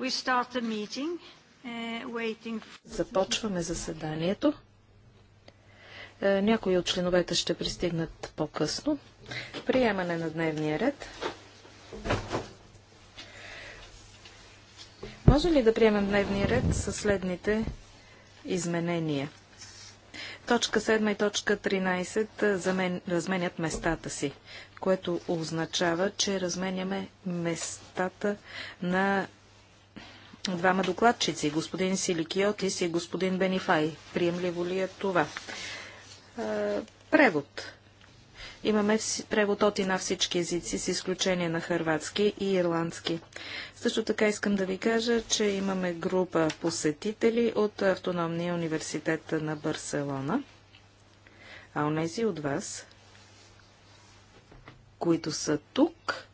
Uh, Започваме заседанието. Е, някои от членовете ще пристигнат по-късно. Приемане на дневния ред. Може ли да приемем дневния ред със следните изменения? Точка 7 и точка 13 е, разменят местата си, което означава, че разменяме местата на двама докладчици, господин Силикиотис и господин Бенифай. Приемливо ли е това? Превод. Имаме превод от и на всички езици, с изключение на хърватски и ирландски. Също така искам да ви кажа, че имаме група посетители от Автономния университет на Барселона. А онези от вас, които са тук,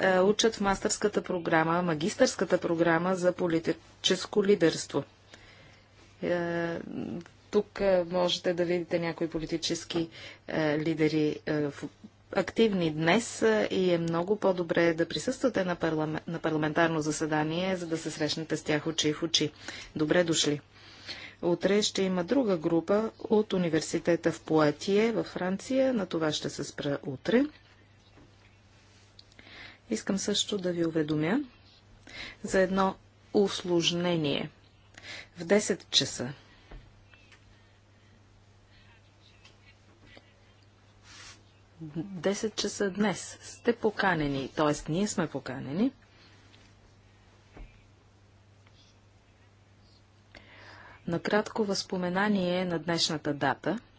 е, учат в мастърската програма, магистърската програма за политическо лидерство. Е, тук е, можете да видите някои политически лидери в активни днес и е много по-добре да присъствате на, парламент, на парламентарно заседание, за да се срещнете с тях очи в очи. Добре дошли! Утре ще има друга група от университета в Пуатие във Франция. На това ще се спра утре. Искам също да ви уведомя за едно усложнение. В 10 часа В 10 часа днес сте поканени, т.е. ние сме поканени накратко възпоменание на днешната дата –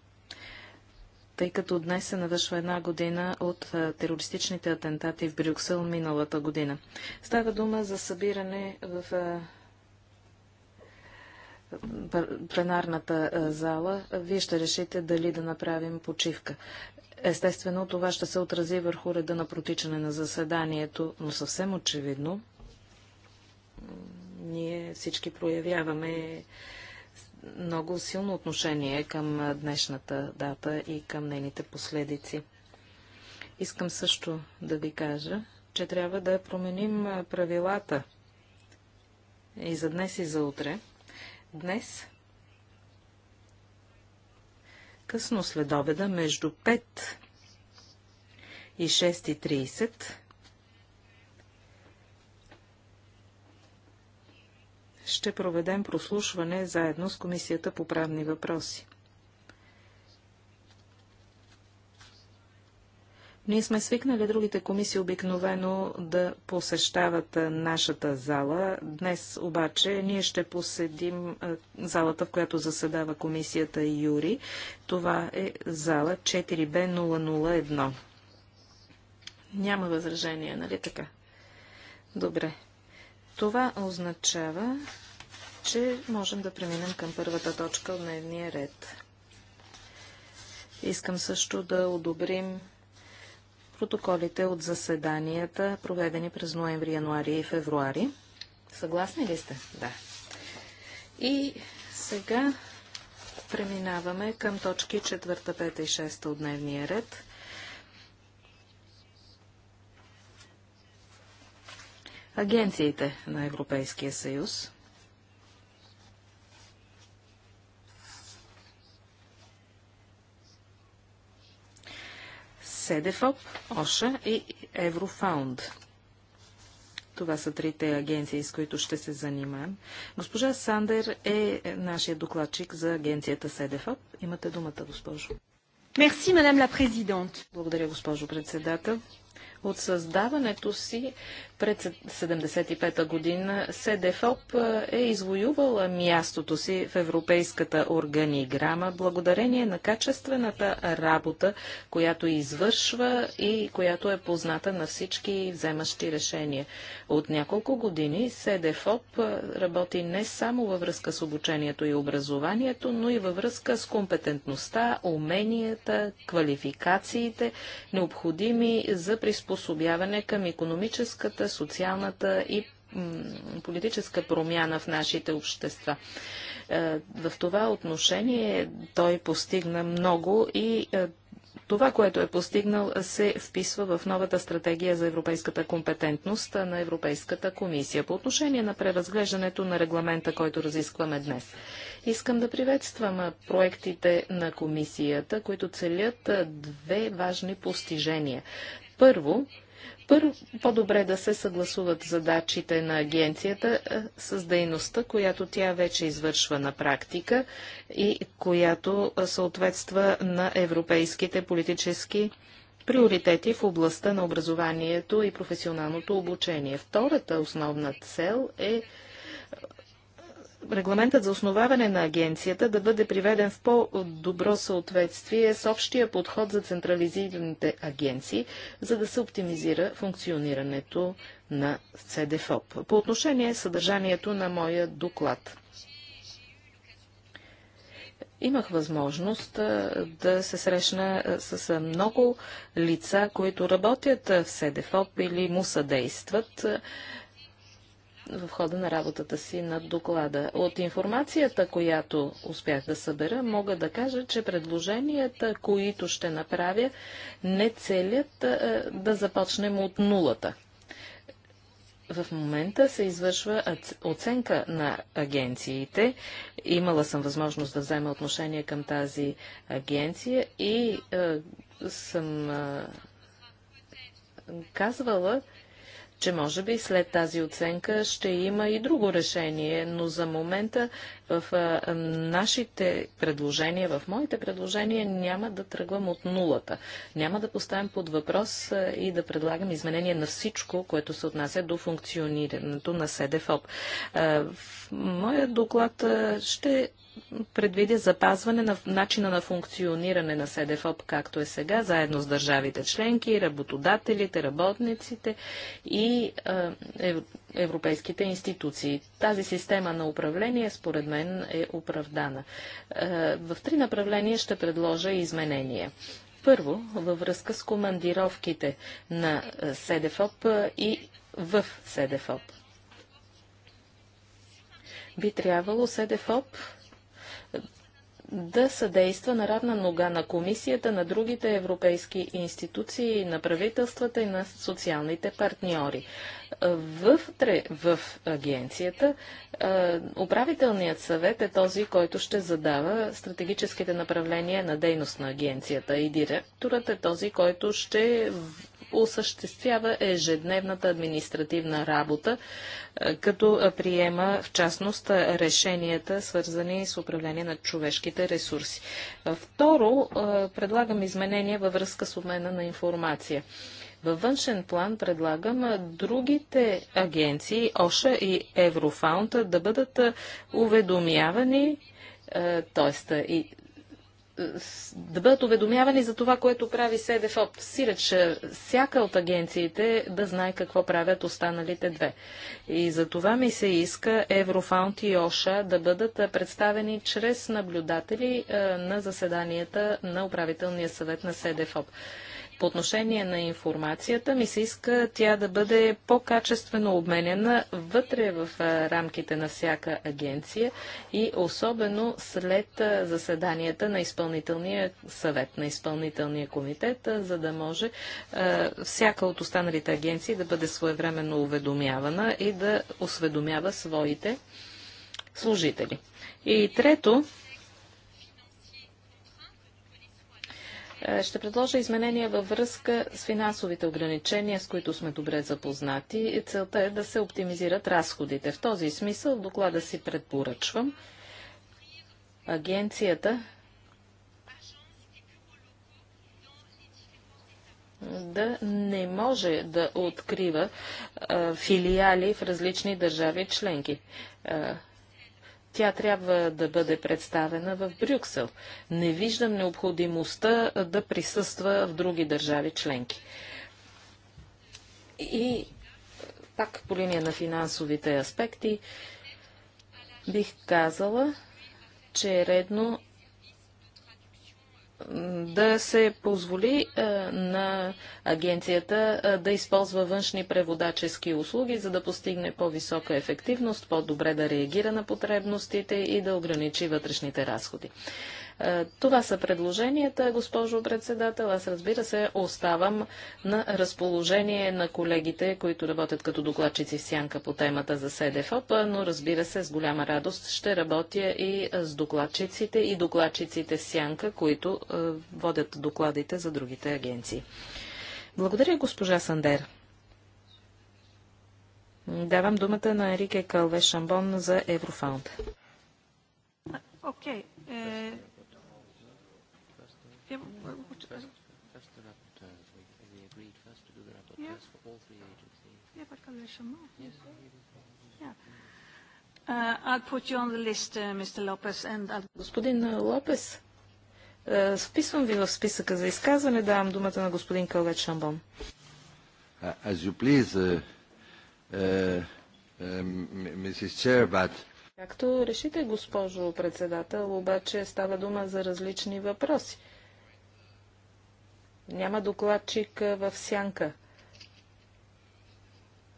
тъй като днес се навършва една година от терористичните атентати в Брюксел миналата година. Става дума за събиране в пленарната зала. Вие ще решите дали да направим почивка. Естествено, това ще се отрази върху реда на протичане на заседанието, но съвсем очевидно ние всички проявяваме много силно отношение към днешната дата и към нейните последици. Искам също да ви кажа, че трябва да променим правилата и за днес и за утре. Днес, късно след обеда, между 5 и 6.30, ще проведем прослушване заедно с Комисията по правни въпроси. Ние сме свикнали другите комисии обикновено да посещават нашата зала. Днес обаче ние ще поседим залата, в която заседава комисията Юри. Това е зала 4B001. Няма възражение, нали така? Добре. Това означава, че можем да преминем към първата точка от дневния ред. Искам също да одобрим протоколите от заседанията, проведени през ноември, януари и февруари. Съгласни ли сте? Да. И сега преминаваме към точки 4, 5 и 6 от дневния ред. агенциите на Европейския съюз. СЕДЕФОП, ОША и Еврофаунд. Това са трите агенции, с които ще се занимаем. Госпожа Сандер е нашия докладчик за агенцията СЕДЕФОП. Имате думата, госпожо. Мерси, мадам ла президент. Благодаря, госпожо председател. От създаването си пред 75-та година СДФОП е, е извоювала мястото си в европейската органиграма благодарение на качествената работа, която извършва и която е позната на всички вземащи решения. От няколко години СДФОП е, работи не само във връзка с обучението и образованието, но и във връзка с компетентността, уменията, квалификациите, необходими за приспособяване към економическата социалната и политическа промяна в нашите общества. Е, в това отношение той постигна много и е, това, което е постигнал, се вписва в новата стратегия за европейската компетентност на Европейската комисия. По отношение на преразглеждането на регламента, който разискваме днес, искам да приветствам проектите на комисията, които целят е, две важни постижения. Първо, първо, по-добре да се съгласуват задачите на агенцията с дейността, която тя вече извършва на практика и която съответства на европейските политически приоритети в областта на образованието и професионалното обучение. Втората основна цел е регламентът за основаване на агенцията да бъде приведен в по-добро съответствие с общия подход за централизираните агенции, за да се оптимизира функционирането на ЦДФОП. По отношение съдържанието на моя доклад. Имах възможност да се срещна с много лица, които работят в СДФОП или му съдействат в хода на работата си над доклада. От информацията, която успях да събера, мога да кажа, че предложенията, които ще направя, не целят да започнем от нулата. В момента се извършва оценка на агенциите. Имала съм възможност да взема отношение към тази агенция и е, съм е, казвала, че може би след тази оценка ще има и друго решение, но за момента в нашите предложения, в моите предложения няма да тръгвам от нулата. Няма да поставям под въпрос и да предлагам изменение на всичко, което се отнася до функционирането на СДФОП. в моя доклад ще предвидя запазване на начина на функциониране на СДФОП, както е сега, заедно с държавите членки, работодателите, работниците и е, европейските институции. Тази система на управление, според мен, е оправдана. Е, в три направления ще предложа изменения. Първо, във връзка с командировките на СДФОП и в СДФОП. Би трябвало СДФОП да съдейства на равна нога на комисията, на другите европейски институции, на правителствата и на социалните партньори. Вътре в агенцията управителният съвет е този, който ще задава стратегическите направления на дейност на агенцията и директорът е този, който ще осъществява ежедневната административна работа, е, като приема в частност решенията, свързани с управление на човешките ресурси. Е, второ, е, предлагам изменения във връзка с обмена на информация. Във външен план предлагам другите агенции, ОША и Еврофаунта, да бъдат уведомявани т.е. и да бъдат уведомявани за това, което прави СДФОП. Сиреч, всяка от агенциите да знае какво правят останалите две. И за това ми се иска Еврофаунд и ОША да бъдат представени чрез наблюдатели на заседанията на управителния съвет на СДФОП. По отношение на информацията ми се иска тя да бъде по-качествено обменена вътре в рамките на всяка агенция и особено след заседанията на изпълнителния съвет, на изпълнителния комитет, за да може всяка от останалите агенции да бъде своевременно уведомявана и да осведомява своите служители. И трето, Е, ще предложа изменения във връзка с финансовите ограничения, с които сме добре запознати. Целта е да се оптимизират разходите. В този смисъл в доклада си предпоръчвам агенцията да не може да открива а, филиали в различни държави членки. А, тя трябва да бъде представена в Брюксел. Не виждам необходимостта да присъства в други държави членки. И пак по линия на финансовите аспекти бих казала, че е редно да се позволи е, на агенцията е, да използва външни преводачески услуги, за да постигне по-висока ефективност, по-добре да реагира на потребностите и да ограничи вътрешните разходи. Е, това са предложенията, госпожо председател. Аз разбира се оставам на разположение на колегите, които работят като докладчици в сянка по темата за СДФОП, но разбира се с голяма радост ще работя и с докладчиците и докладчиците в сянка, които е, водят докладите за другите агенции. Благодаря, госпожа Сандер. Давам думата на Ерике Калве Шамбон за Еврофаунд. Okay. Yeah, well, what, first, first the rapporteurs. We, we agreed first to do the rapporteurs yeah. for all three agencies. Yeah, but can there some more? Yes. Yeah. Uh, I'll put you on the list, uh, Mr. Lopez, and I'll... Господин Лопес, вписвам ви в списъка за изказване. Давам думата на господин Кълвет Шамбон. As you please, uh, uh, Mrs. Chair, but... Както решите, госпожо председател, обаче става дума за различни въпроси. Няма докладчик в сянка.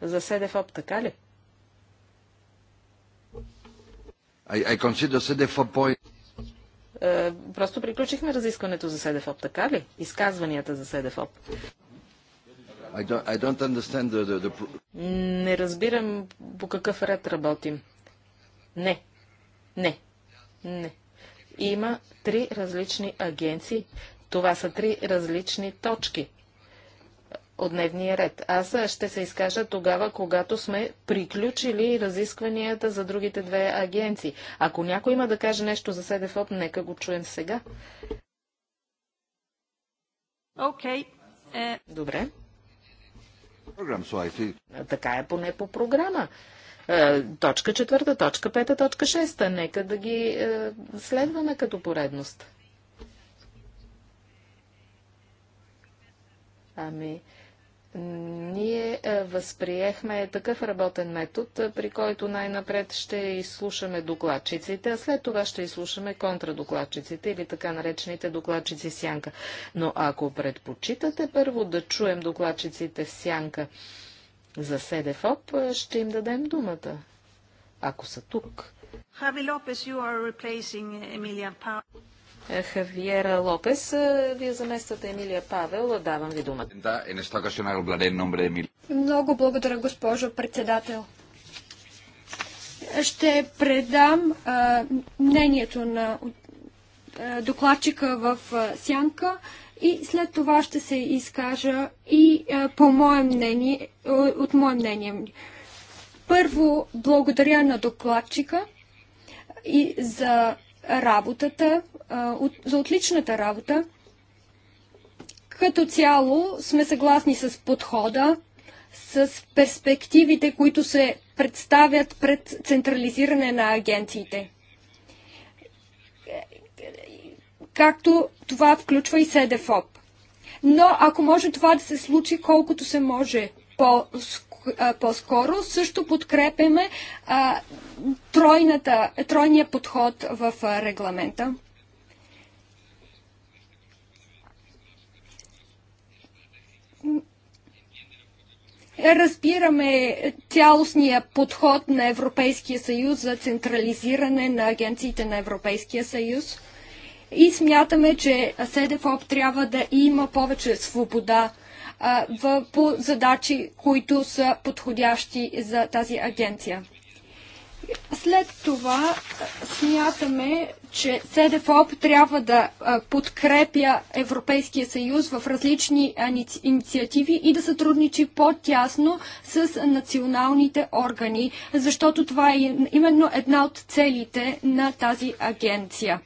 За СДФОП, така ли? I, I CDFOP... Uh, е, просто приключихме разискването за СДФОП, така ли? Изказванията за СДФОП. I don't, I don't the, the, the... Не разбирам по какъв ред работим. Не. Не. Не. Има три различни агенции, това са три различни точки от дневния ред. Аз ще се изкажа тогава, когато сме приключили разискванията за другите две агенции. Ако някой има да каже нещо за СДФОП, нека го чуем сега. Окей. Okay. Е, Добре. така е поне по програма. Е, точка четвърта, точка пета, точка шеста. Нека да ги е, следваме като поредност. Ами, ние е, възприехме такъв работен метод, е, при който най-напред ще изслушаме докладчиците, а след това ще изслушаме контрадокладчиците или така наречените докладчици в сянка. Но ако предпочитате първо да чуем докладчиците в сянка за СДФОП, е, ще им дадем думата, ако са тук. Хави Лопес, you are replacing Емилия Паула. Хавиера Лопес. Вие замествате Емилия Павел. Давам ви думата. Много благодаря, госпожо председател. Ще предам а, мнението на а, докладчика в а, Сянка и след това ще се изкажа и а, по мое мнение, от мое мнение. Първо, благодаря на докладчика и за работата, за отличната работа. Като цяло сме съгласни с подхода, с перспективите, които се представят пред централизиране на агенциите. Както това включва и СДФОП. Но ако може това да се случи колкото се може по-скоро, по-скоро. Също подкрепяме тройната, тройния подход в регламента. разбираме цялостния подход на Европейския съюз за централизиране на агенциите на Европейския съюз и смятаме, че СДФОП трябва да има повече свобода в, по задачи, които са подходящи за тази агенция. След това смятаме, че СДФОП трябва да подкрепя Европейския съюз в различни инициативи и да сътрудничи по-тясно с националните органи, защото това е именно една от целите на тази агенция.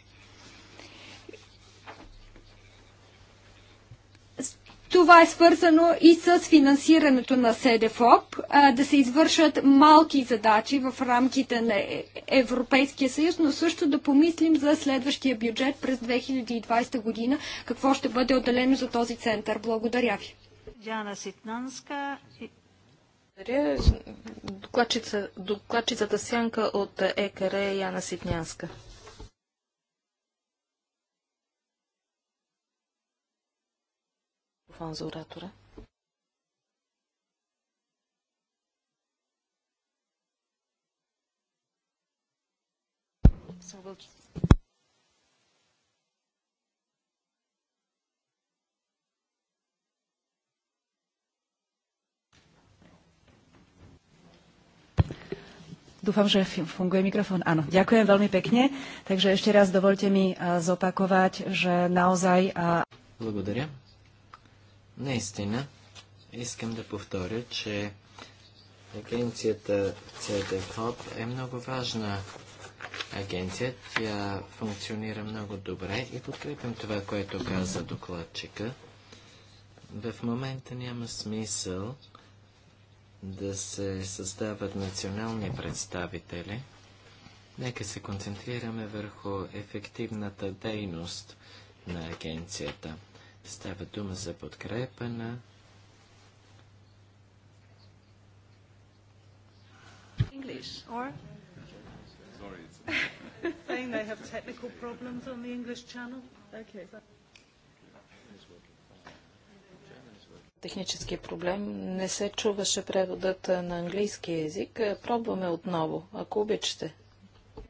Това е свързано и с финансирането на СДФОП, да се извършат малки задачи в рамките на е-, Европейския съюз, но също да помислим за следващия бюджет през 2020 година, какво ще бъде отделено за този център. Благодаря ви. Диана Ситнанска. Благодаря. Докладчица, докладчицата Сянка от ЕКР Яна Ситнянска. Микрофон за оратора. Dúfam, že funguje mikrofón. Áno, ďakujem veľmi pekne. Takže ešte raz dovolte mi zopakovať, že naozaj... Благодаря. Наистина, искам да повторя, че агенцията CDFOP е много важна агенция. Тя функционира много добре и подкрепям това, което каза докладчика. В момента няма смисъл да се създават национални представители. Нека се концентрираме върху ефективната дейност на агенцията. Става дума за подкрепа на English, or? Sorry, it's saying they have technical problems on the English channel. Okay. Технически проблем. Не се чуваше преводът на английски язик. Пробваме отново, ако обичате.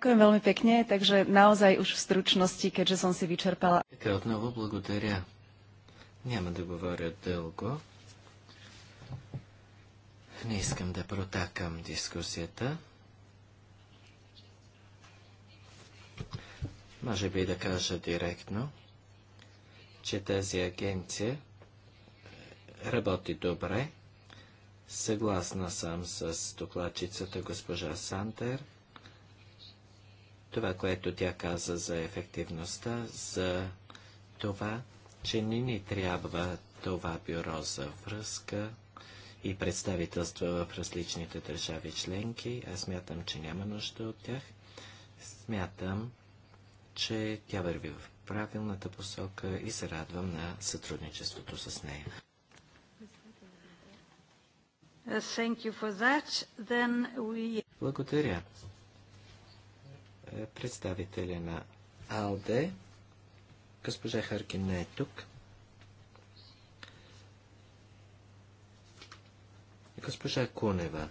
Ďakujem veľmi pekne, takže naozaj už v stručnosti, keďže som si vyčerpala. Také odnovu благодаря. Няма да говоря дълго. Не искам да протакам дискусията. Може би да кажа директно, че тази агенция е, работи добре. Съгласна съм с докладчицата госпожа Сантер. Това, което тя каза за ефективността, за това, че не ни трябва това бюро за връзка и представителства в различните държави членки. Аз смятам, че няма нужда от тях. Смятам, че тя върви в правилната посока и се радвам на сътрудничеството с нея. Uh, we... Благодаря. Е, представителя на АЛДЕ Госпожа Харкин не е тук. Госпожа Кунева.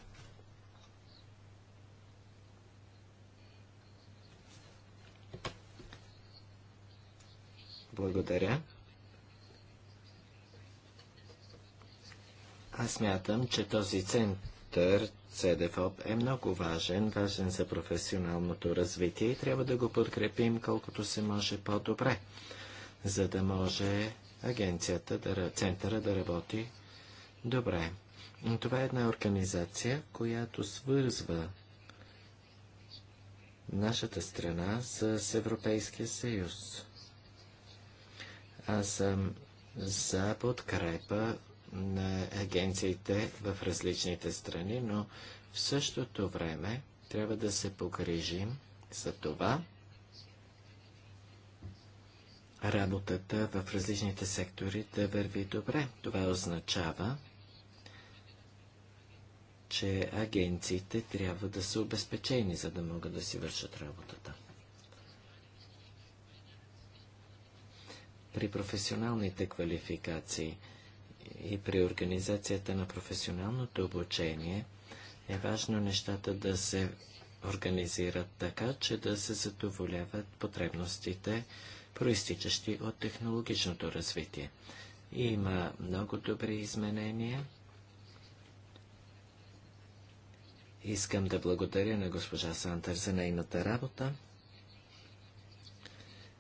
Благодаря. Аз мятам, че този център CDFOP е много важен, важен за професионалното развитие и трябва да го подкрепим колкото се може по-добре за да може агенцията, да, центъра да работи добре. Това е една организация, която свързва нашата страна с Европейския съюз. Аз съм за подкрепа на агенциите в различните страни, но в същото време трябва да се погрижим за това, работата в различните сектори да върви добре. Това означава, че агенциите трябва да са обезпечени, за да могат да си вършат работата. При професионалните квалификации и при организацията на професионалното обучение е важно нещата да се организират така, че да се задоволяват потребностите проистичащи от технологичното развитие. Има много добри изменения. Искам да благодаря на госпожа Сантър за нейната работа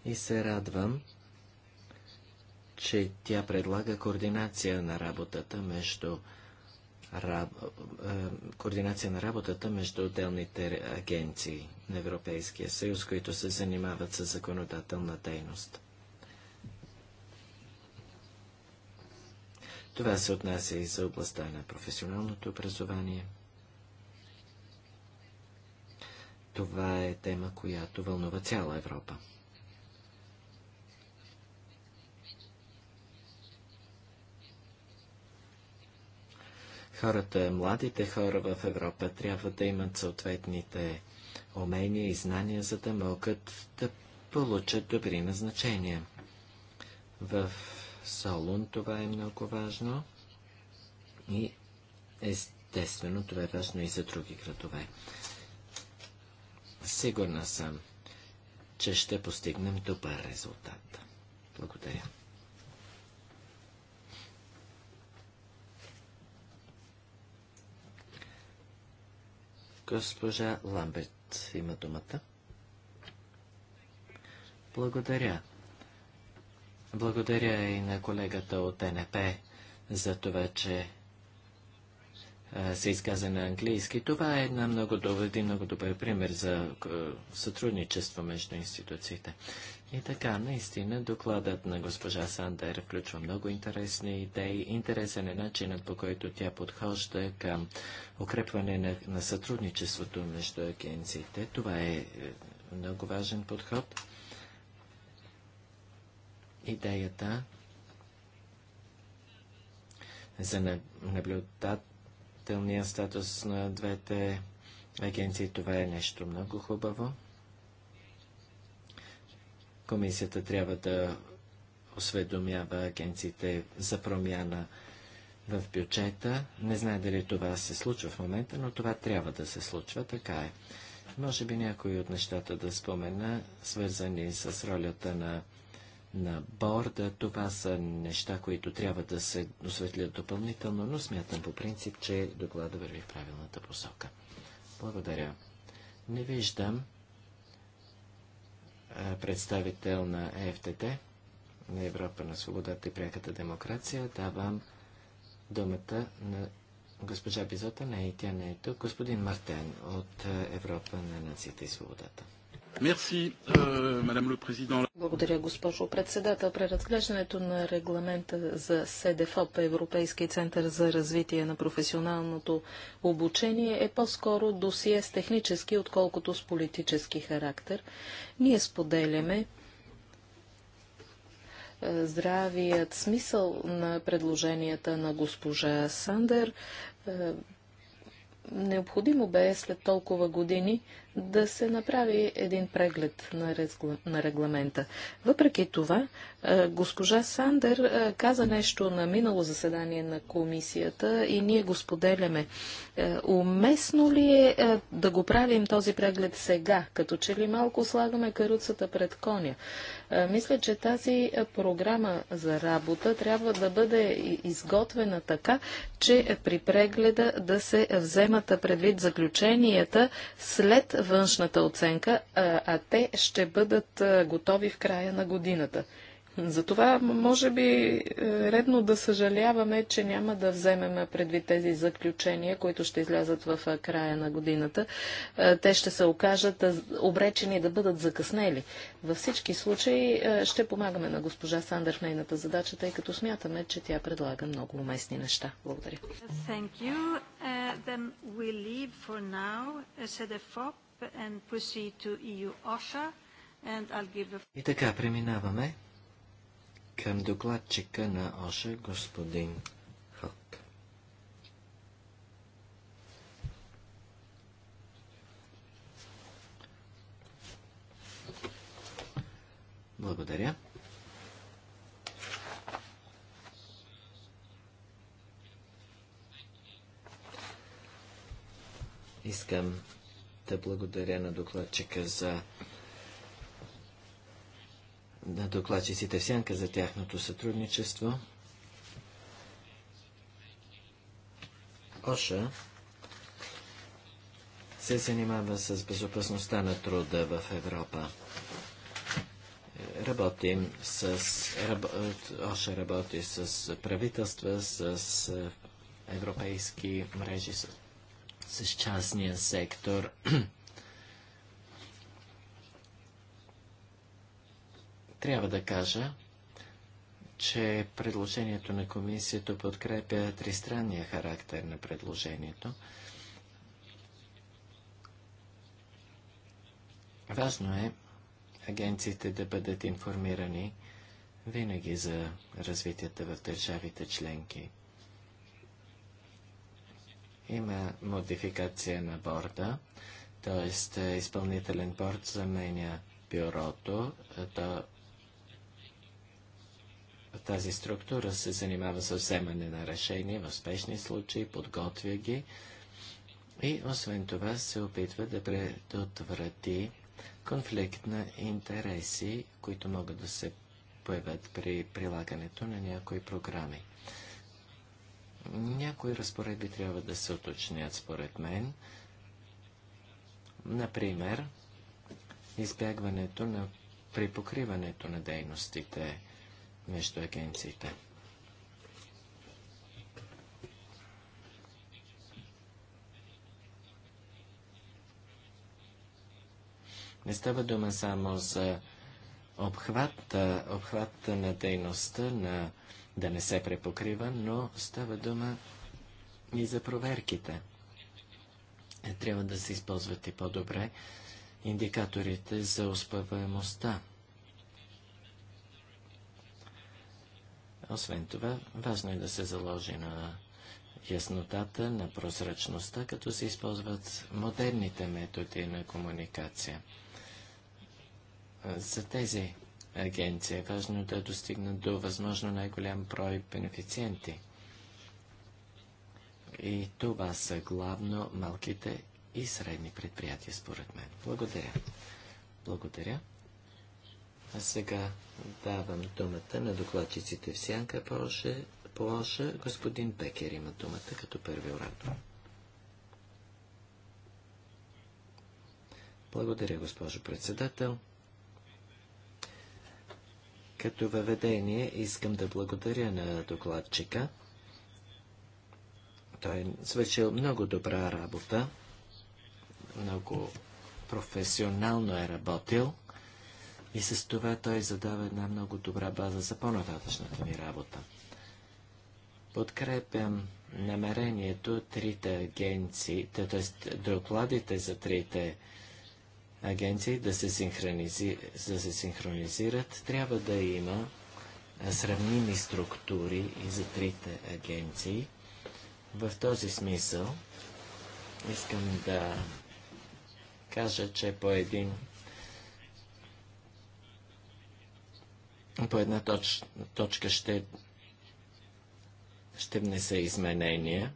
и се радвам, че тя предлага координация на работата между раб, е, координация на работата между отделните агенции на Европейския съюз, които се занимават с законодателна дейност. Това се отнася и за областта на професионалното образование. Това е тема, която вълнува цяла Европа. хората, младите хора в Европа трябва да имат съответните умения и знания, за да могат да получат добри назначения. В Солун това е много важно и естествено това е важно и за други градове. Сигурна съм, че ще постигнем добър резултат. Благодаря. Госпожа Ламберт има думата. Благодаря. Благодаря и на колегата от НП за това, че се изказа на английски. Това е една много добър, един много добър пример за сътрудничество между институциите. И е така, наистина, докладът на госпожа Сандер включва много интересни идеи. Интересен е начинът, по който тя подхожда към укрепване на, на сътрудничеството между агенциите. Това е, е много важен подход. Идеята за наблюдателния статус на двете агенции, това е нещо много хубаво. Комисията трябва да осведомява агенциите за промяна в бюджета. Не знае дали това се случва в момента, но това трябва да се случва, така е. Може би някои от нещата да спомена, свързани с ролята на, на борда. Това са неща, които трябва да се осветлят допълнително, но смятам по принцип, че доклада върви в правилната посока. Благодаря. Не виждам е, представител на ЕФТТ, на Европа на свободата и пряката демокрация. Давам думата на госпожа Бизота, не и тя не е тук, господин Мартен от е, Европа на нацията и свободата. Euh, Благодаря, госпожо председател. Преразглеждането на регламента за СДФОП, Европейски център за развитие на професионалното обучение, е по-скоро досие с технически, отколкото с политически характер. Ние споделяме е, здравият смисъл на предложенията на госпожа Сандер. Е, необходимо бе след толкова години да се направи един преглед на, на регламента. Въпреки това, е, госпожа Сандер е, каза нещо на минало заседание на комисията и ние го споделяме. Е, уместно ли е да го правим този преглед сега, като че ли малко слагаме каруцата пред коня? Мисля, че тази програма за работа трябва да бъде изготвена така, че при прегледа да се вземат предвид заключенията след външната оценка, а те ще бъдат готови в края на годината. Затова може би е, редно да съжаляваме, че няма да вземем предвид тези заключения, които ще излязат в края на годината. Те ще се окажат обречени да бъдат закъснели. Във всички случаи ще помагаме на госпожа Сандър в нейната задача, тъй като смятаме, че тя предлага много уместни неща. Благодаря. Uh, E И така преминаваме към докладчика на ОША, господин Хок. Благодаря. Искам да благодаря на докладчика за на докладчиците в сянка за тяхното сътрудничество. Оша се занимава с безопасността на труда в Европа. Работим с... Раб, Оша работи с правителства, с е, европейски мрежи, с частния сектор. Трябва да кажа, че предложението на комисията подкрепя тристранния характер на предложението. Важно е агенциите да бъдат информирани винаги за развитията в държавите членки. Има модификация на борда, т.е. изпълнителен борд заменя бюрото. То, тази структура се занимава с вземане на решения в спешни случаи, подготвя ги и освен това се опитва да предотврати конфликт на интереси, които могат да се появят при прилагането на някои програми. Някои разпоредби трябва да се уточнят според мен. Например, избягването на припокриването на дейностите между агенциите. Не става дума само за обхвата, обхвата на дейността на да не се препокрива, но става дума и за проверките. Е, трябва да се използват и по-добре индикаторите за успеваемостта. Освен това, важно е да се заложи на яснотата, на прозрачността, като се използват модерните методи на комуникация. Е, за тези агенция. Е важно да достигнат до възможно най-голям брой бенефициенти. И това са главно малките и средни предприятия, според мен. Благодаря. Благодаря. А сега давам думата на докладчиците в Сянка Полоша. Полоша. Господин Пекер има думата като първи оратор. Благодаря, госпожо председател. Като въведение искам да благодаря на докладчика. Той е свършил много добра работа, много професионално е работил и с това той задава една много добра база за по-нататъчната ни работа. Подкрепям намерението трите агенции, т.е. докладите за трите агенции, агенции да се, синхронизи... да се синхронизират. Трябва да има сравними структури и за трите агенции. В този смисъл искам да кажа, че по един по една точ, точка ще, ще внеса изменения.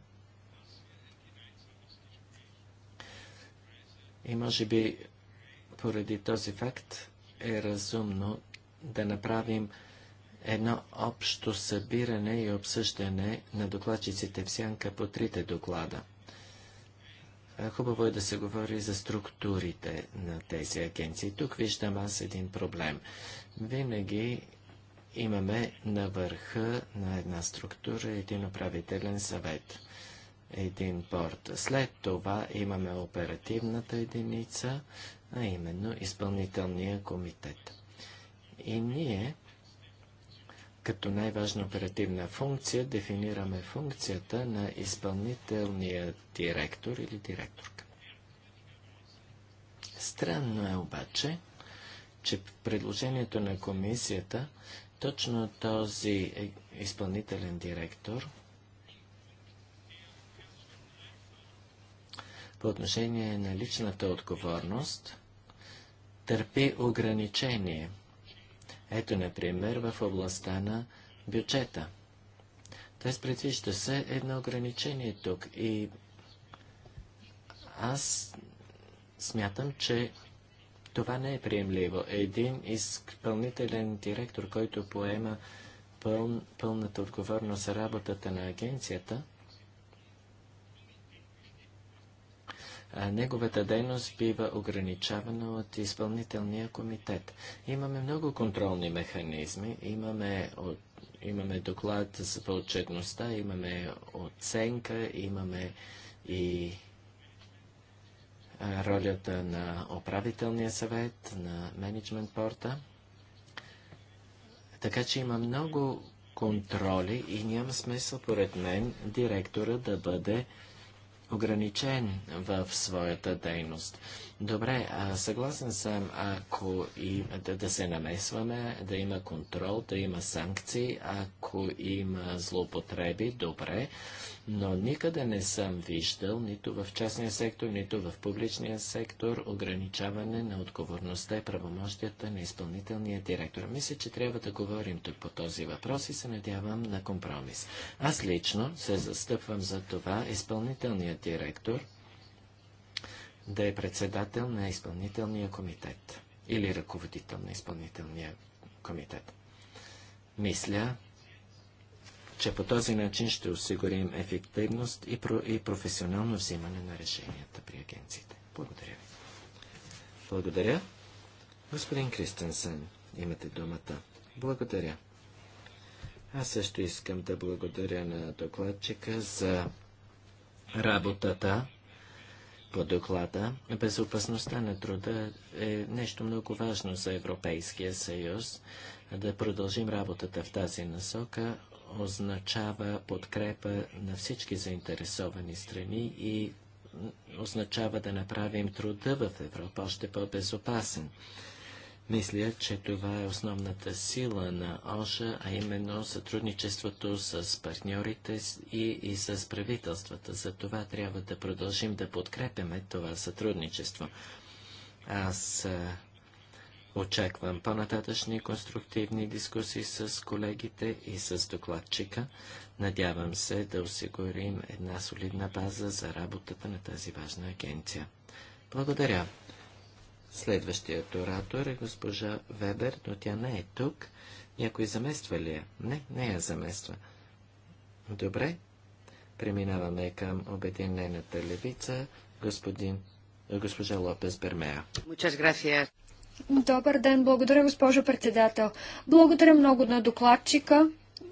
И може би поради този факт е разумно да направим едно общо събиране и обсъждане на докладчиците в сянка по трите доклада. Е, хубаво е да се говори за структурите на тези агенции. Тук виждам аз един проблем. Винаги имаме на върха на една структура един управителен съвет, един борт. След това имаме оперативната единица, а именно изпълнителния комитет. И ние, като най-важна оперативна функция, дефинираме функцията на изпълнителния директор или директорка. Странно е обаче, че предложението на комисията точно този е, изпълнителен директор по отношение на личната отговорност търпи ограничение. Ето, например, в областта на бюджета. Т.е. предвижда се едно ограничение тук и аз смятам, че това не е приемливо. Един изпълнителен директор, който поема пъл, пълната отговорност за работата на агенцията, неговата дейност бива ограничавана от изпълнителния комитет. Имаме много контролни механизми, имаме, от, имаме доклад за отчетността, имаме оценка, имаме и ролята на управителния съвет, на менеджмент порта. Така че има много контроли и няма смисъл, поред мен, директора да бъде ограничен в своята дейност. Добре, а, съгласен съм, ако и, да, да се намесваме, да има контрол, да има санкции, ако има злоупотреби, добре, но никъде не съм виждал, нито в частния сектор, нито в публичния сектор, ограничаване на отговорността и правомощията на изпълнителния директор. Мисля, че трябва да говорим тук по този въпрос и се надявам на компромис. Аз лично се застъпвам за това изпълнителният директор да е председател на изпълнителния комитет или ръководител на изпълнителния комитет. Мисля, че по този начин ще осигурим ефективност и, про- и професионално взимане на решенията при агенциите. Благодаря ви. Благодаря. Господин Кристенсен, имате думата. Благодаря. Аз също искам да благодаря на докладчика за работата по доклада. Безопасността на труда е нещо много важно за Европейския съюз. Да продължим работата в тази насока означава подкрепа на всички заинтересовани страни и означава да направим труда в Европа още по-безопасен. Мисля, че това е основната сила на ОША, а именно сътрудничеството с партньорите и, и с правителствата. За това трябва да продължим да подкрепяме това сътрудничество. Аз а, очаквам по-нататъчни конструктивни дискусии с колегите и с докладчика. Надявам се да осигурим една солидна база за работата на тази важна агенция. Благодаря. Следващият оратор е госпожа Вебер, но тя не е тук. Някой замества ли я? Не, не я замества. Добре. Преминаваме към Обединената левица, господин, госпожа Лопес Бермея. Добър ден, благодаря госпожо председател. Благодаря много на докладчика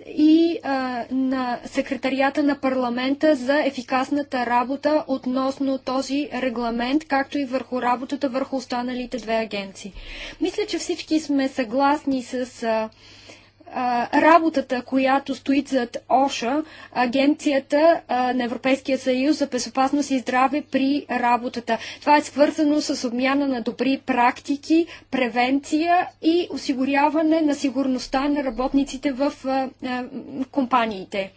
и а, на секретарията на парламента за ефикасната работа относно този регламент, както и върху работата върху останалите две агенции. Мисля, че всички сме съгласни с. А, работата, която стои зад ОША, Агенцията на Европейския съюз за безопасност и здраве при работата. Това е свързано с обмяна на добри практики, превенция и осигуряване на сигурността на работниците в компаниите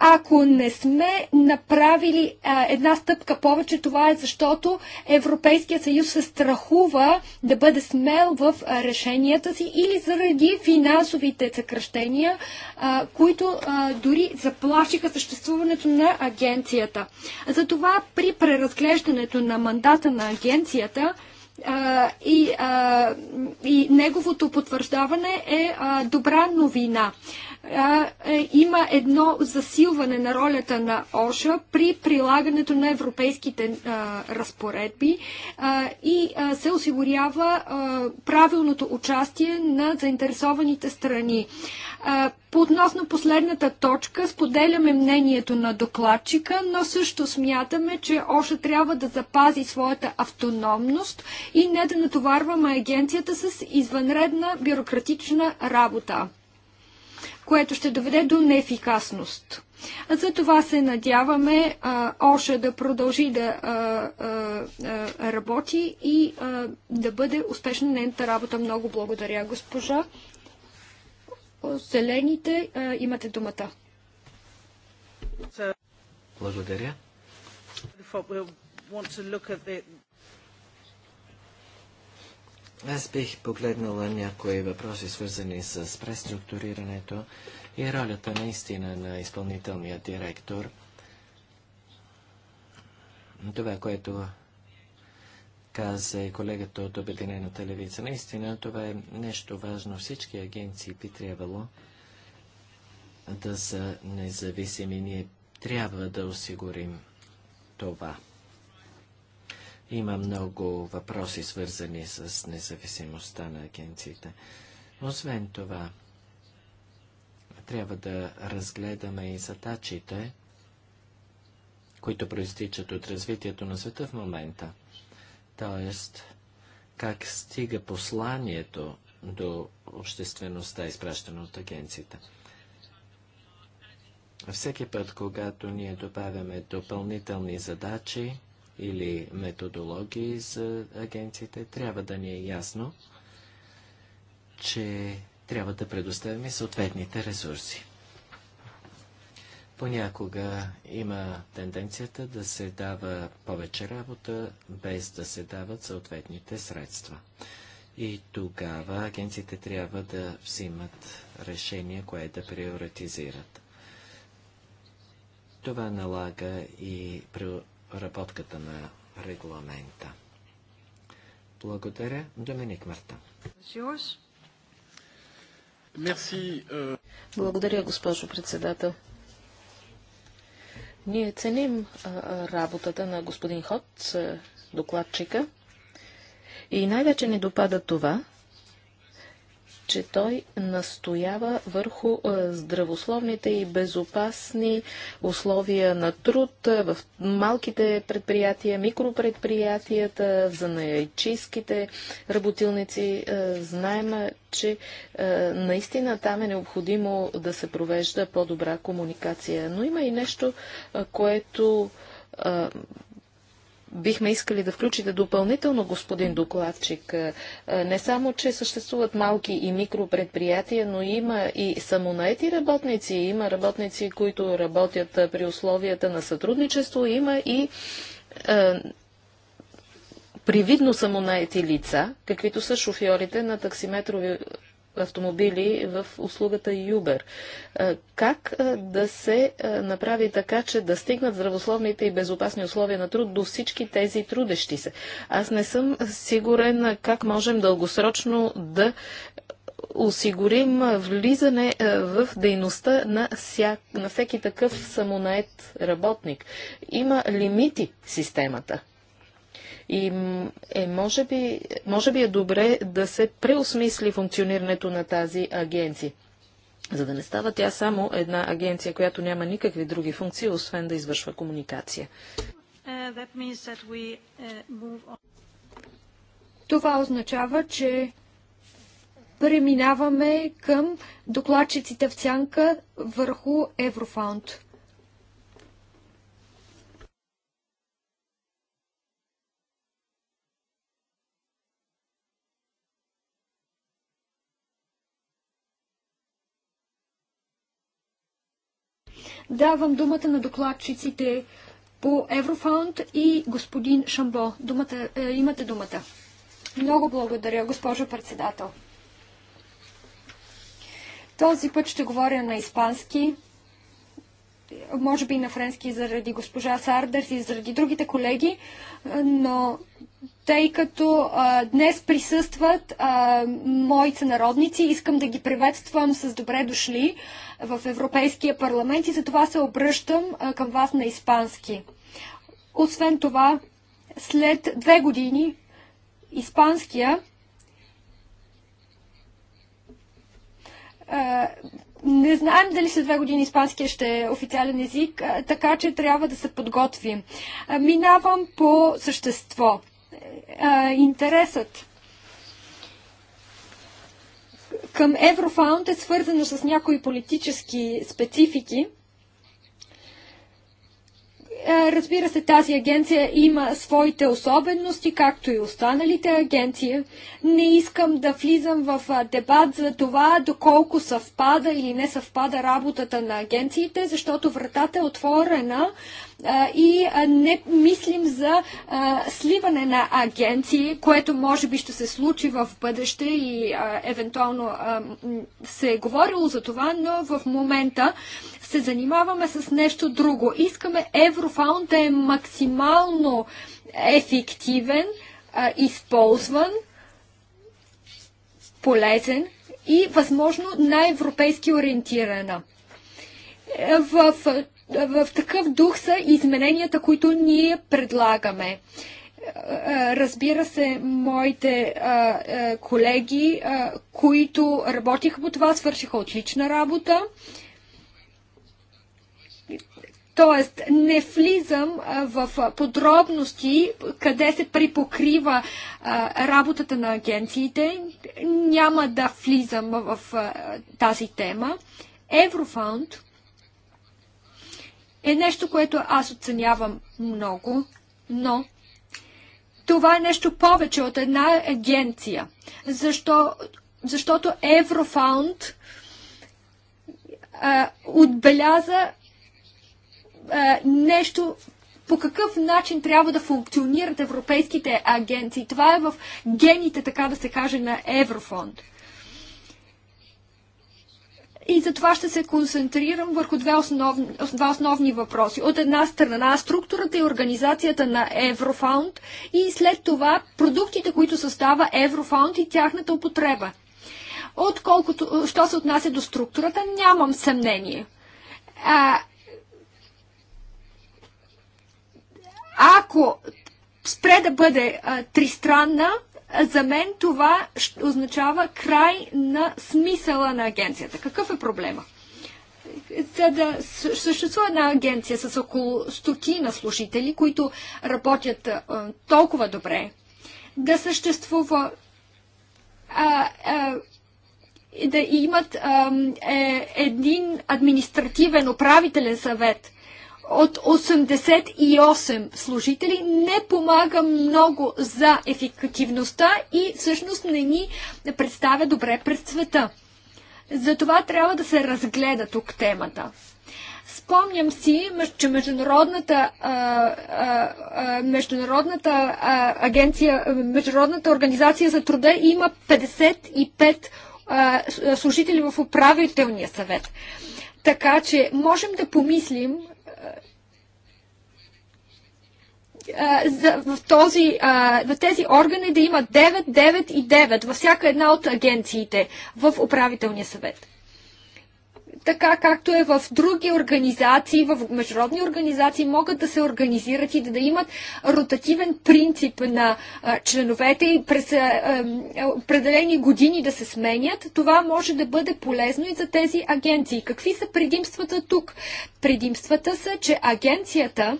ако не сме направили а, една стъпка повече, това е защото Европейския съюз се страхува да бъде смел в а, решенията си или заради финансовите съкръщения, а, които а, дори заплашиха съществуването на агенцията. Затова при преразглеждането на мандата на агенцията, и, а, и неговото потвърждаване е а, добра новина. А, е, има едно засилване на ролята на ОША при прилагането на европейските а, разпоредби а, и а, се осигурява а, правилното участие на заинтересованите страни. А, по относно последната точка, споделяме мнението на докладчика, но също смятаме, че Оша трябва да запази своята автономност и не да натоварваме агенцията с извънредна бюрократична работа което ще доведе до неефикасност. За това се надяваме Оша да продължи да а, а, работи и а, да бъде успешна нейната работа. Много благодаря, госпожа. Зелените имате думата. Благодаря. Аз бих погледнала някои въпроси, свързани с преструктурирането и ролята наистина на изпълнителния директор. Това, което каза и колегата от Обединената телевизия. Наистина това е нещо важно. Всички агенции би трябвало да са независими. Ние трябва да осигурим това. Има много въпроси, свързани с независимостта на агенциите. Освен това, трябва да разгледаме и задачите, които проистичат от развитието на света в момента. Т.е. как стига посланието до обществеността, изпращано от агенцията. Всеки път, когато ние добавяме допълнителни задачи или методологии за агенциите, трябва да ни е ясно, че трябва да предоставим съответните ресурси. Понякога има тенденцията да се дава повече работа, без да се дават съответните средства. И тогава агенциите трябва да взимат решение, кое да приоритизират. Това налага и преработката на регламента. Благодаря. Доминик Марта. Euh. Благодаря, госпожо председател. Ние ценим работата на господин Ход, докладчика, и най-вече ни допада това, че той настоява върху е, здравословните и безопасни условия на труд е, в малките предприятия, микропредприятията, за занаячийските работилници. Е, знаем, че наистина там е необходимо да се провежда по-добра комуникация. Но има и нещо, което бихме искали да включите допълнително, господин докладчик, е, е, не само, че съществуват малки и микропредприятия, но има и самонаети работници, има работници, които работят е, при условията на сътрудничество, има и привидно самонаети лица, каквито са шофьорите на таксиметрови автомобили в услугата Uber. Как да се направи така, че да стигнат здравословните и безопасни условия на труд до всички тези трудещи се? Аз не съм сигурен как можем дългосрочно да осигурим влизане в дейността на, ся, на всеки такъв самонает работник. Има лимити в системата. И е, може, би, може би е добре да се преосмисли функционирането на тази агенция. За да не става тя само една агенция, която няма никакви други функции, освен да извършва комуникация. Uh, uh, Това означава, че преминаваме към докладчиците в сянка върху Еврофаунд. Давам думата на докладчиците по Еврофаунд и господин Шамбо. Думата, е, имате думата. Много благодаря, госпожо председател. Този път ще говоря на испански, може би и на френски заради госпожа Сардерс и заради другите колеги, но тъй като а, днес присъстват а, мои сънародници. Искам да ги приветствам с добре дошли в Европейския парламент и затова се обръщам а, към вас на испански. Освен това, след две години испанския а, не знаем дали след две години испанския ще е официален език, а, така че трябва да се подготвим. Минавам по същество а, интересът към Еврофаунд е свързано с някои политически специфики. Разбира се, тази агенция има своите особености, както и останалите агенции. Не искам да влизам в дебат за това доколко съвпада или не съвпада работата на агенциите, защото вратата е отворена и не мислим за сливане на агенции, което може би ще се случи в бъдеще и евентуално се е говорило за това, но в момента се занимаваме с нещо друго. Искаме Еврофаунд да е максимално ефективен, използван, полезен и възможно най-европейски ориентирана. Е, в в такъв дух са измененията, които ние предлагаме. Разбира се, моите колеги, които работиха по това, свършиха отлична работа. Тоест, не влизам в подробности къде се припокрива а, работата на агенциите. Няма да влизам в а, тази тема. Еврофаунд е нещо, което аз оценявам много, но това е нещо повече от една агенция, защо, защото Еврофаунд отбеляза а, нещо по какъв начин трябва да функционират европейските агенции. Това е в гените, така да се каже, на Еврофонд. И затова ще се концентрирам върху два основни, два основни въпроси. От една страна структурата и организацията на Еврофаунд и след това продуктите, които състава Еврофаунд и тяхната употреба. Отколкото, що се отнася до структурата, нямам съмнение. А, ако спре да бъде а, тристранна, за мен това означава край на смисъла на агенцията. Какъв е проблема? За да съществува една агенция с около стотина служители, които работят толкова добре, да съществува а, а, да имат а, е, един административен управителен съвет – от 88 служители не помага много за ефективността и всъщност не ни представя добре пред света. Затова трябва да се разгледа тук темата. Спомням си, че Международната, а, а, а, международната а, агенция, Международната организация за труда има 55 а, служители в управителния съвет. Така че можем да помислим за, в, този, а, в тези органи да има 9, 9 и 9 във всяка една от агенциите в управителния съвет така както е в други организации, в международни организации, могат да се организират и да, да имат ротативен принцип на а, членовете и през а, а, определени години да се сменят. Това може да бъде полезно и за тези агенции. Какви са предимствата тук? Предимствата са, че агенцията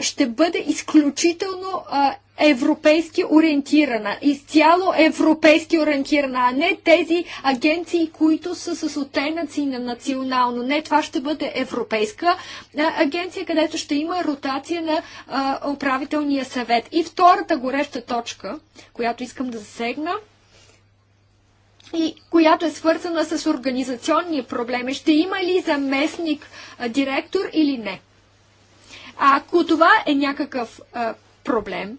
ще бъде изключително а, европейски ориентирана, изцяло европейски ориентирана, а не тези агенции, които са с оттенъци на национално. Не, това ще бъде европейска агенция, където ще има ротация на а, управителния съвет. И втората гореща точка, която искам да засегна, и която е свързана с организационни проблеми. Е, ще има ли заместник а, директор или не? А ако това е някакъв а, проблем,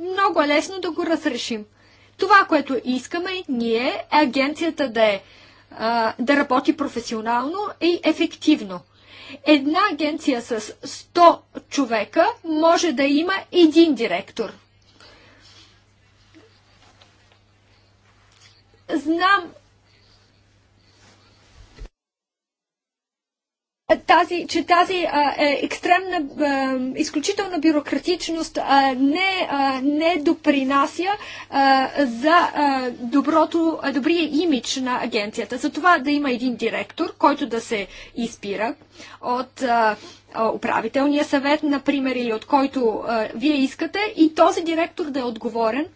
много е лесно да го разрешим. Това, което искаме ние е агенцията да е да работи професионално и ефективно. Една агенция с 100 човека може да има един директор. Знам, тази, че тази а, е, екстремна, а, изключителна бюрократичност а, не, а, не допринася а, за а, доброто, а, добрия имидж на агенцията. За това да има един директор, който да се изпира от а, управителния съвет, например, или от който а, вие искате, и този директор да е отговорен.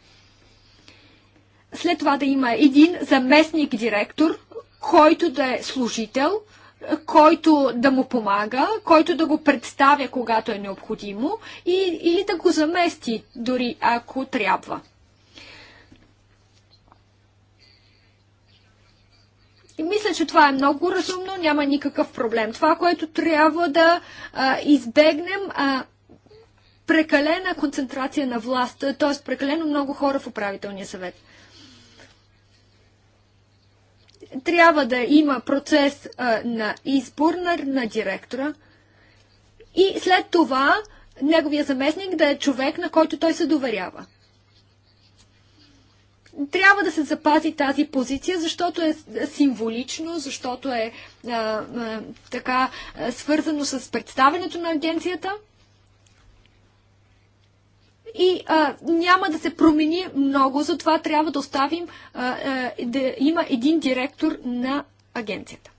След това да има един заместник директор, който да е служител – който да му помага, който да го представя, когато е необходимо, и, или да го замести, дори ако трябва. И мисля, че това е много разумно, няма никакъв проблем. Това, което трябва да а, избегнем, а, прекалена концентрация на власт, т.е. прекалено много хора в управителния съвет трябва да има процес а, на избор на, на директора и след това неговия заместник да е човек, на който той се доверява. Трябва да се запази тази позиция, защото е символично, защото е а, а, така а, свързано с представенето на агенцията – и а, няма да се промени много, затова трябва да оставим а, а, да има един директор на агенцията.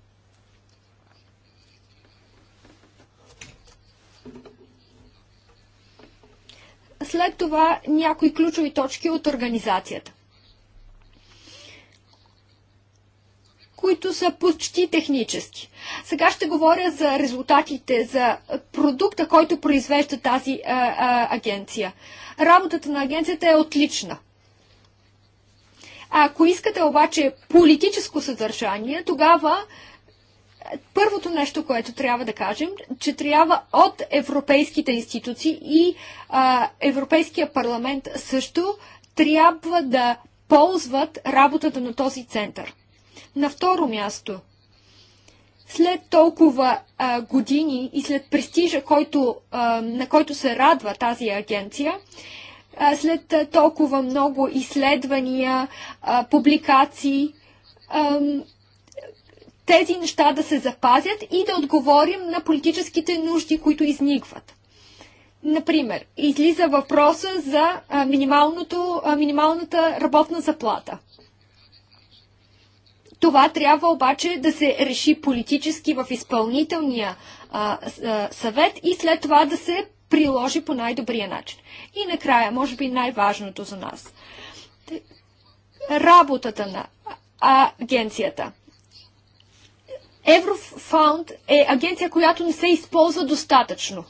След това някои ключови точки от организацията. които са почти технически. Сега ще говоря за резултатите, за продукта, който произвежда тази а, а, агенция. Работата на агенцията е отлична. Ако искате обаче политическо съдържание, тогава първото нещо, което трябва да кажем, че трябва от европейските институции и а, Европейския парламент също трябва да ползват работата на този център. На второ място, след толкова а, години и след престижа, който, а, на който се радва тази агенция, а, след а, толкова много изследвания, а, публикации, а, тези неща да се запазят и да отговорим на политическите нужди, които изникват. Например, излиза въпроса за а, минималното, а, минималната работна заплата – това трябва обаче да се реши политически в изпълнителния а, а, съвет и след това да се приложи по най-добрия начин. И накрая, може би най-важното за нас. Работата на агенцията. Еврофаунд е агенция, която не се използва достатъчно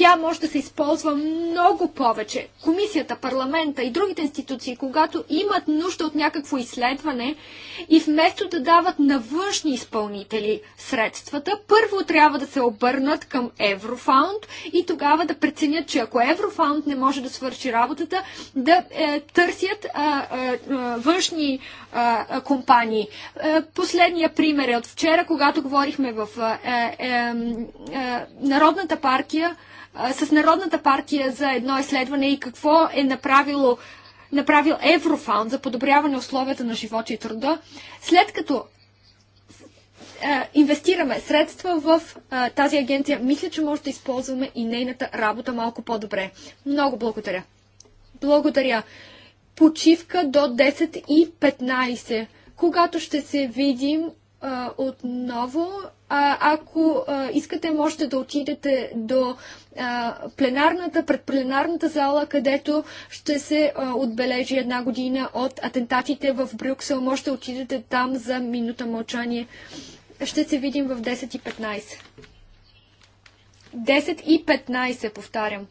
тя може да се използва много повече. Комисията, парламента и другите институции, когато имат нужда от някакво изследване и вместо да дават на външни изпълнители средствата, първо трябва да се обърнат към Еврофаунд и тогава да преценят, че ако Еврофаунд не може да свърши работата, да е, търсят е, е, външни е, компании. последния пример е от вчера, когато говорихме в е, е, е, Народната партия с Народната партия за едно изследване и какво е направило направил Еврофаунд за подобряване условията на живота и труда, след като инвестираме средства в тази агенция, мисля, че може да използваме и нейната работа малко по-добре. Много благодаря. Благодаря. Почивка до 10 и 15, когато ще се видим отново. А, ако а, искате, можете да отидете до а, пленарната, предпленарната зала, където ще се а, отбележи една година от атентатите в Брюксел. Можете да отидете там за минута мълчание. Ще се видим в 10.15. 10:15, повтарям.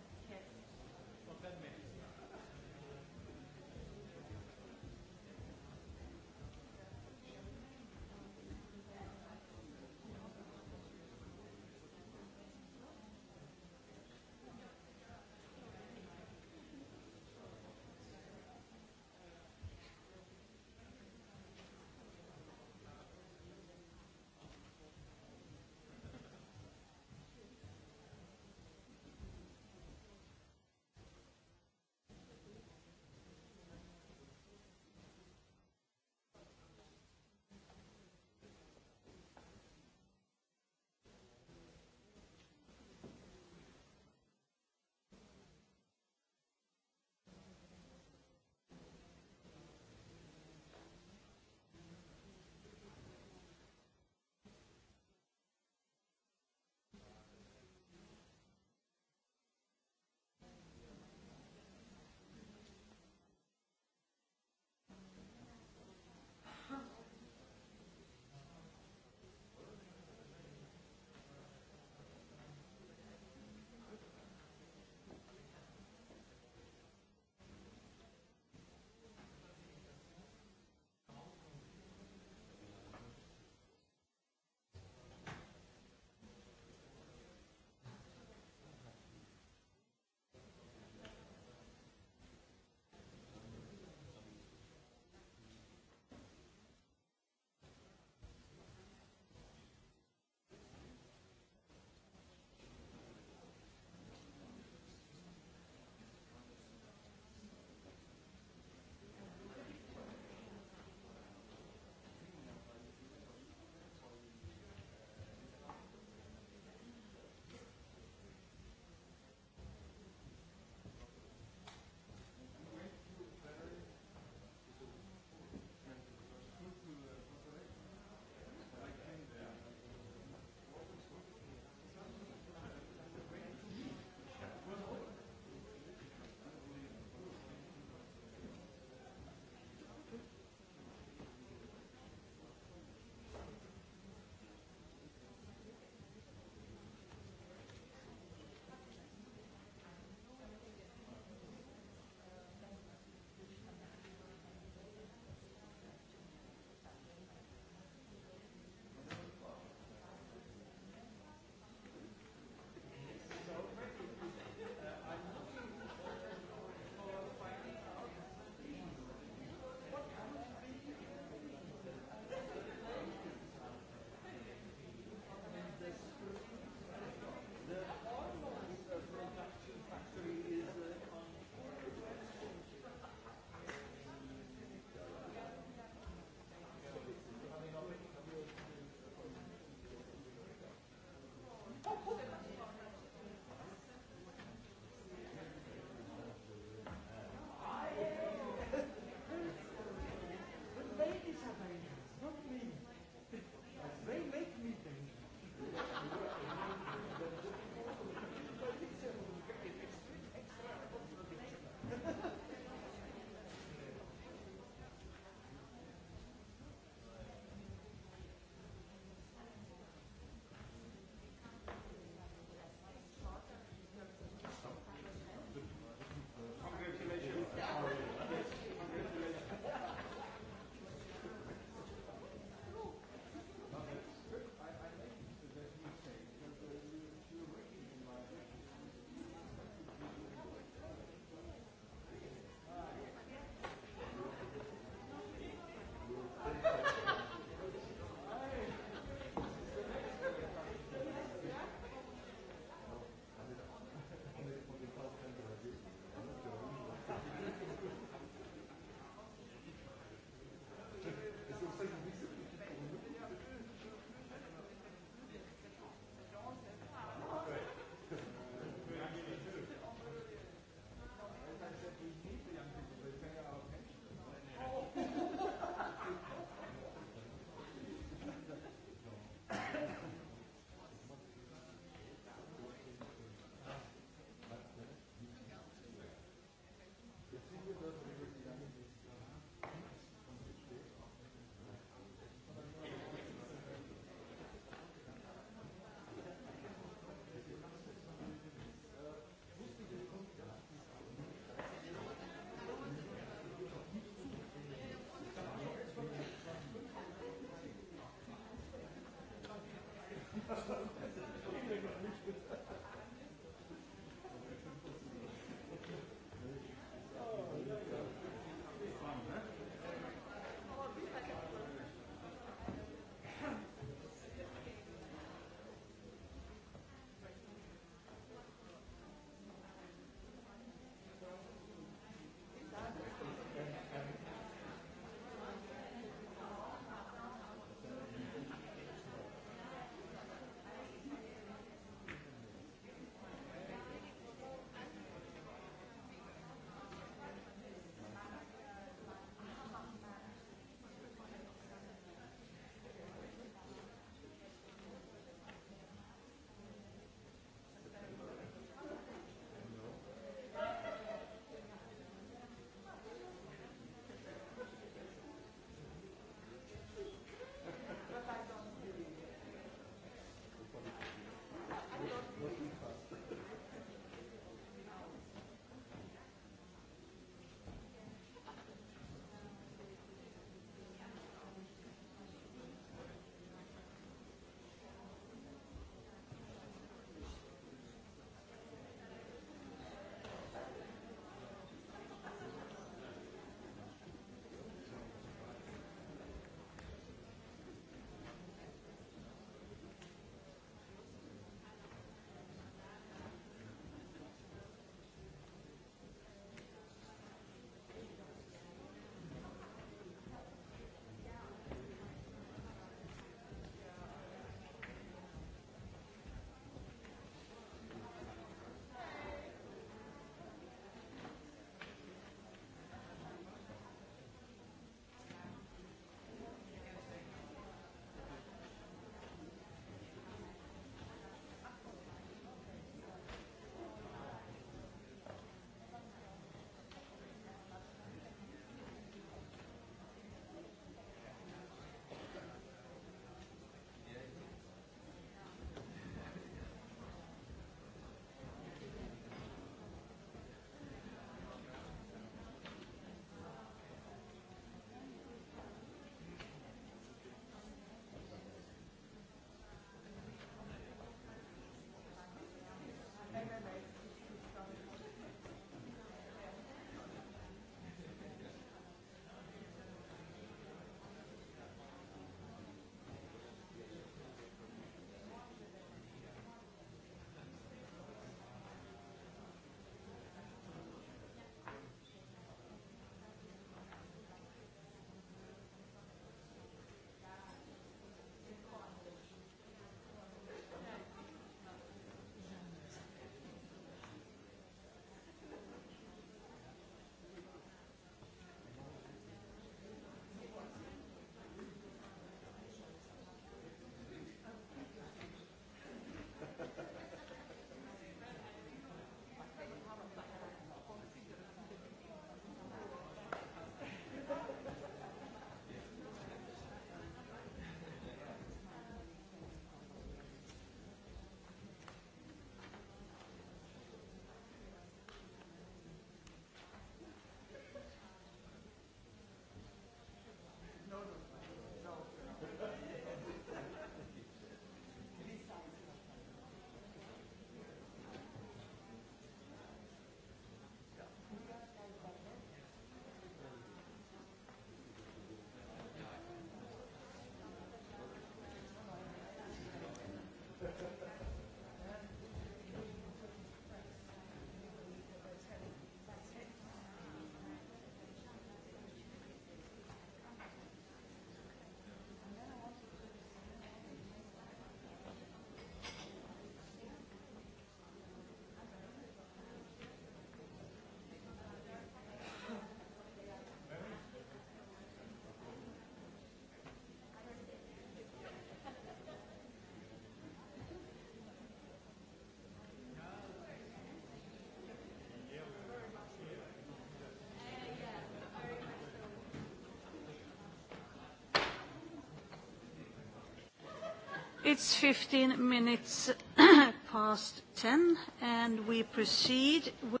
It's 15 minutes past 10 and we proceed with...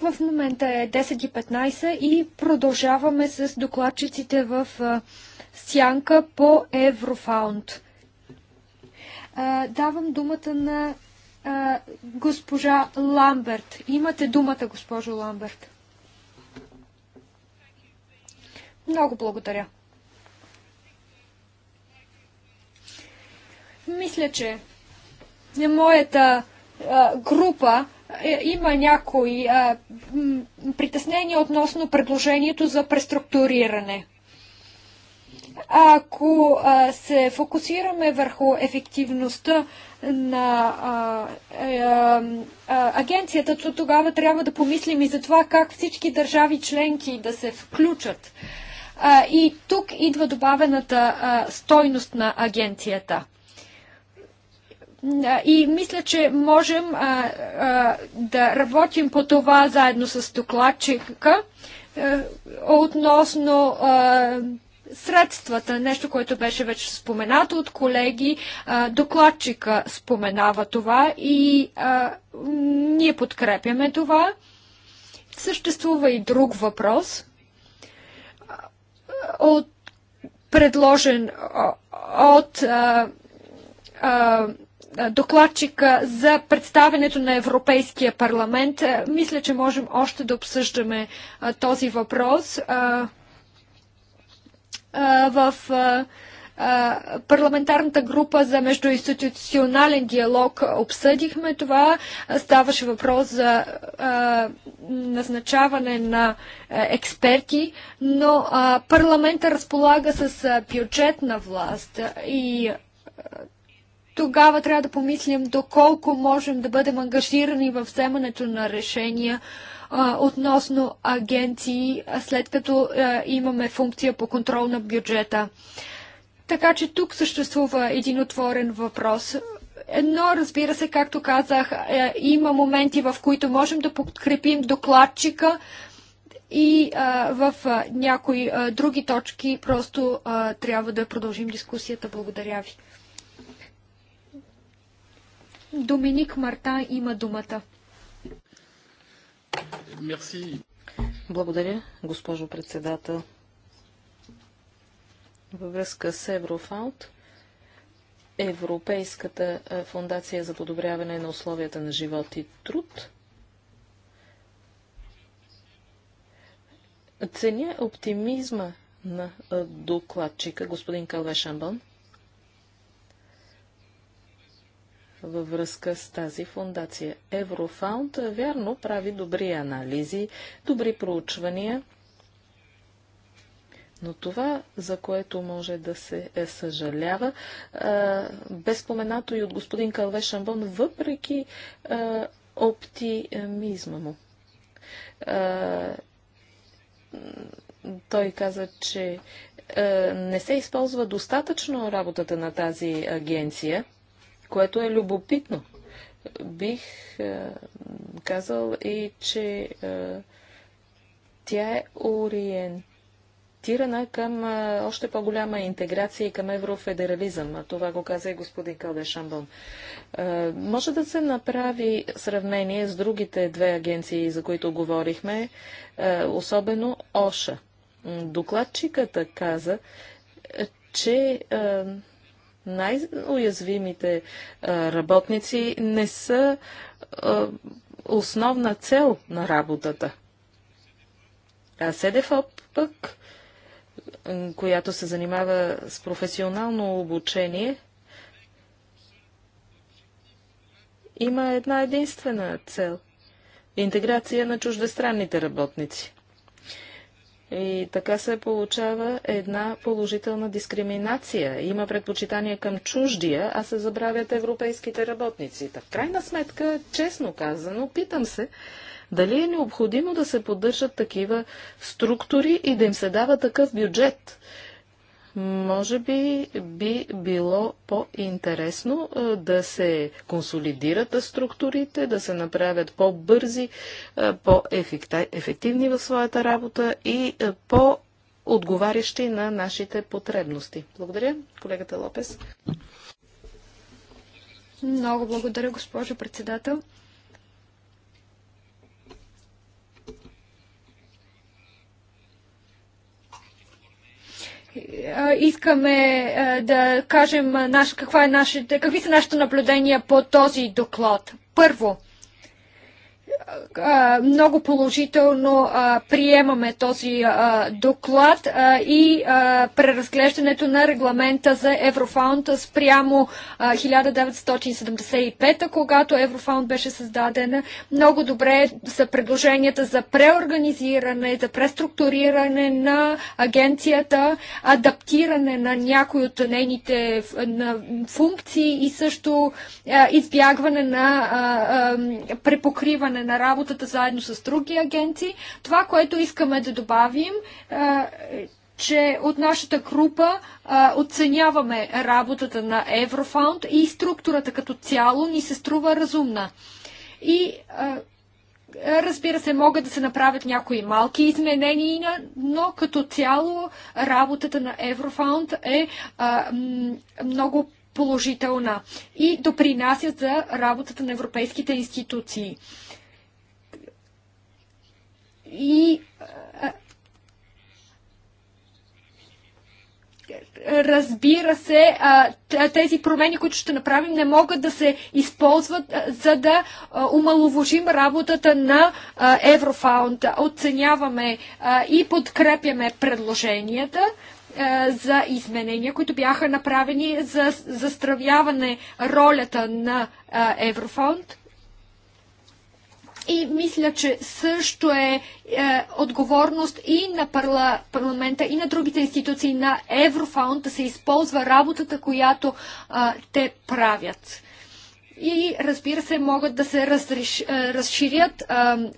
В момента е 10.15 и продължаваме с докладчиците в сянка по Еврофаунд. Давам думата на госпожа Ламберт. Имате думата, госпожо Ламберт. Много благодаря. Мисля, че на моята а, група е, има някои а, притеснения относно предложението за преструктуриране. Ако а, се фокусираме върху ефективността на а, е, а, а, агенцията, то тогава трябва да помислим и за това как всички държави членки да се включат. А, и тук идва добавената а, стойност на агенцията и мисля, че можем а, а, да работим по това заедно с докладчика относно а, средствата, нещо, което беше вече споменато от колеги. А, докладчика споменава това и а, ние подкрепяме това. Съществува и друг въпрос от предложен от а, а, е, докладчика за представенето на Европейския парламент. Е, мисля, че можем още да обсъждаме е, този въпрос. В парламентарната група за междуинституционален диалог обсъдихме това. Ставаше въпрос за назначаване на експерти, но парламента разполага с бюджетна власт и тогава трябва да помислим доколко можем да бъдем ангажирани в вземането на решения а, относно агенции, след като а, имаме функция по контрол на бюджета. Така че тук съществува един отворен въпрос. Но, разбира се, както казах, е, има моменти, в които можем да подкрепим докладчика и е, в е, някои е, други точки просто е, трябва да продължим дискусията. Благодаря ви. Доминик Марта има думата. Мерси. Благодаря, госпожо председател. Във връзка с Еврофаунд, Европейската фундация за подобряване на условията на живот и труд ценя оптимизма на докладчика, господин Калве Шамбон, във връзка с тази фундация. Еврофаунд, е, вярно, прави добри анализи, добри проучвания, но това, за което може да се е съжалява, безпоменато споменато и от господин Калве Шамбон, въпреки оптимизма му. той каза, че не се използва достатъчно работата на тази агенция което е любопитно. Бих е, казал и, че е, тя е ориентирана към е, още по-голяма интеграция и към еврофедерализъм. Това го каза и господин Калде Шамбон. Може да се направи сравнение с другите две агенции, за които говорихме, особено ОША. Докладчиката каза, че най-уязвимите работници не са основна цел на работата. А СДФОП пък, която се занимава с професионално обучение, има една единствена цел – интеграция на чуждестранните работници. И така се получава една положителна дискриминация. Има предпочитание към чуждия, а се забравят европейските работници. в крайна сметка, честно казано, питам се, дали е необходимо да се поддържат такива структури и да им се дава такъв бюджет. Може би би било по-интересно да се консолидират структурите, да се направят по-бързи, по-ефективни в своята работа и по- отговарящи на нашите потребности. Благодаря, колегата Лопес. Много благодаря, госпожо председател. искаме да кажем наш, каква е нашите, какви са нашите наблюдения по този доклад. Първо, много положително приемаме този доклад и преразглеждането на регламента за Еврофаунд спрямо 1975, когато Еврофаунд беше създадена. Много добре са предложенията за преорганизиране, за преструктуриране на агенцията, адаптиране на някои от нейните функции и също избягване на препокриване на работата заедно с други агенции. Това, което искаме да добавим, е, че от нашата група а, оценяваме работата на Еврофаунд и структурата като цяло ни се струва разумна. И а, разбира се, могат да се направят някои малки изменения, но като цяло работата на Еврофаунд е а, много положителна и допринася за работата на европейските институции и разбира се, тези промени, които ще направим, не могат да се използват за да омаловожим работата на Еврофаунд. Оценяваме и подкрепяме предложенията за изменения, които бяха направени за застравяване ролята на Еврофаунд и мисля, че също е, е отговорност и на парла, парламента, и на другите институции на Еврофаунд да се използва работата, която е, те правят. И разбира се, могат да се разреш, е, разширят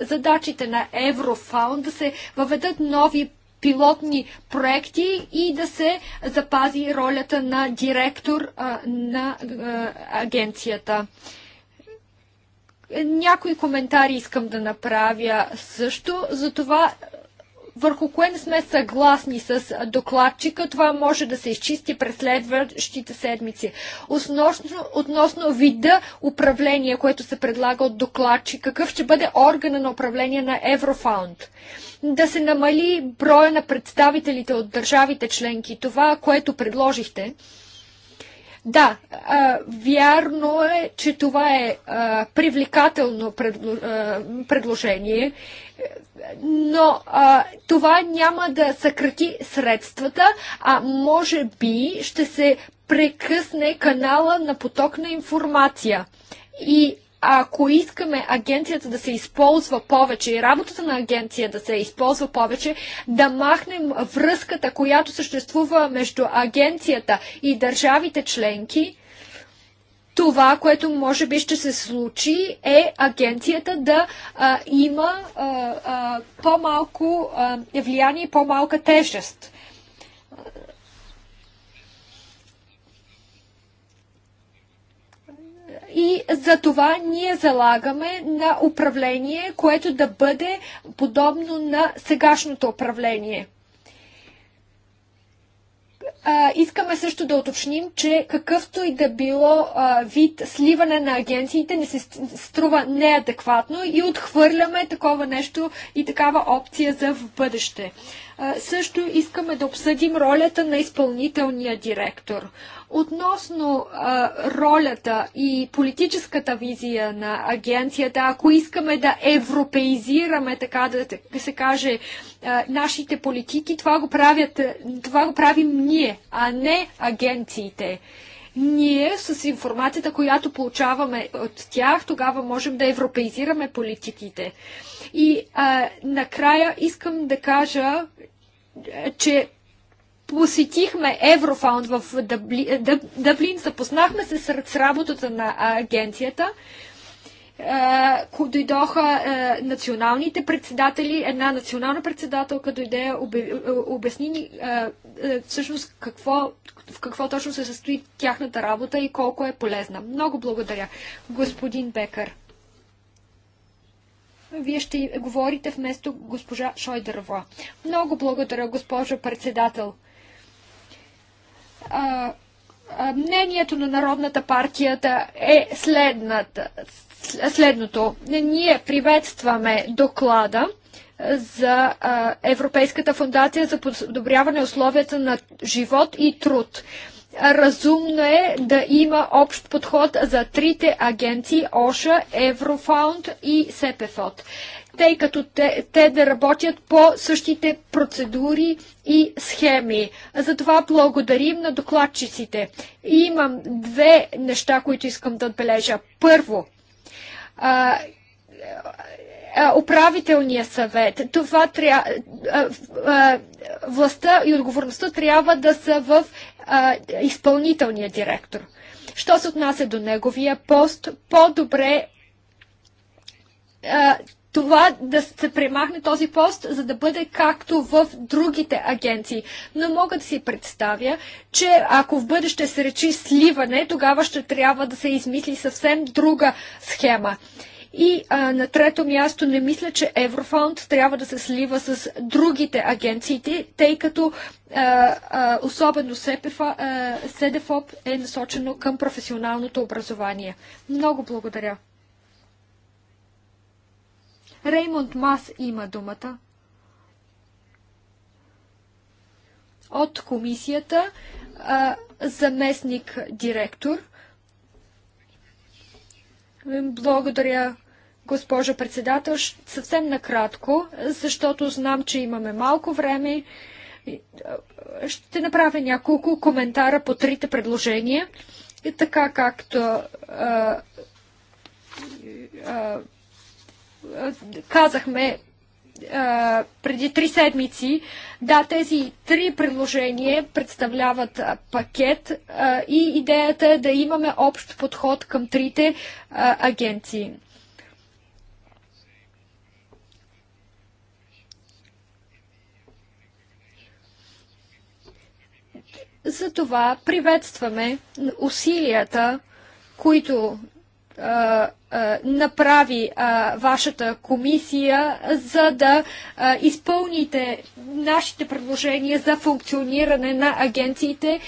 задачите на Еврофаунд, да се въведат нови пилотни проекти и да се запази ролята на директор а, на а, агенцията. Някои коментари искам да направя също. За това върху кое не сме съгласни с докладчика, това може да се изчисти през следващите седмици. Относно, относно вида управление, което се предлага от докладчик, какъв ще бъде органа на управление на Еврофаунд? Да се намали броя на представителите от държавите членки, това, което предложихте, да, а, вярно е, че това е а, привлекателно предло, а, предложение, но а, това няма да съкрати средствата, а може би ще се прекъсне канала на поток на информация. И ако искаме агенцията да се използва повече и работата на агенция да се използва повече, да махнем връзката, която съществува между агенцията и държавите членки, това, което може би ще се случи, е агенцията да а, има по-малко влияние и по-малка тежест. И за това ние залагаме на управление, което да бъде подобно на сегашното управление. искаме също да уточним, че какъвто и да било вид сливане на агенциите не се струва неадекватно и отхвърляме такова нещо и такава опция за в бъдеще. също искаме да обсъдим ролята на изпълнителния директор. Относно а, ролята и политическата визия на агенцията, ако искаме да европеизираме, така да се каже, а, нашите политики, това го, правят, това го правим ние, а не агенциите ние с информацията, която получаваме от тях, тогава можем да европеизираме политиките. И а, накрая искам да кажа, че посетихме Еврофаунд в Дъблин, запознахме се с работата на агенцията. Дойдоха националните председатели, една национална председателка дойде, обясни ни всъщност какво, в какво точно се състои тяхната работа и колко е полезна. Много благодаря, господин Бекър. Вие ще говорите вместо госпожа Шойдерова. Много благодаря, госпожо председател мнението на Народната партията е следната, следното. Ние приветстваме доклада за Европейската фундация за подобряване условията на живот и труд. Разумно е да има общ подход за трите агенции ОША, Еврофаунд и СЕПЕФОД тъй като те, те да работят по същите процедури и схеми. Затова благодарим на докладчиците. И имам две неща, които искам да отбележа. Първо, а, управителния съвет. Това трябва. Властта и отговорността трябва да са в а, изпълнителния директор. Що се отнася до неговия пост, по-добре това да се премахне този пост, за да бъде както в другите агенции. Но мога да си представя, че ако в бъдеще се речи сливане, тогава ще трябва да се измисли съвсем друга схема. И а, на трето място не мисля, че Еврофонд трябва да се слива с другите агенциите, тъй като а, а, особено СЕПЕФА, СЕДЕФОП е насочено към професионалното образование. Много благодаря. Реймонд Мас има думата. От комисията а, заместник директор. Благодаря, госпожо председател. Съвсем накратко, защото знам, че имаме малко време. Ще направя няколко коментара по трите предложения. И така както а, а, казахме преди три седмици. Да, тези три предложения представляват пакет и идеята е да имаме общ подход към трите агенции. Затова приветстваме усилията, които направи вашата комисия, за да изпълните нашите предложения за функциониране на агенциите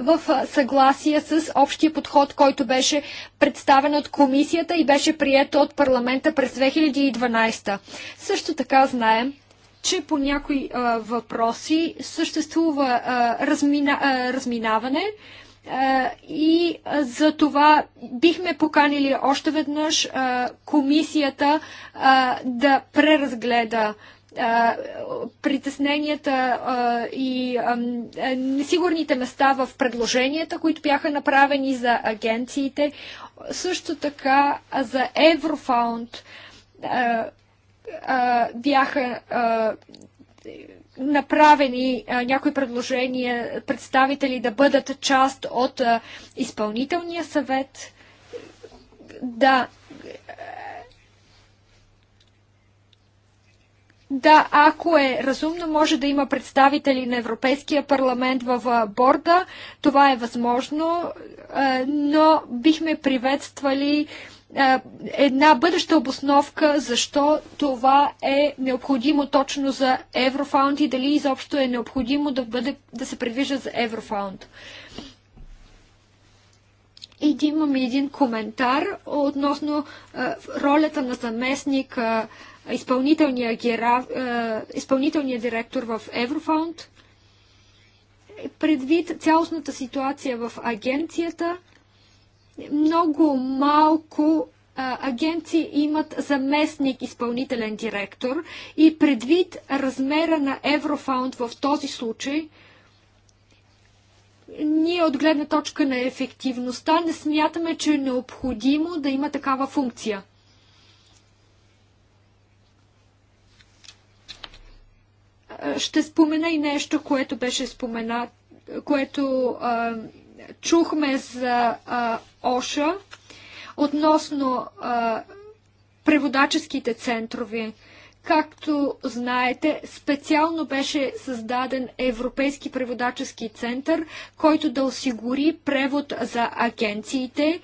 в съгласие с общия подход, който беше представен от комисията и беше прието от парламента през 2012. Също така знаем, че по някои въпроси съществува размина, разминаване, и за това бихме поканили още веднъж комисията да преразгледа притесненията и е, несигурните места в предложенията, които бяха направени за агенциите, също така за Еврофаунд бяха направени някои предложения представители да бъдат част от изпълнителния съвет, да Да, ако е разумно, може да има представители на Европейския парламент в борда. Това е възможно, но бихме приветствали е, една бъдеща обосновка, защо това е необходимо точно за еврофаунд и дали изобщо е необходимо да, бъде, да се предвижда за еврофаунд. И да имаме един коментар относно а, е, ролята на заместник а, е, изпълнителния, гера, а, изпълнителния директор в Еврофаунд. Предвид цялостната ситуация в агенцията, много малко а, агенции имат заместник изпълнителен директор и предвид размера на Еврофаунд в този случай, ние от гледна точка на ефективността не смятаме, че е необходимо да има такава функция. Ще спомена и нещо, което беше споменато, което а, чухме за а, ОША относно а, преводаческите центрови. Както знаете, специално беше създаден Европейски преводачески център, който да осигури превод за агенциите.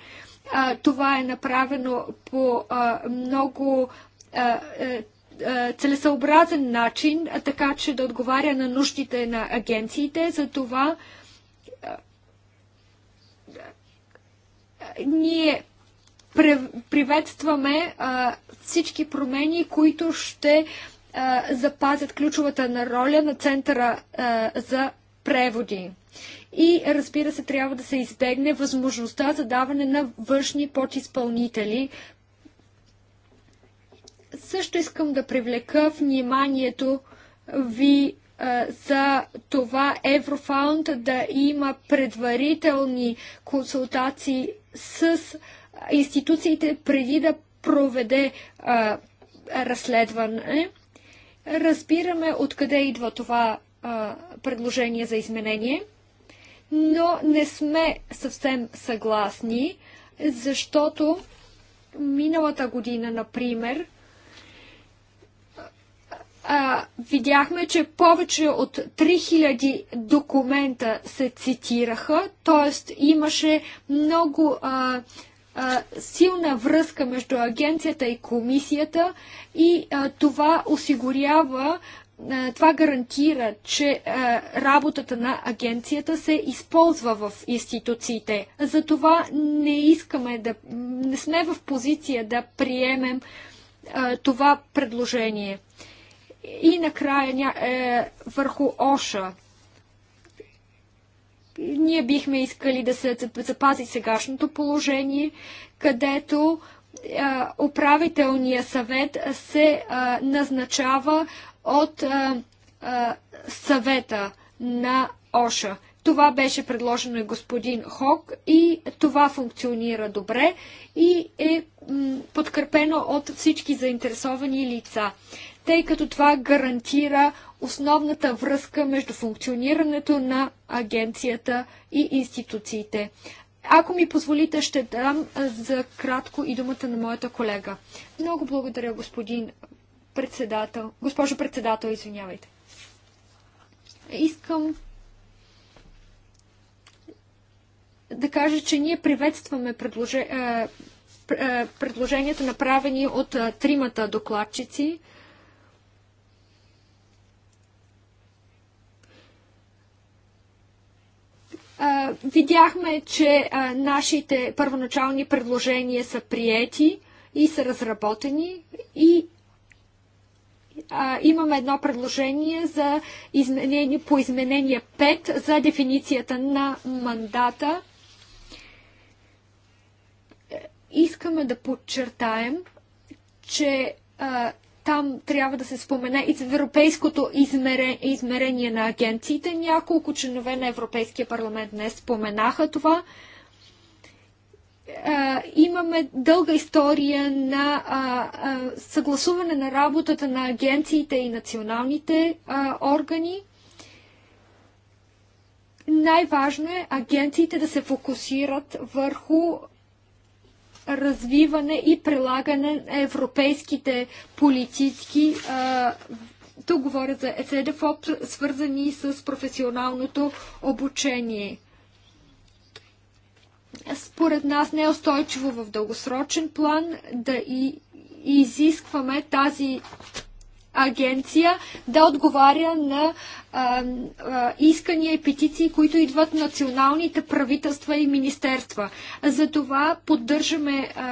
А, това е направено по а, много а, е, целесъобразен начин, така че да отговаря на нуждите на агенциите. За това ние приветстваме всички промени, които ще запазят ключовата на роля на Центъра за преводи. И разбира се, трябва да се избегне възможността за даване на външни подизпълнители. Също искам да привлека вниманието ви за това Еврофаунд да има предварителни консултации с институциите преди да проведе а, разследване. Разбираме откъде идва това а, предложение за изменение, но не сме съвсем съгласни, защото миналата година, например, а, видяхме, че повече от 3000 документа се цитираха, т.е. имаше много а, а, силна връзка между агенцията и комисията и а, това осигурява това гарантира, че а, работата на агенцията се използва в институциите. Затова не искаме да. не сме в позиция да приемем а, това предложение и накрая ня, е, върху Оша. Ние бихме искали да се запази сегашното положение, където е, управителният съвет се е, назначава от е, е, съвета на Оша. Това беше предложено и господин Хок и това функционира добре и е подкрепено от всички заинтересовани лица тъй като това гарантира основната връзка между функционирането на агенцията и институциите. Ако ми позволите, ще дам за кратко и думата на моята колега. Много благодаря, господин председател. Госпожо председател, извинявайте. Искам да кажа, че ние приветстваме предложението, направени от тримата докладчици. Видяхме, че нашите първоначални предложения са приети и са разработени и а, имаме едно предложение за изменение, по изменение 5 за дефиницията на мандата. Искаме да подчертаем, че а, там трябва да се спомене и европейското измерение, измерение на агенциите. Няколко членове на Европейския парламент днес споменаха това. А, имаме дълга история на а, а, съгласуване на работата на агенциите и националните органи най-важно е агенциите да се фокусират върху развиване и прилагане на европейските политически, Тук говоря за ЕСЕДЕФОП, свързани с професионалното обучение. Според нас не е устойчиво в дългосрочен план да и изискваме тази агенция да отговаря на а, а, искания и петиции, които идват националните правителства и министерства. Затова поддържаме а,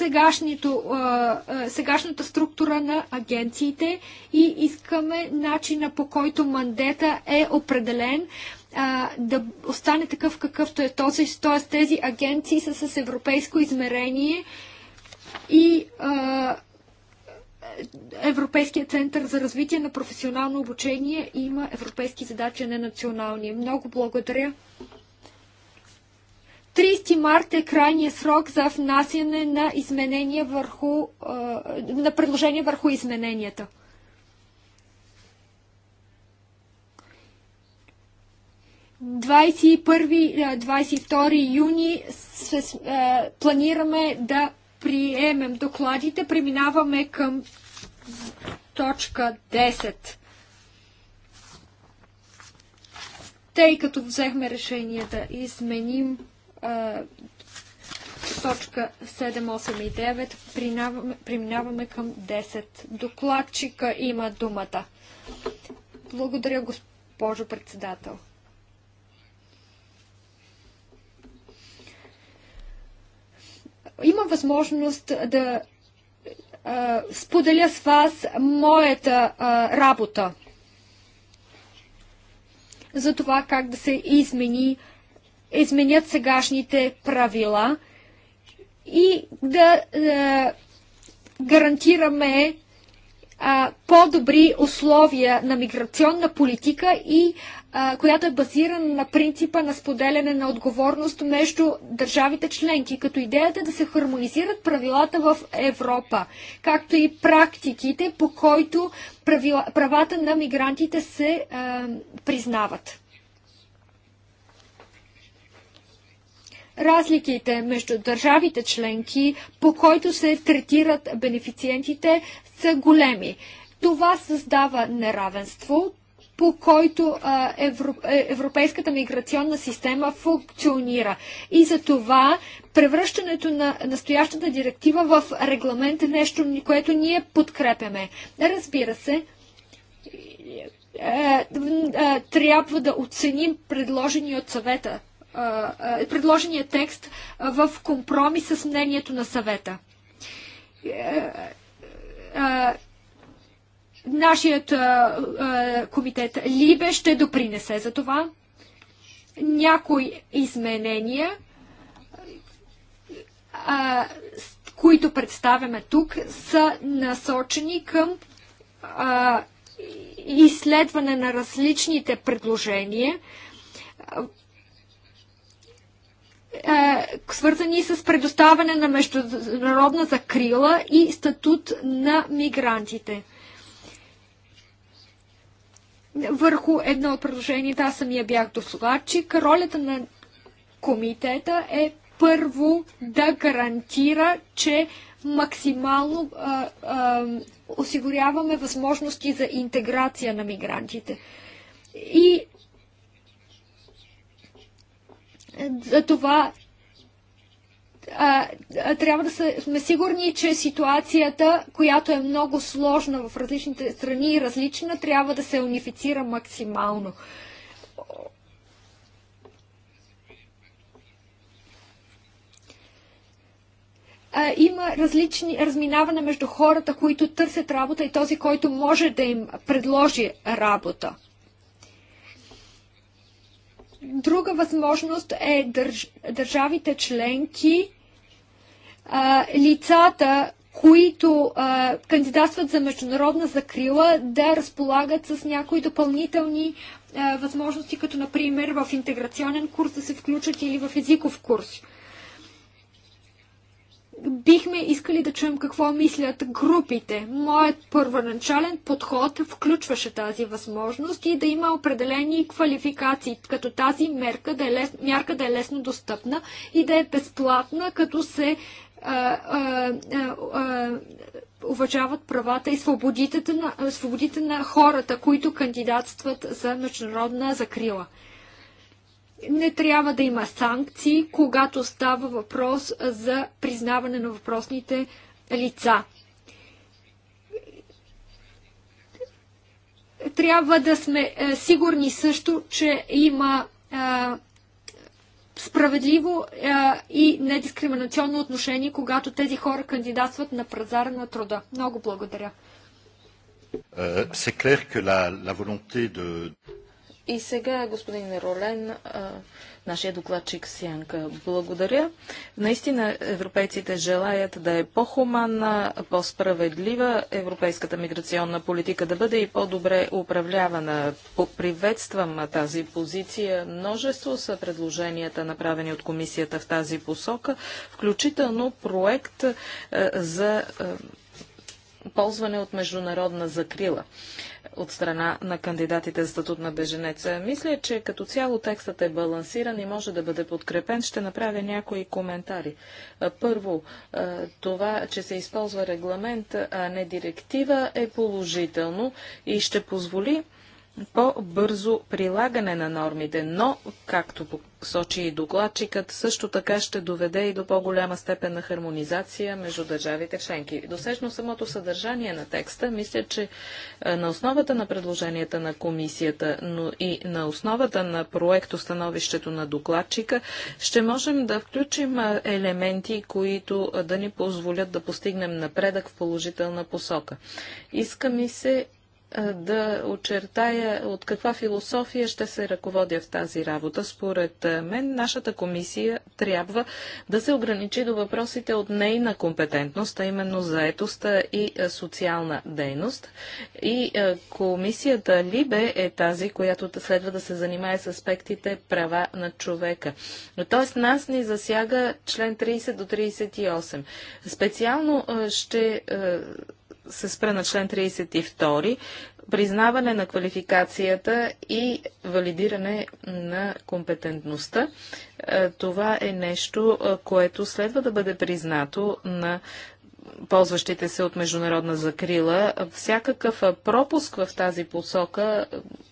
а, сегашната структура на агенциите и искаме начина по който мандета е определен а, да остане такъв какъвто е този, т.е. тези агенции са с европейско измерение и а, Европейския център за развитие на професионално обучение има европейски задачи, а не национални. Много благодаря. 30 марта е крайният срок за внасяне на изменения върху, на предложения върху измененията. 21 22 юни се, планираме да приемем докладите. Преминаваме към точка 10. Тъй като взехме решение да изменим а, точка 7, 8 и 9, преминаваме, преминаваме към 10. Докладчика има думата. Благодаря, госпожо председател. Има възможност да споделя с вас моята работа за това как да се измени, изменят сегашните правила и да гарантираме по-добри условия на миграционна политика и която е базирана на принципа на споделяне на отговорност между държавите членки, като идеята е да се хармонизират правилата в Европа, както и практиките, по които правила, правата на мигрантите се а, признават. разликите между държавите членки, по който се третират бенефициентите, са големи. Това създава неравенство, по който а, евро, е, европейската миграционна система функционира. И за това превръщането на настоящата директива в регламент е нещо, което ние подкрепяме. Разбира се, е, е, трябва да оценим предложения от съвета, предложения текст в компромис с мнението на съвета Нашият комитет Либе ще допринесе за това някои изменения, които представяме тук, са насочени към изследване на различните предложения, свързани с предоставяне на международна закрила и статут на мигрантите върху едно от предложенията. Аз самия бях до че Ролята на комитета е първо да гарантира, че максимално а, а, осигуряваме възможности за интеграция на мигрантите. И за това а, трябва да сме сигурни, че ситуацията, която е много сложна в различните страни и различна, трябва да се унифицира максимално. а, има различни разминаване между хората, които търсят работа и този, който може да им предложи работа. Друга възможност е държ, държавите членки а, лицата, които а, кандидатстват за международна закрила, да разполагат с някои допълнителни а, възможности, като например в интеграционен курс да се включат или в езиков курс. Бихме искали да чуем какво мислят групите. Моят първоначален подход включваше тази възможност и да има определени квалификации, като тази мерка да е лес, мярка да е лесно достъпна и да е безплатна, като се уважават правата и свободите на, свободите на хората, които кандидатстват за международна закрила. Не трябва да има санкции, когато става въпрос за признаване на въпросните лица. Трябва да сме е, сигурни също, че има а, е, справедливо е, и недискриминационно отношение, когато тези хора кандидатстват на пазара на труда. Много благодаря. Е, и сега, господин Ролен, е, нашия докладчик Сянка. Благодаря. Наистина европейците желаят да е по-хуманна, по-справедлива европейската миграционна политика, да бъде и по-добре управлявана. Приветствам тази позиция. Множество са предложенията, направени от комисията в тази посока, включително проект е, за е, ползване от международна закрила от страна на кандидатите за статут на беженеца. Мисля, че като цяло текстът е балансиран и може да бъде подкрепен. Ще направя някои коментари. Първо, това, че се използва регламент, а не директива, е положително и ще позволи по-бързо прилагане на нормите, но, както сочи и докладчикът, също така ще доведе и до по-голяма степен на хармонизация между държавите членки. Досечно самото съдържание на текста, мисля, че е, на основата на предложенията на комисията, но и на основата на проект становището на докладчика, ще можем да включим е, елементи, които е, да ни позволят да постигнем напредък в положителна посока. Иска ми се да очертая от каква философия ще се ръководя в тази работа. Според мен, нашата комисия трябва да се ограничи до въпросите от нейна компетентност, а именно заетостта и социална дейност. И комисията Либе е тази, която следва да се занимае с аспектите права на човека. Тоест, нас ни засяга член 30 до 38. Специално ще се спра на член 32, признаване на квалификацията и валидиране на компетентността. Е, това е нещо, е, което следва да бъде признато на ползващите се от международна закрила. Всякакъв пропуск в тази посока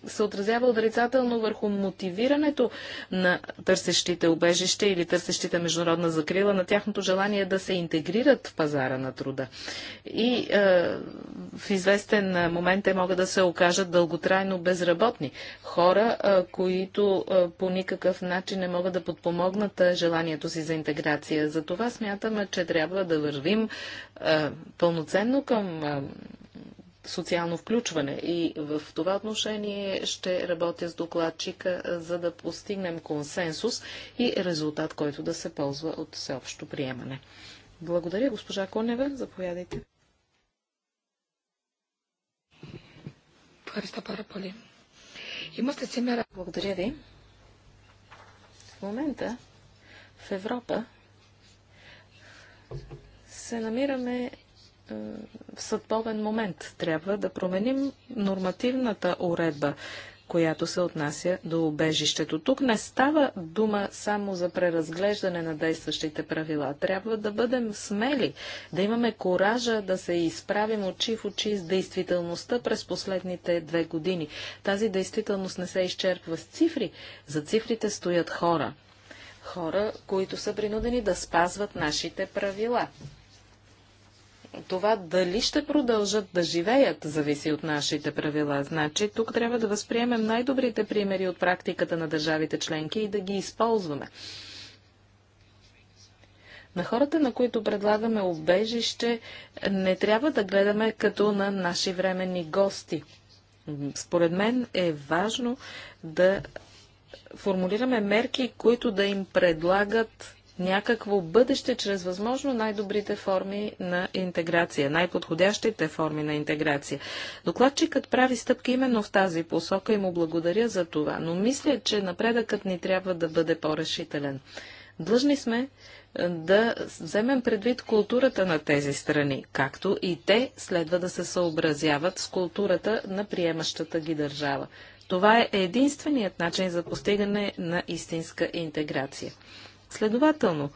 се отразява отрицателно върху мотивирането на търсещите убежище или търсещите международна закрила, на тяхното желание да се интегрират в пазара на труда. И е, в известен момент те могат да се окажат дълготрайно безработни. Хора, е, които е, по никакъв начин не могат да подпомогнат желанието си за интеграция. Затова смятаме, че трябва да вървим е, пълноценно към е, социално включване. И в това отношение ще работя с докладчика, е, за да постигнем консенсус и резултат, който да се ползва от всеобщо приемане. Благодаря, госпожа Конева. Заповядайте. Благодаря ви. В момента в Европа се намираме е, в съдбовен момент. Трябва да променим нормативната уредба, която се отнася до убежището. Тук не става дума само за преразглеждане на действащите правила. Трябва да бъдем смели, да имаме коража да се изправим очи в очи с действителността през последните две години. Тази действителност не се изчерпва с цифри. За цифрите стоят хора. Хора, които са принудени да спазват нашите правила това дали ще продължат да живеят, зависи от нашите правила. Значи, тук трябва да възприемем най-добрите примери от практиката на държавите членки и да ги използваме. На хората, на които предлагаме обежище, не трябва да гледаме като на наши временни гости. Според мен е важно да формулираме мерки, които да им предлагат някакво бъдеще чрез възможно най-добрите форми на интеграция, най-подходящите форми на интеграция. Докладчикът прави стъпки именно в тази посока и му благодаря за това, но мисля, че напредъкът ни трябва да бъде по-решителен. Длъжни сме е, да вземем предвид културата на тези страни, както и те следва да се съобразяват с културата на приемащата ги държава. Това е единственият начин за постигане на истинска интеграция. Следователно,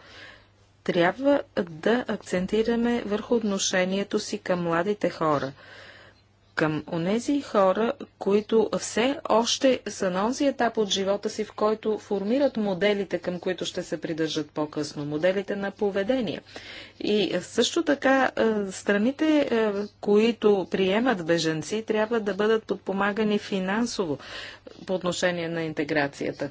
трябва да акцентираме върху отношението си към младите хора, към онези хора, които все още са на онзи етап от живота си, в който формират моделите, към които ще се придържат по-късно, моделите на поведение. И също така е, страните, е, които приемат беженци, трябва да бъдат подпомагани финансово по отношение на интеграцията.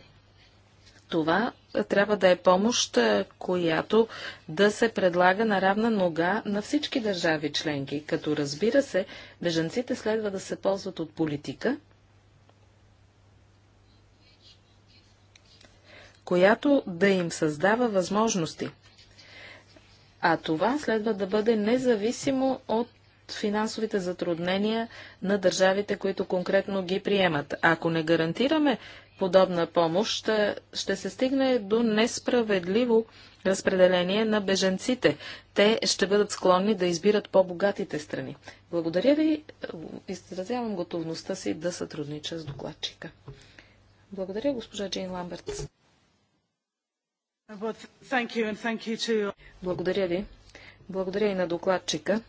Това трябва да е помощ, е, която да се предлага на равна нога на всички държави членки, като разбира се, бежанците следва да се ползват от политика, която да им създава възможности. А това следва да бъде независимо от финансовите затруднения на държавите, които конкретно ги приемат. Ако не гарантираме подобна помощ, ще се стигне до несправедливо разпределение на беженците. Те ще бъдат склонни да избират по-богатите страни. Благодаря ви. Изразявам готовността си да сътруднича с докладчика. Благодаря, госпожа Джейн Ламберт. Благодаря ви. Благодаря и на докладчика.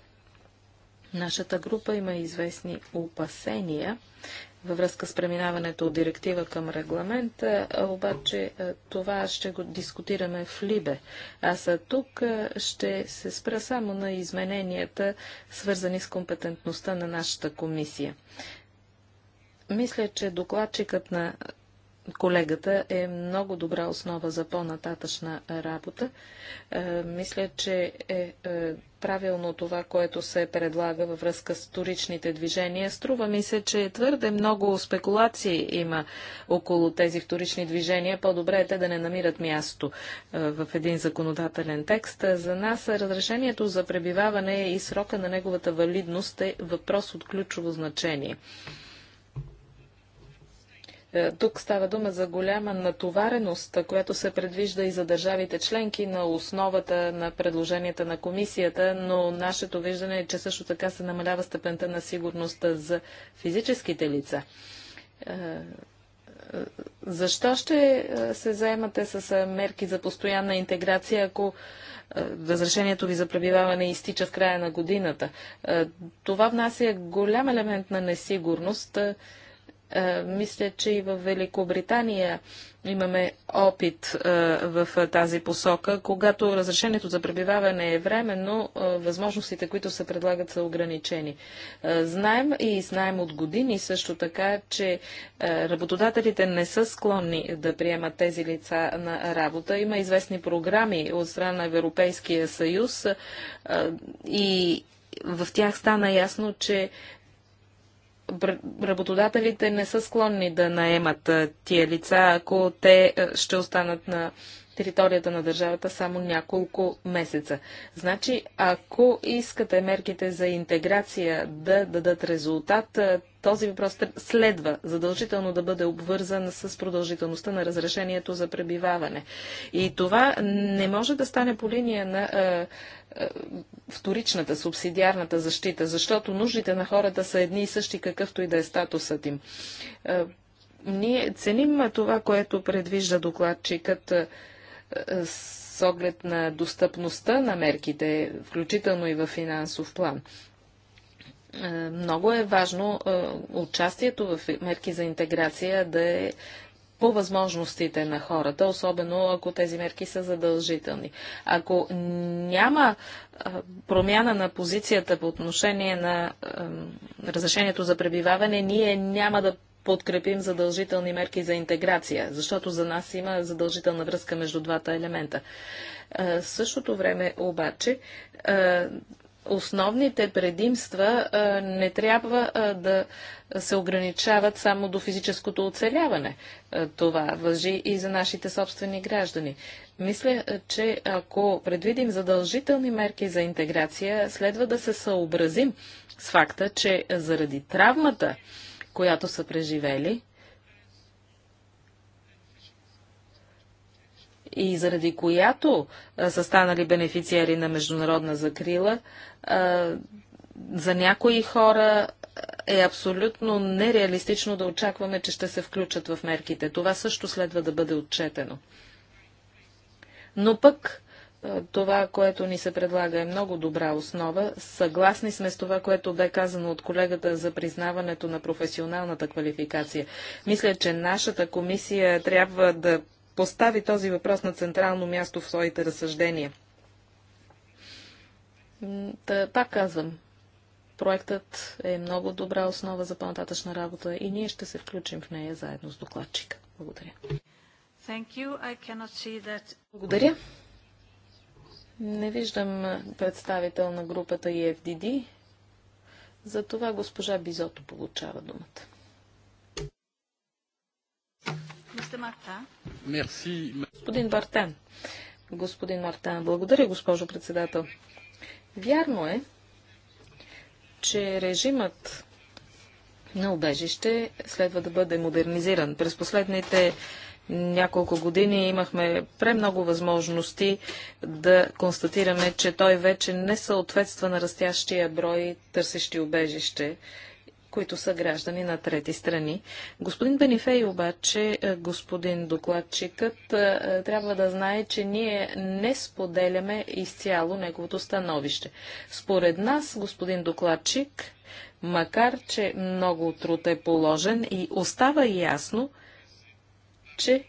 Нашата група има известни опасения във връзка с преминаването от директива към регламент, обаче това ще го дискутираме в Либе. Аз тук ще се спра само на измененията, свързани с компетентността на нашата комисия. Мисля, че докладчикът на колегата е много добра основа за по-нататъчна работа. Е, мисля, че е, е правилно това, което се предлага във връзка с вторичните движения. Струва ми се, че твърде много спекулации има около тези вторични движения. По-добре е те да не намират място е, в един законодателен текст. За нас разрешението за пребиваване и срока на неговата валидност е въпрос от ключово значение. Е, тук става дума за голяма натовареност, която се предвижда и за държавите членки на основата на предложенията на комисията, но нашето виждане е, че също така се намалява степента на сигурността за физическите лица. Е, е, защо ще се заемате с мерки за постоянна интеграция, ако разрешението ви за пребиваване изтича в края на годината? Това внася голям елемент на несигурност. Е, мисля, че и в Великобритания имаме опит е, в тази посока. Когато разрешението за пребиваване е временно, е, възможностите, които се предлагат, са ограничени. Знаем и знаем от години също така, че работодателите не са склонни да приемат тези лица на работа. Има известни програми от страна на Европейския съюз и в тях стана ясно, че работодателите не са склонни да наемат тия лица, ако те ще останат на територията на държавата само няколко месеца. Значи, ако искате мерките за интеграция да дадат резултат, този въпрос следва задължително да бъде обвързан с продължителността на разрешението за пребиваване. И това не може да стане по линия на вторичната, субсидиарната защита, защото нуждите на хората са едни и същи, какъвто и да е статусът им. ние ценим това, което предвижда докладчикът е, с оглед на достъпността на мерките, включително и в финансов план. Е, много е важно е, участието в мерки за интеграция да е по възможностите на хората, особено ако тези мерки са задължителни. Ако няма промяна на позицията по отношение на разрешението за пребиваване, ние няма да подкрепим задължителни мерки за интеграция, защото за нас има задължителна връзка между двата елемента. В е, същото време обаче е, основните предимства е, не трябва да се ограничават само до физическото оцеляване. Това въжи и за нашите собствени граждани. Мисля, че ако предвидим задължителни мерки за интеграция, следва да се съобразим с факта, че заради травмата, която са преживели и заради която са станали бенефициари на международна закрила, за някои хора е абсолютно нереалистично да очакваме, че ще се включат в мерките. Това също следва да бъде отчетено. Но пък е, това, което ни се предлага е много добра основа. Съгласни сме с това, което бе казано от колегата за признаването на професионалната квалификация. Мисля, че нашата комисия трябва да постави този въпрос на централно място в своите разсъждения. Та, пак казвам, проектът е много добра основа за по-нататъчна работа и ние ще се включим в нея заедно с докладчика. Благодаря. That... Благодаря. Не виждам представител на групата EFDD. Затова госпожа Бизото получава думата. Господин Бартан. Господин Мартан, благодаря, госпожо председател. Вярно е, че режимът на убежище следва да бъде модернизиран. През последните няколко години имахме премного възможности да констатираме, че той вече не съответства на растящия брой търсещи убежище които са граждани на трети страни. Господин Бенифей обаче, е, господин докладчикът, е, е, трябва да знае, че ние не споделяме изцяло неговото становище. Според нас, господин докладчик, макар че много труд е положен и остава ясно, че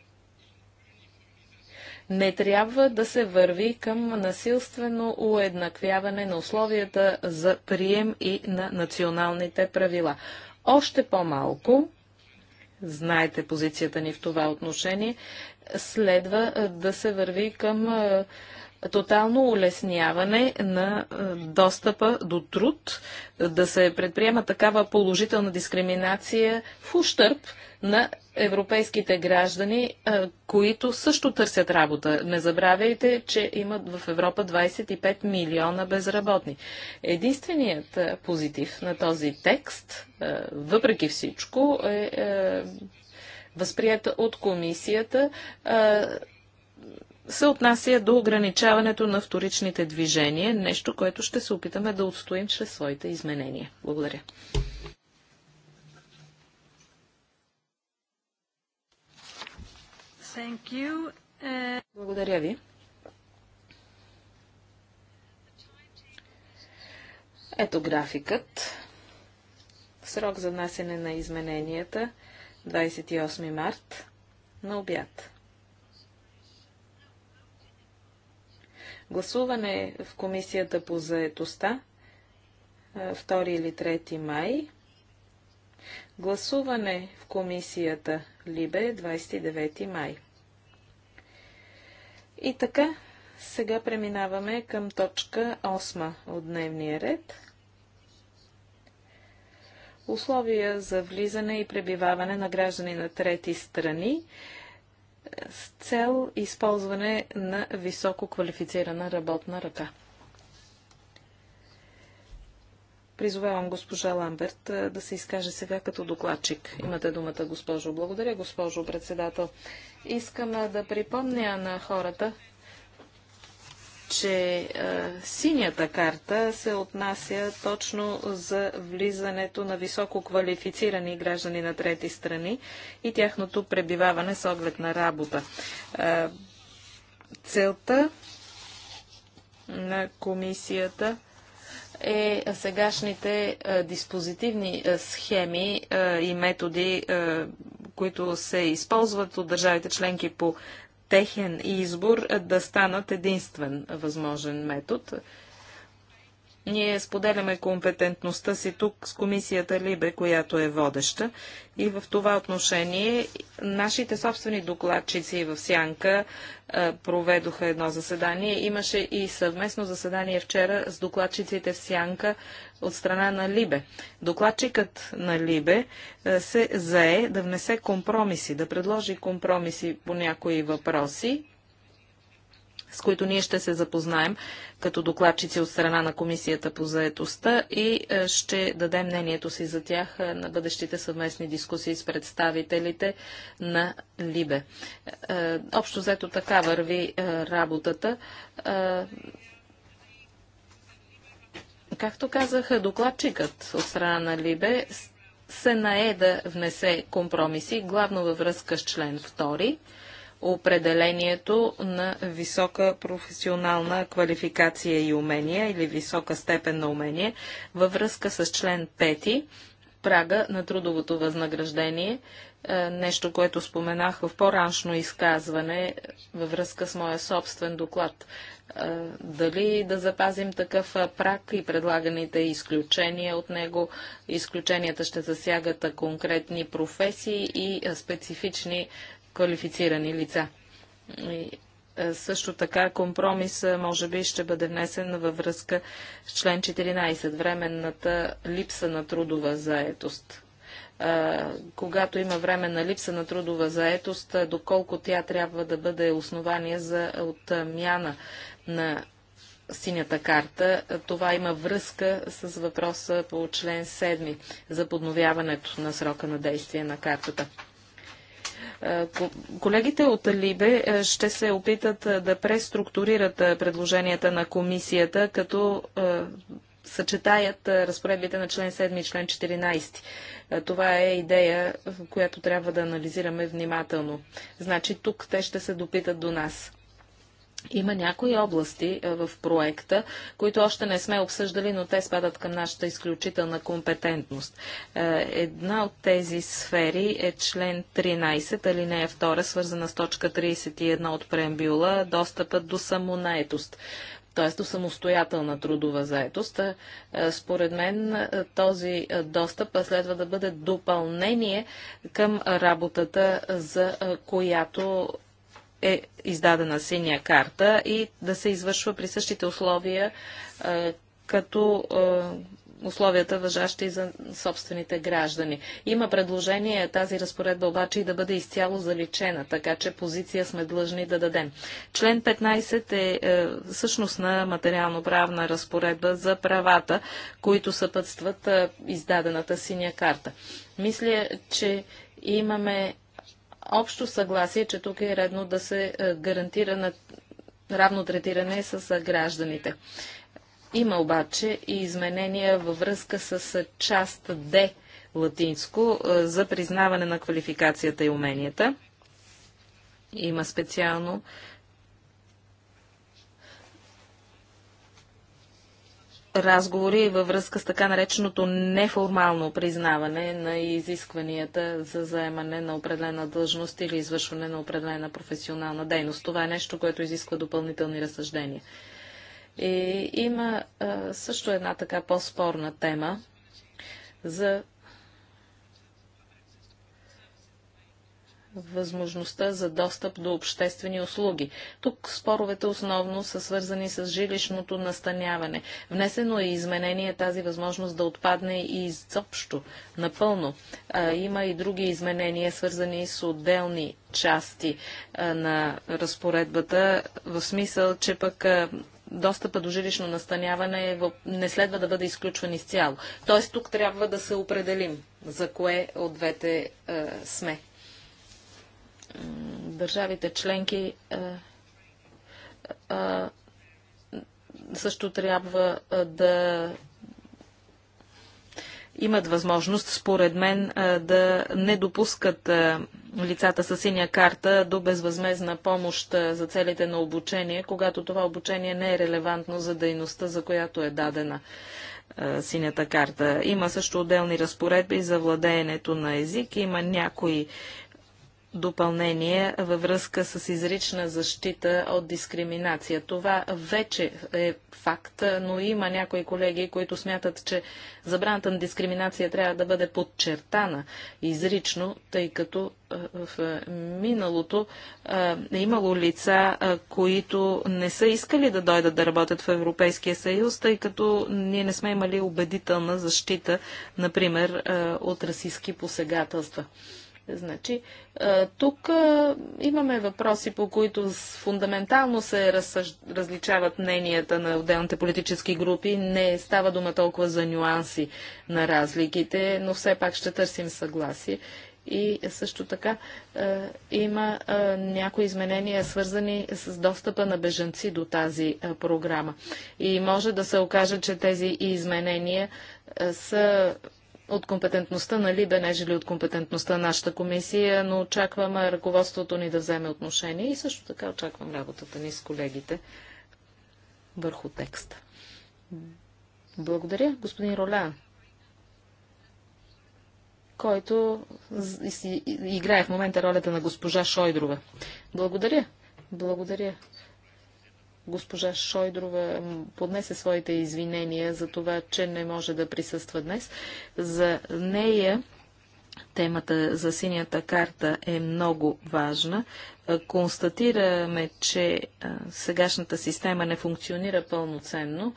не трябва да се върви към насилствено уеднаквяване на условията за прием и на националните правила. Още по-малко, знаете позицията ни в това отношение, следва да се върви към тотално улесняване на достъпа до труд, да се предприема такава положителна дискриминация в ущърп на европейските граждани, които също търсят работа. Не забравяйте, че имат в Европа 25 милиона безработни. Единственият позитив на този текст, въпреки всичко, е, е възприят от комисията, се отнася до ограничаването на вторичните движения, нещо, което ще се опитаме да отстоим чрез своите изменения. Благодаря. Uh, Благодаря ви. Ето графикът. Срок за внасене на измененията 28 март на обяд. Гласуване в комисията по заетостта 2 или 3 май. Гласуване в комисията Либе 29 май. И така, сега преминаваме към точка 8 от дневния ред. Условия за влизане и пребиваване на граждани на трети страни с цел използване на високо квалифицирана работна ръка. Призовавам госпожа Ламберт да се изкаже сега като докладчик. Имате думата, госпожо. Благодаря, госпожо председател. Искам да припомня на хората, че е, синята карта се отнася точно за влизането на високо квалифицирани граждани на трети страни и тяхното пребиваване с оглед на работа. е, целта на комисията е сегашните е, диспозитивни е, схеми е, и методи, които се използват от държавите членки по техен избор, да станат единствен възможен метод. Ние споделяме компетентността си тук с комисията Либе, която е водеща. И в това отношение нашите собствени докладчици в Сянка е, проведоха едно заседание. Имаше и съвместно заседание вчера с докладчиците в Сянка от страна на Либе. Докладчикът на Либе е, се зае да внесе компромиси, да предложи компромиси по някои въпроси с които ние ще се запознаем като докладчици от страна на Комисията по заетостта и е, ще дадем мнението си за тях е, на бъдещите съвместни дискусии с представителите на Либе. Е, общо взето така върви работата. Както казах, докладчикът от страна на Либе се нае да внесе компромиси, главно във връзка с член 2 определението на висока професионална квалификация и умения, или висока степен на умения, във връзка с член 5 прага на трудовото възнаграждение, е, нещо, което споменах в по-раншно изказване във връзка с моя собствен доклад. Е, дали да запазим такъв е, прак и предлаганите изключения от него? Изключенията ще засягат конкретни професии и специфични квалифицирани лица. И също така компромис може би ще бъде внесен във връзка с член 14, временната липса на трудова заетост. А, когато има временна липса на трудова заетост, доколко тя трябва да бъде основание за отмяна на синята карта. Това има връзка с въпроса по член 7 за подновяването на срока на действие на картата. Е, колегите от Либе е, ще се опитат е, да преструктурират предложенията на комисията, като съчетаят разпоредбите на член 7 и член 14. Това е идея, която трябва да анализираме внимателно. Значи тук те ще се допитат до нас. Има някои области е, в проекта, които още не сме обсъждали, но те спадат към нашата изключителна компетентност. Е, една от тези сфери е член 13, алинея 2, свързана с точка 31 от преамбюла, достъпът до самонаетост т.е. до самостоятелна трудова заетост. Е, според мен този достъп следва да бъде допълнение към работата, за която е издадена синя карта и да се извършва при същите условия, е, като е, условията въжащи за собствените граждани. Има предложение тази разпоредба обаче и да бъде изцяло заличена, така че позиция сме длъжни да дадем. Член 15 е, е всъщност на материално-правна разпоредба за правата, които съпътстват е, издадената синя карта. Мисля, че имаме общо съгласие, че тук е редно да се е, гарантира на равно третиране с е, гражданите. Има обаче и изменения във връзка с е, част Д латинско за признаване на квалификацията и уменията. Има специално разговори във връзка с така нареченото неформално признаване на изискванията за заемане на определена длъжност или извършване на определена професионална дейност. Това е нещо, което изисква допълнителни разсъждения. И има а, също една така по-спорна тема за възможността за достъп до обществени услуги. Тук споровете основно са свързани с жилищното настаняване. Внесено е изменение тази възможност да отпадне и изобщо, напълно. А, има и други изменения, свързани с отделни части а, на разпоредбата, в смисъл, че пък а, достъпа до жилищно настаняване е не следва да бъде изключван изцяло. Тоест тук трябва да се определим за кое от двете сме държавите членки е, е, е, също трябва да имат възможност, според мен, да не допускат лицата с синя карта до безвъзмезна помощ за целите на обучение, когато това обучение не е релевантно за дейността, за която е дадена синята карта. Има също отделни разпоредби за владеенето на език. Има някои допълнение във връзка с изрична защита от дискриминация. Това вече е факт, но има някои колеги, които смятат, че забраната на дискриминация трябва да бъде подчертана изрично, тъй като в миналото е имало лица, които не са искали да дойдат да работят в Европейския съюз, тъй като ние не сме имали убедителна защита, например, от расистски посегателства. Значи, тук имаме въпроси, по които фундаментално се различават мненията на отделните политически групи. Не става дума толкова за нюанси на разликите, но все пак ще търсим съгласие. И също така има някои изменения, свързани с достъпа на бежанци до тази програма. И може да се окаже, че тези изменения са от компетентността на Либе, нежели от компетентността на нашата комисия, но очаквам ръководството ни да вземе отношение и също така очаквам работата ни с колегите върху текста. Благодаря, господин Роля, който играе в момента ролята на госпожа Шойдрова. Благодаря. Благодаря Госпожа Шойдрова поднесе своите извинения за това, че не може да присъства днес. За нея темата за синята карта е много важна. Констатираме, че сегашната система не функционира пълноценно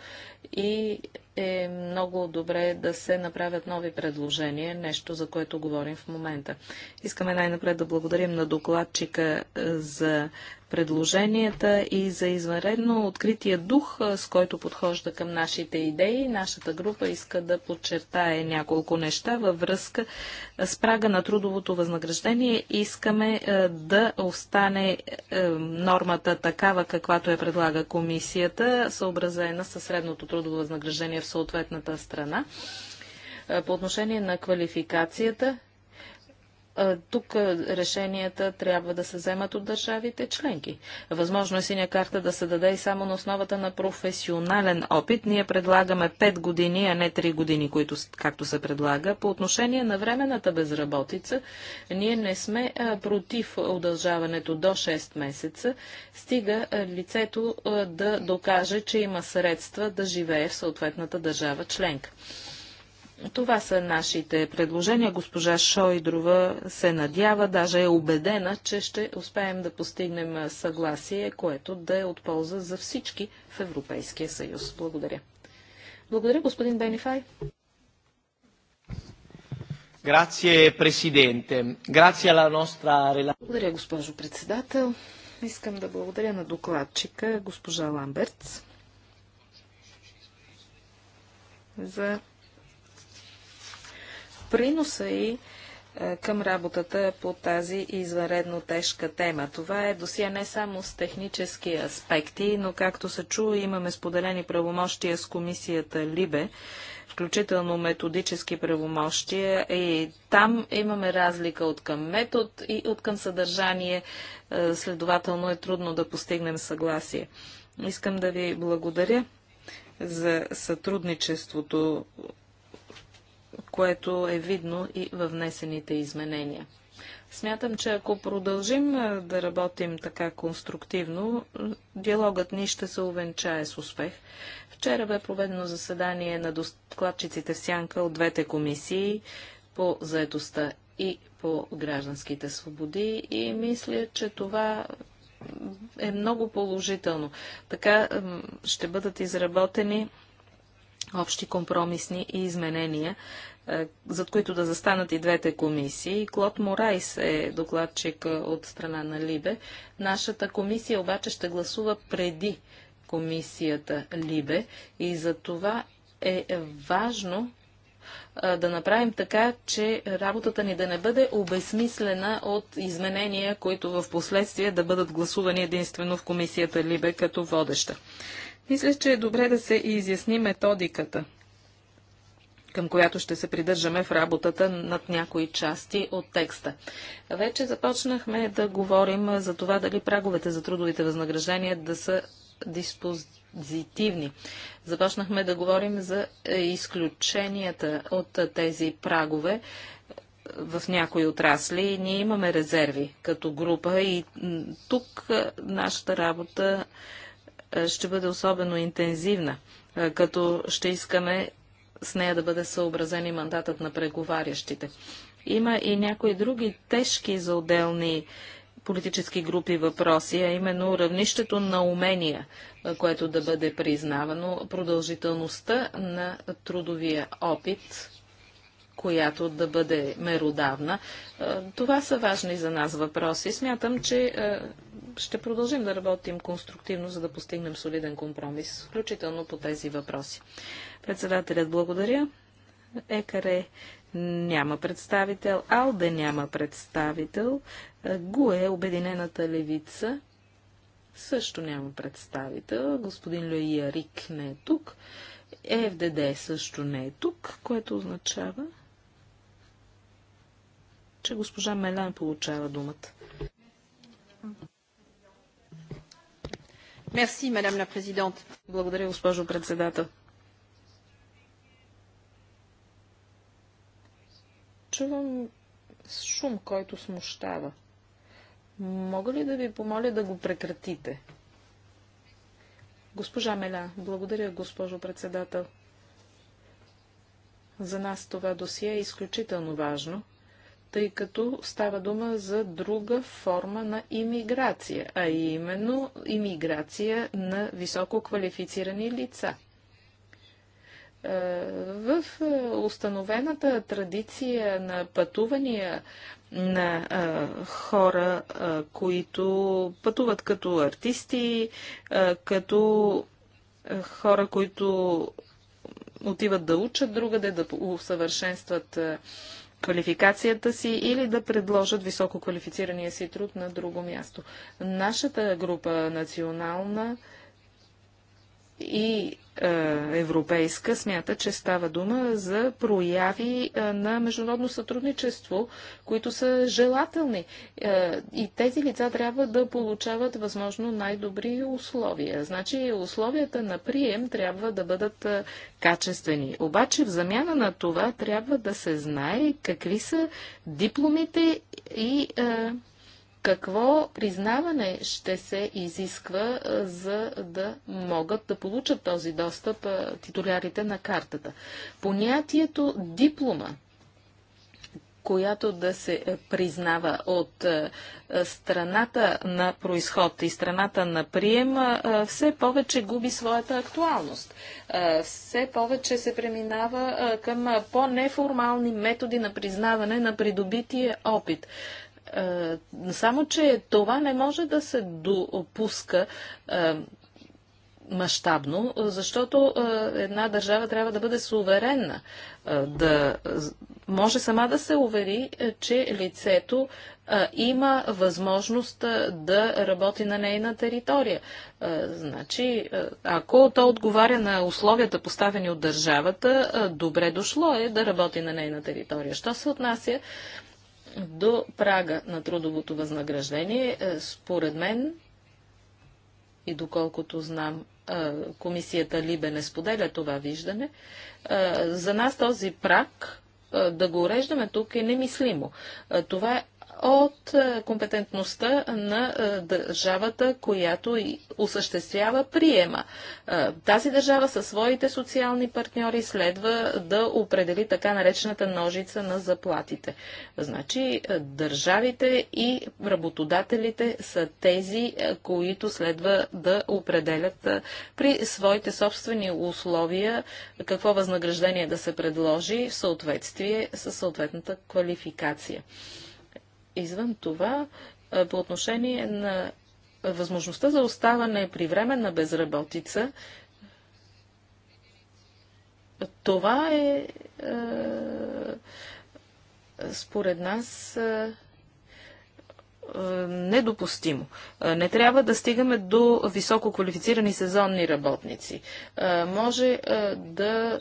и е много добре да се направят нови предложения, нещо за което говорим в момента. Искаме най-напред да благодарим на докладчика за предложенията и за извънредно открития дух, с който подхожда към нашите идеи. Нашата група иска да подчертае няколко неща във връзка с прага на трудовото възнаграждение. Искаме да остане е, нормата такава, каквато я предлага комисията, съобразена със средното трудово възнаграждение в съответната страна. по отношение на квалификацията, тук решенията трябва да се вземат от държавите членки. Възможно е синя карта да се даде и само на основата на професионален опит. Ние предлагаме 5 години, а не 3 години, които, както се предлага. По отношение на временната безработица, ние не сме против удължаването до 6 месеца, стига лицето да докаже, че има средства да живее в съответната държава членка. Това са нашите предложения. Госпожа Шойдрова се надява, даже е убедена, че ще успеем да постигнем съгласие, което да е от полза за всички в Европейския съюз. Благодаря. Благодаря, господин Бенифай. nostra... Благодаря, госпожо председател. Искам да благодаря на докладчика, госпожа Ламберц. за приноса и е, към работата по тази извънредно тежка тема. Това е досия не само с технически аспекти, но както се чу, имаме споделени правомощия с комисията Либе, включително методически правомощия и там имаме разлика от към метод и от към съдържание, е, следователно е трудно да постигнем съгласие. Искам да ви благодаря за сътрудничеството което е видно и във внесените изменения. Смятам, че ако продължим да работим така конструктивно, диалогът ни ще се увенчае с успех. Вчера бе проведено заседание на докладчиците в Сянка от двете комисии по заедостта и по гражданските свободи и мисля, че това е много положително. Така ще бъдат изработени общи компромисни и изменения, е, зад които да застанат и двете комисии. Клод Морайс е докладчик е, от страна на Либе. Нашата комисия обаче ще гласува преди комисията Либе и за това е важно е, да направим така, че работата ни да не бъде обезмислена от изменения, които в последствие да бъдат гласувани единствено в комисията Либе като водеща. Мисля, че е добре да се изясни методиката, към която ще се придържаме в работата над някои части от текста. Вече започнахме да говорим за това дали праговете за трудовите възнаграждения да са диспозитивни. Започнахме да говорим за изключенията от тези прагове в някои отрасли. Ние имаме резерви като група и тук нашата работа е, ще бъде особено интензивна, е, като ще искаме с нея да бъде съобразен и мандатът на преговарящите. Има и някои други тежки за отделни политически групи въпроси, а именно равнището на умения, е, което да бъде признавано, продължителността на трудовия опит, която да бъде меродавна. Е, това са важни за нас въпроси. Смятам, че е, ще продължим да работим конструктивно, за да постигнем солиден компромис, включително по тези въпроси. Председателят благодаря. Екаре няма представител, Алде няма представител, е, Гуе, Обединената левица, също няма представител, господин Люия Рик не е тук, ЕФДД също не е тук, което означава, че госпожа Мелян получава думата. Мерси, мадам ла президент. Благодаря, госпожо председател. Чувам шум, който смущава. Мога ли да ви помоля да го прекратите? Госпожа Меля, благодаря, госпожо председател. За нас това досие е изключително важно тъй като става дума за друга форма на имиграция, а именно имиграция на високо квалифицирани лица. Е, в е, установената традиция на пътувания на а, е, хора, а, които пътуват като артисти, а, като хора, които отиват да учат другаде, да усъвършенстват квалификацията си или да предложат високо си труд на друго място. Нашата група национална и е, европейска смята, че става дума за прояви е, на международно сътрудничество, които са желателни. Е, и тези лица трябва да получават възможно най-добри условия. Значи условията на прием трябва да бъдат е, качествени. Обаче в замяна на това трябва да се знае какви са дипломите и е, какво признаване ще се изисква, за да могат да получат този достъп титулярите на картата? Понятието диплома която да се признава от страната на происход и страната на прием, все повече губи своята актуалност. Все повече се преминава към по-неформални методи на признаване на придобития опит. Е, само, че това не може да се допуска е, мащабно, защото е, една държава трябва да бъде суверенна, да може сама да се увери, че лицето има възможност да работи на нейна територия. Значи, ако то отговаря на условията поставени от държавата, добре дошло е да работи на нейна територия. Що се отнася до прага на трудовото възнаграждение, е, според мен и доколкото знам, е, комисията Либе не споделя това виждане, е, за нас този праг да го уреждаме тук е немислимо. Това от е, компетентността на е, държавата, която осъществява приема. Е, тази държава със своите социални партньори следва да определи така наречената ножица на заплатите. Значи държавите и работодателите са тези, които следва да определят при своите собствени условия какво възнаграждение да се предложи в съответствие с съответната квалификация. Извън това, по отношение на възможността за оставане при временна безработица, това е, според нас, недопустимо. Не трябва да стигаме до високо квалифицирани сезонни работници. Може да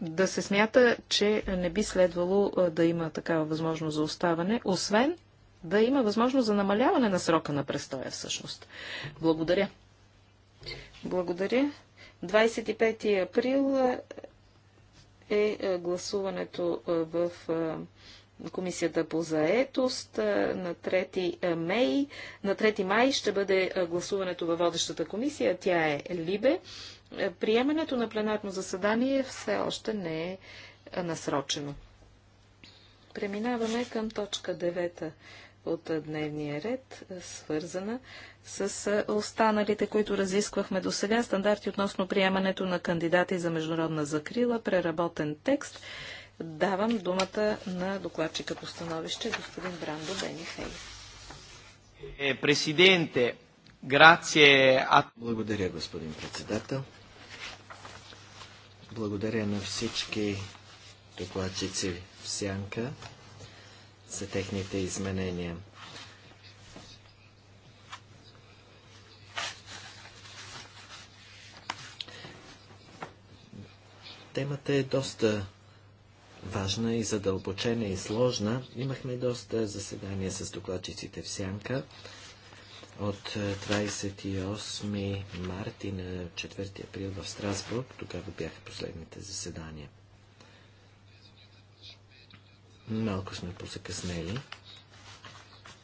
да се смята, че не би следвало да има такава възможност за оставане, освен да има възможност за намаляване на срока на престоя всъщност. Благодаря. Благодаря. 25 април е гласуването в Комисията по заетост на 3 май. На 3 май ще бъде гласуването във водещата комисия. Тя е Либе. Е, приемането на пленарно заседание все още не е, е насрочено. Преминаваме към точка 9 от е, дневния ред, свързана с останалите, които разисквахме до сега, стандарти относно приемането на кандидати за международна закрила, преработен текст. Давам думата на докладчика по становище, господин Брандо Бенифей. Президенте, грация... Благодаря, господин председател. Благодаря на всички докладчици в Сянка за техните изменения. Темата е доста важна и задълбочена и сложна. Имахме доста заседания с докладчиците в Сянка от 28 е, марта на 4 април в Страсбург. Тогава бяха последните заседания. Малко сме позакъснели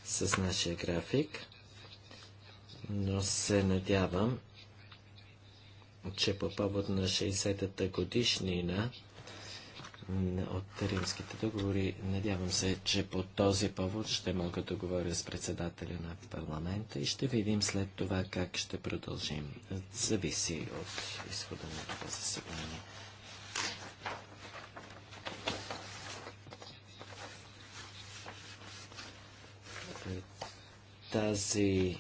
с нашия график, но се надявам, че по повод на 60-та годишнина от римските договори. Надявам се, че по този повод ще мога да говоря с председателя на парламента и ще видим след това как ще продължим. Зависи от изхода на това заседание. Тази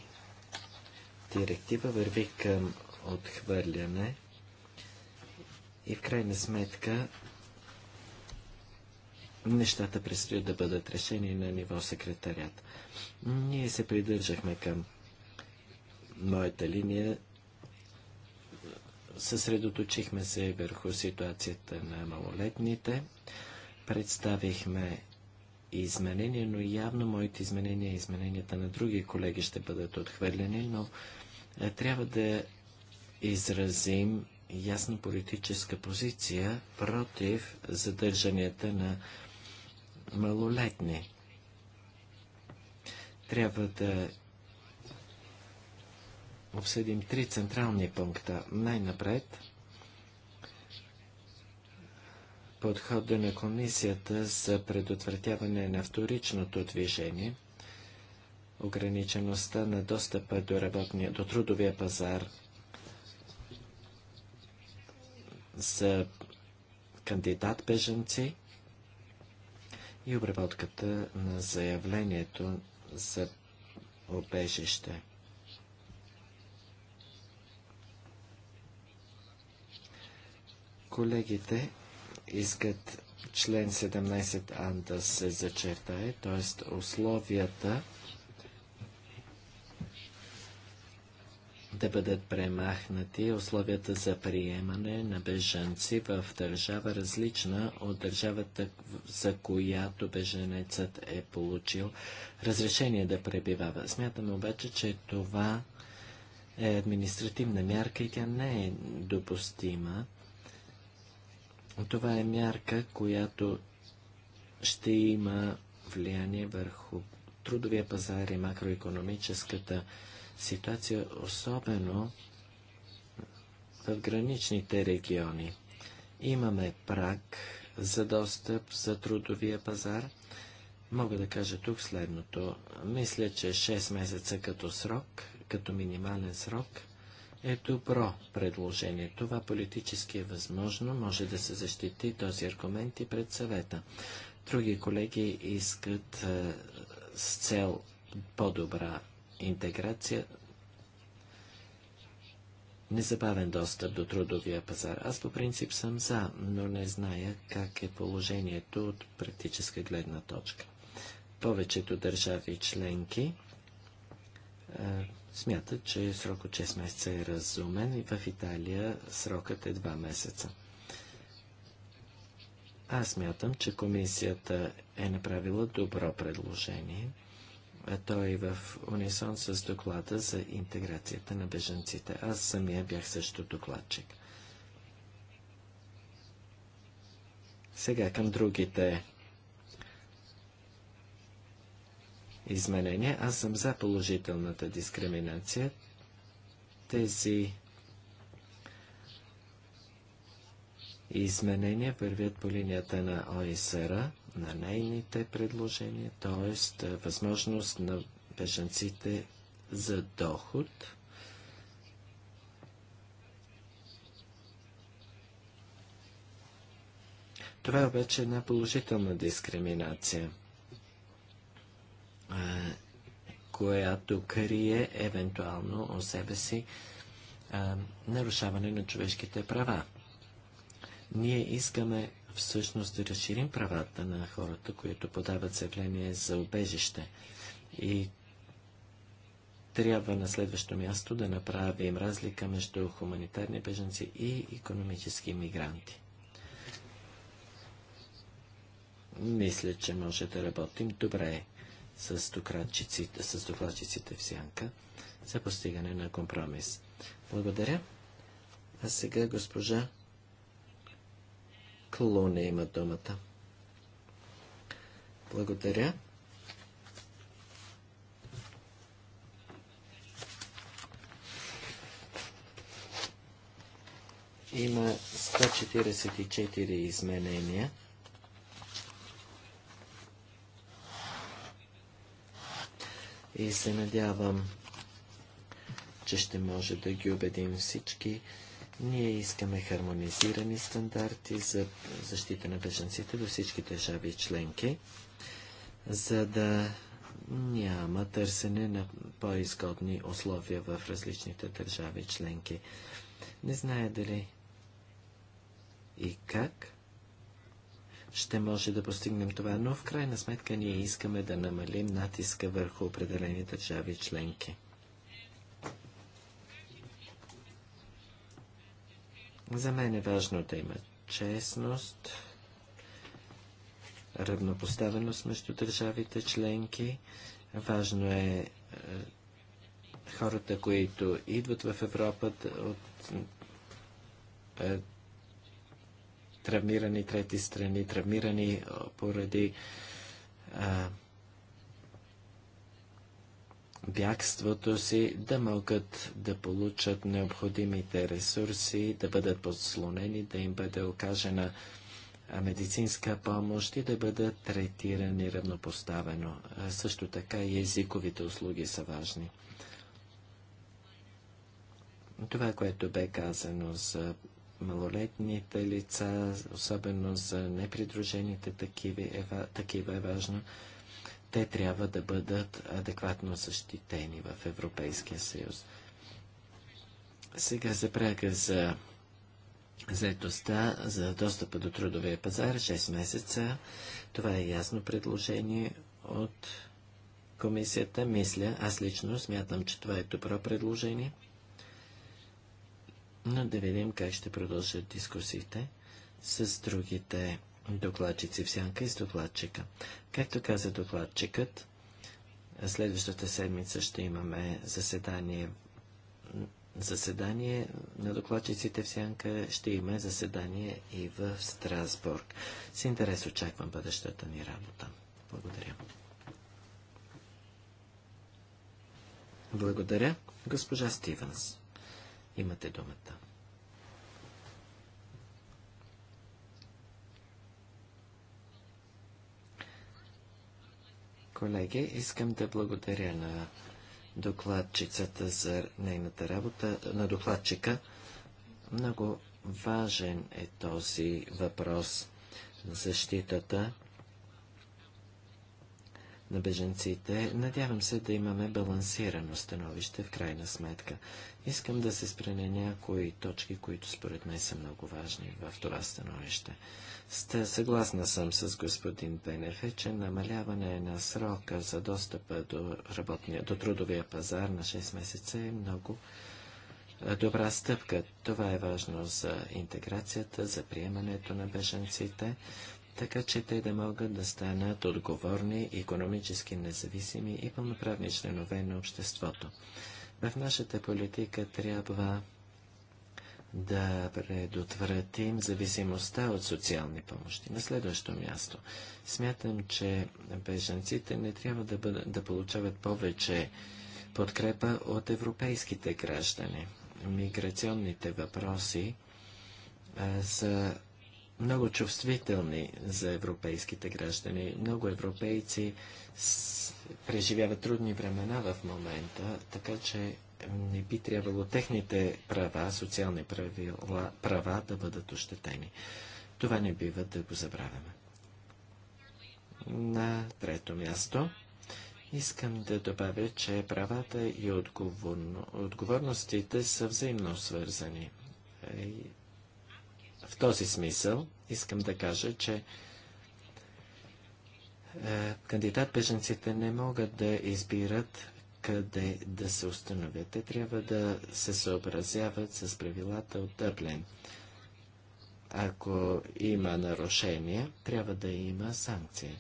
директива върви към отхвърляне и в крайна сметка нещата предстоят да бъдат решени на ниво секретарят. Ние се придържахме към моята линия. Съсредоточихме се върху ситуацията на малолетните. Представихме изменения, но явно моите изменения и измененията на други колеги ще бъдат отхвърлени, но е, трябва да изразим ясна политическа позиция против задържанията на малолетни. Трябва да обсъдим три централни пункта. Най-напред подхода на комисията за предотвратяване на вторичното движение, ограничеността на достъпа до, работния, до трудовия пазар за кандидат-беженци – и обработката на заявлението за обежище. Колегите искат член 17а да се зачертае, т.е. условията да бъдат премахнати условията за приемане на беженци в държава различна от държавата, за която беженецът е получил разрешение да пребивава. Смятам обаче, че това е административна мярка и тя не е допустима. Това е мярка, която ще има влияние върху трудовия пазар и макроекономическата ситуация, особено в граничните региони. Имаме прак за достъп за трудовия пазар. Мога да кажа тук следното. Мисля, че 6 месеца като срок, като минимален срок, е добро предложение. Това политически е възможно, може да се защити този аргумент и пред съвета. Други колеги искат е, с цел по-добра интеграция, незабавен достъп до трудовия пазар. Аз по принцип съм за, но не зная как е положението от практическа гледна точка. Повечето държави и членки е, смятат, че срок от 6 месеца е разумен и в Италия срокът е 2 месеца. Аз мятам, че комисията е направила добро предложение – той е в унисон с доклада за интеграцията на беженците. Аз самия бях също докладчик. Сега към другите изменения. Аз съм за положителната дискриминация. Тези изменения вървят по линията на ОСР на нейните предложения, т.е. възможност на бежанците за доход. Това е обаче една положителна дискриминация, която крие евентуално о себе си нарушаване на човешките права. Ние искаме всъщност да разширим правата на хората, които подават заявление за убежище. И трябва на следващо място да направим разлика между хуманитарни беженци и економически мигранти. Мисля, че може да работим добре с докладчиците, с докладчиците в сянка за постигане на компромис. Благодаря. А сега госпожа Клоне има думата. Благодаря. Има 144 изменения. И се надявам, че ще може да ги убедим всички. Ние искаме хармонизирани стандарти за защита на беженците във всички държави и членки, за да няма търсене на по-изгодни условия в различните държави и членки. Не зная дали и как ще може да постигнем това, но в крайна сметка ние искаме да намалим натиска върху определени държави и членки. За мен е важно да има честност, равнопоставеност между държавите членки. Важно е, е хората, които идват в Европа от е, травмирани трети страни, травмирани поради а, бягството си, да могат да получат необходимите ресурси, да бъдат подслонени, да им бъде окажена медицинска помощ и да бъдат третирани равнопоставено. А също така и езиковите услуги са важни. Това, което бе казано за малолетните лица, особено за непридружените такива е, такива е важно те трябва да бъдат адекватно защитени в Европейския съюз. Сега за прага за заедостта, за достъпа до трудовия пазар, 6 месеца. Това е ясно предложение от комисията. Мисля, аз лично смятам, че това е добро предложение. Но да видим как ще продължат дискусиите с другите докладчици в сянка и с докладчика. Както каза докладчикът, следващата седмица ще имаме заседание заседание на докладчиците в Сянка ще има заседание и в Страсбург. С интерес очаквам бъдещата ни работа. Благодаря. Благодаря, госпожа Стивенс. Имате думата. Колеги, искам да благодаря на докладчицата за нейната работа, на докладчика. Много важен е този въпрос. Защитата на беженците. Надявам се да имаме балансирано становище в крайна сметка. Искам да се спре на някои точки, които според мен са много важни в това становище. Сте съгласна съм с господин Бенефе, че намаляване на срока за достъпа до, работния, до трудовия пазар на 6 месеца е много добра стъпка. Това е важно за интеграцията, за приемането на беженците така че те да могат да станат отговорни, економически независими и пълноправни членове на обществото. В нашата политика трябва да предотвратим зависимостта от социални помощи. На следващо място, смятам, че беженците не трябва да, бъд, да получават повече подкрепа от европейските граждани. Миграционните въпроси а, са много чувствителни за европейските граждани. Много европейци преживяват трудни времена в момента, така че не би трябвало техните права, социални правила, права да бъдат ощетени. Това не бива да го забравяме. На трето място искам да добавя, че правата и отговорно... отговорностите са взаимно свързани. Е, в този смисъл искам да кажа, че е, кандидат-беженците не могат да избират къде да се установят. Те трябва да се съобразяват с правилата от Дъблен. Ако има нарушение, трябва да има санкции.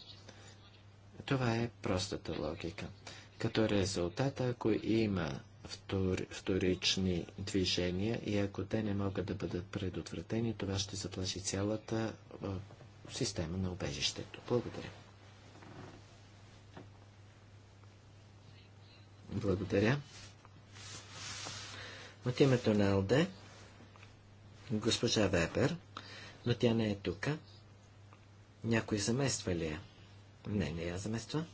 Това е простата логика. Като резултат, ако има вторични движения и ако те не могат да бъдат предотвратени, това ще заплаши цялата система на убежището. Благодаря. Благодаря. От името на ЛД, госпожа Вебер, но тя не е тук. Някой замества ли я? Не, не я замества.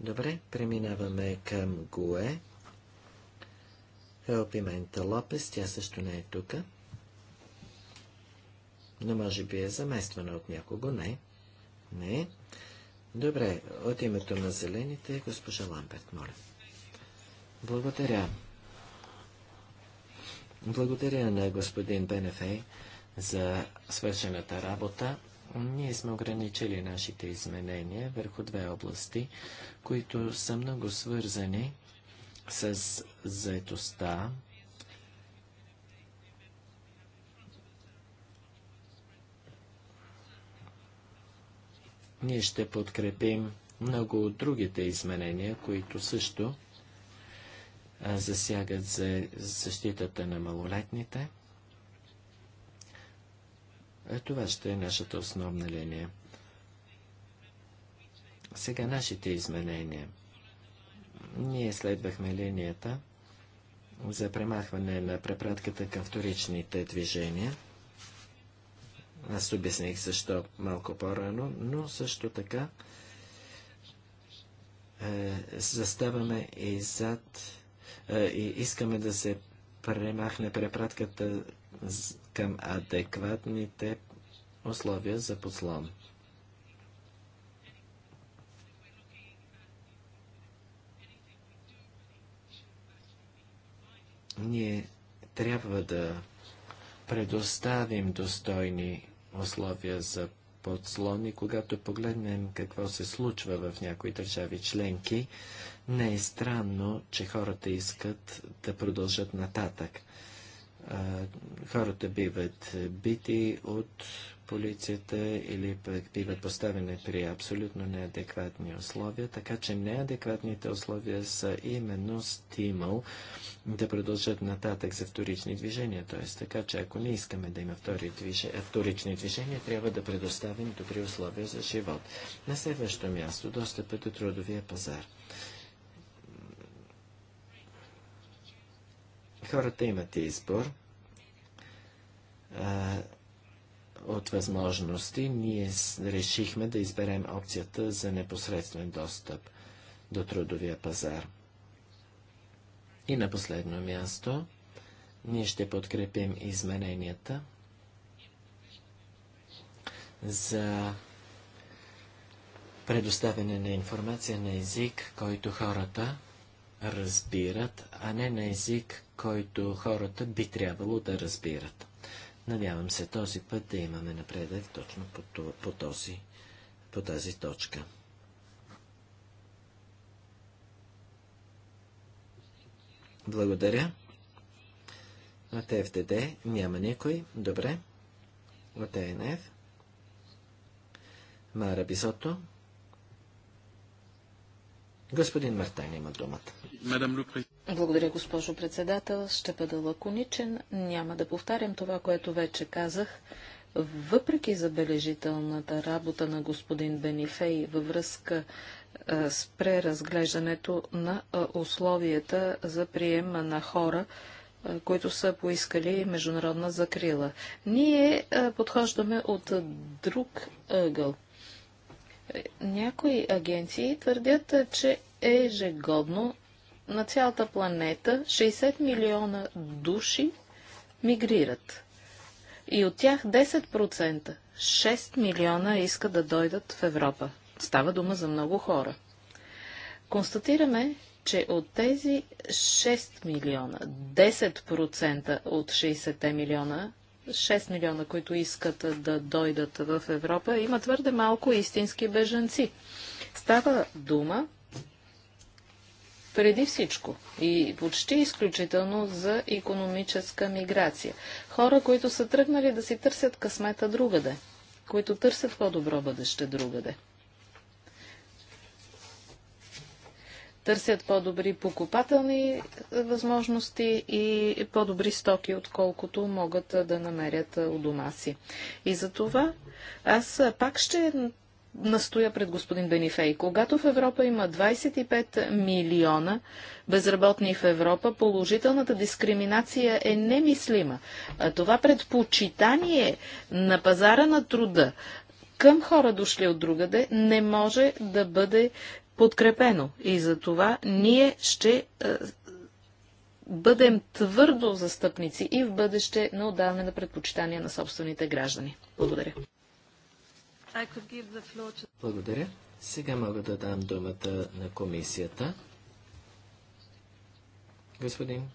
Добре, преминаваме към ГУЕ. Елпимента Лопес, тя също не е тук. Но може би е замествана от някого, не. Не. Добре, от името на зелените, госпожа Ламберт, моля. Благодаря. Благодаря на господин Бенефей за свършената работа. Ние сме ограничили нашите изменения върху две области, които са много свързани с заетостта. Ние ще подкрепим много от другите изменения, които също засягат за защитата на малолетните. това ще е нашата основна линия. Сега нашите изменения. Ние следвахме линията за премахване на препратката към вторичните движения. Аз обясних защо малко по-рано, но също така е, заставаме и зад е, и искаме да се премахне препратката към адекватните условия за подслон. ние трябва да предоставим достойни условия за подслони. Когато погледнем какво се случва в някои държави членки, не е странно, че хората искат да продължат нататък хората биват бити от полицията или пък биват поставени при абсолютно неадекватни условия, така че неадекватните условия са именно стимул да продължат нататък за вторични движения. Т.е. така, че ако не искаме да има втори вторични движения, трябва да предоставим добри условия за живот. На следващо място, достъпът до трудовия пазар. Хората имат избор а, от възможности. Ние решихме да изберем опцията за непосредствен достъп до трудовия пазар. И на последно място, ние ще подкрепим измененията за предоставяне на информация на език, който хората разбират, а не на език, който хората би трябвало да разбират. Надявам се този път да имаме напредък точно по, по, този, по тази точка. Благодаря. От ФДД няма никой. Добре. От ЕНФ. Мара Бисото. Господин Мартайн има думата. Благодаря, госпожо председател. Ще бъда лаконичен. Няма да повтарям това, което вече казах. Въпреки забележителната работа на господин Бенифей във връзка с преразглеждането на условията за приема на хора, които са поискали международна закрила. Ние подхождаме от друг ъгъл някои агенции твърдят, че ежегодно на цялата планета 60 милиона души мигрират. И от тях 10%, 6 милиона искат да дойдат в Европа. Става дума за много хора. Констатираме, че от тези 6 милиона, 10% от 60 милиона 6 милиона, които искат да дойдат в Европа, има твърде малко истински бежанци. Става дума преди всичко и почти изключително за економическа миграция. Хора, които са тръгнали да си търсят късмета другаде, които търсят по-добро бъдеще другаде. търсят по-добри покупателни е, възможности и по-добри стоки, отколкото могат е, да намерят е, у дома си. И за това аз пак ще настоя пред господин Бенифей. Когато в Европа има 25 милиона безработни в Европа, положителната дискриминация е немислима. Това предпочитание на пазара на труда към хора дошли от другаде не може да бъде подкрепено. И за това ние ще е, бъдем твърдо застъпници и в бъдеще на отдаване на предпочитания на собствените граждани. Благодаря. Благодаря. Сега мога да дам думата на комисията. Господин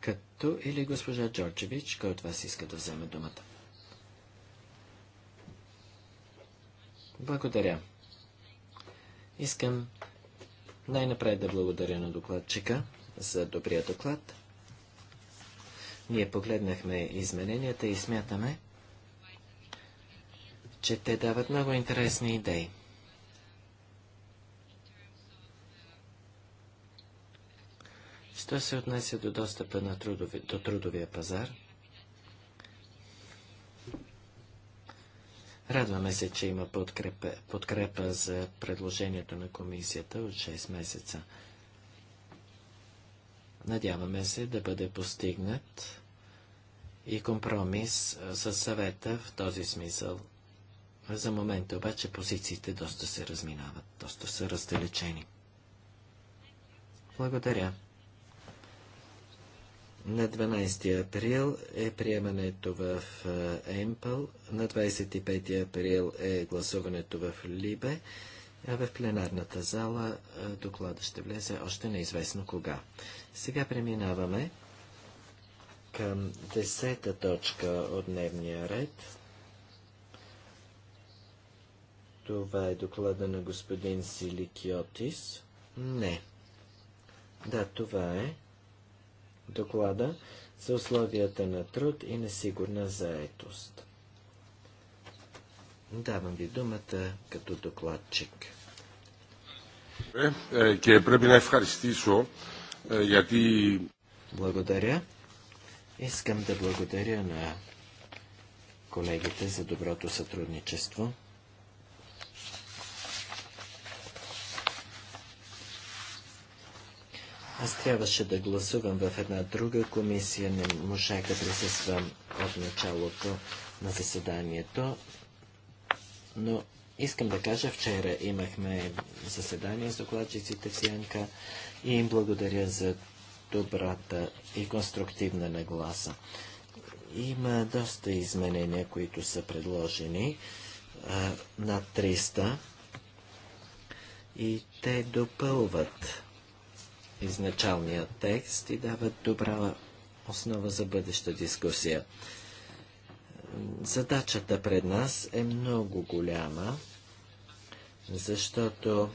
Като или госпожа Джорджевич, кой от вас иска да вземе думата? Благодаря. Искам най-напред да благодаря на докладчика за добрия доклад. Ние погледнахме измененията и смятаме, че те дават много интересни идеи. Що се отнася до достъпа на трудови, до трудовия пазар – Радваме се, че има подкрепа, подкрепа за предложението на комисията от 6 месеца. Надяваме се да бъде постигнат и компромис с съвета в този смисъл. За момента обаче позициите доста се разминават, доста са раздалечени. Благодаря. На 12 април е приемането в Емпъл, на 25 април е гласуването в Либе, а в пленарната зала доклада ще влезе още неизвестно кога. Сега преминаваме към 10-та точка от дневния ред. Това е доклада на господин Силикиотис. Не. Да, това е доклада за условията на труд и несигурна заетост. Давам ви думата като докладчик. γιατί... Е, е, е благодаря. Искам да благодаря на колегите за доброто сътрудничество. Аз трябваше да гласувам в една друга комисия, не можах да присъствам от началото на заседанието, но искам да кажа, вчера имахме заседание с докладчиците в Сянка и им благодаря за добрата и конструктивна нагласа. Има доста изменения, които са предложени, над 300, и те допълват изначалния текст и дават добра основа за бъдеща дискусия. Задачата пред нас е много голяма, защото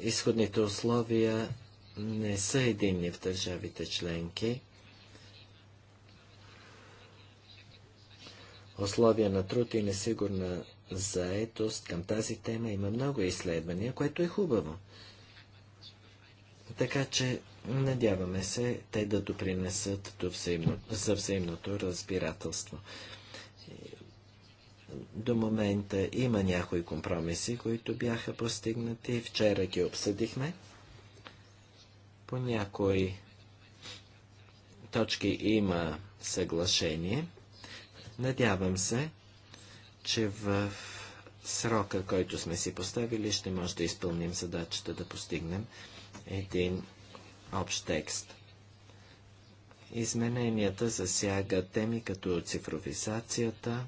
изходните условия не са единни в държавите членки. Условия на труд и несигурна заетост към тази тема. Има много изследвания, което е хубаво. Така че надяваме се те да допринесат до взаимно, за взаимното разбирателство. До момента има някои компромиси, които бяха постигнати. Вчера ги обсъдихме. По някои точки има съглашение. Надявам се, че в срока, който сме си поставили, ще може да изпълним задачата да постигнем един общ текст. Измененията засягат теми като цифровизацията,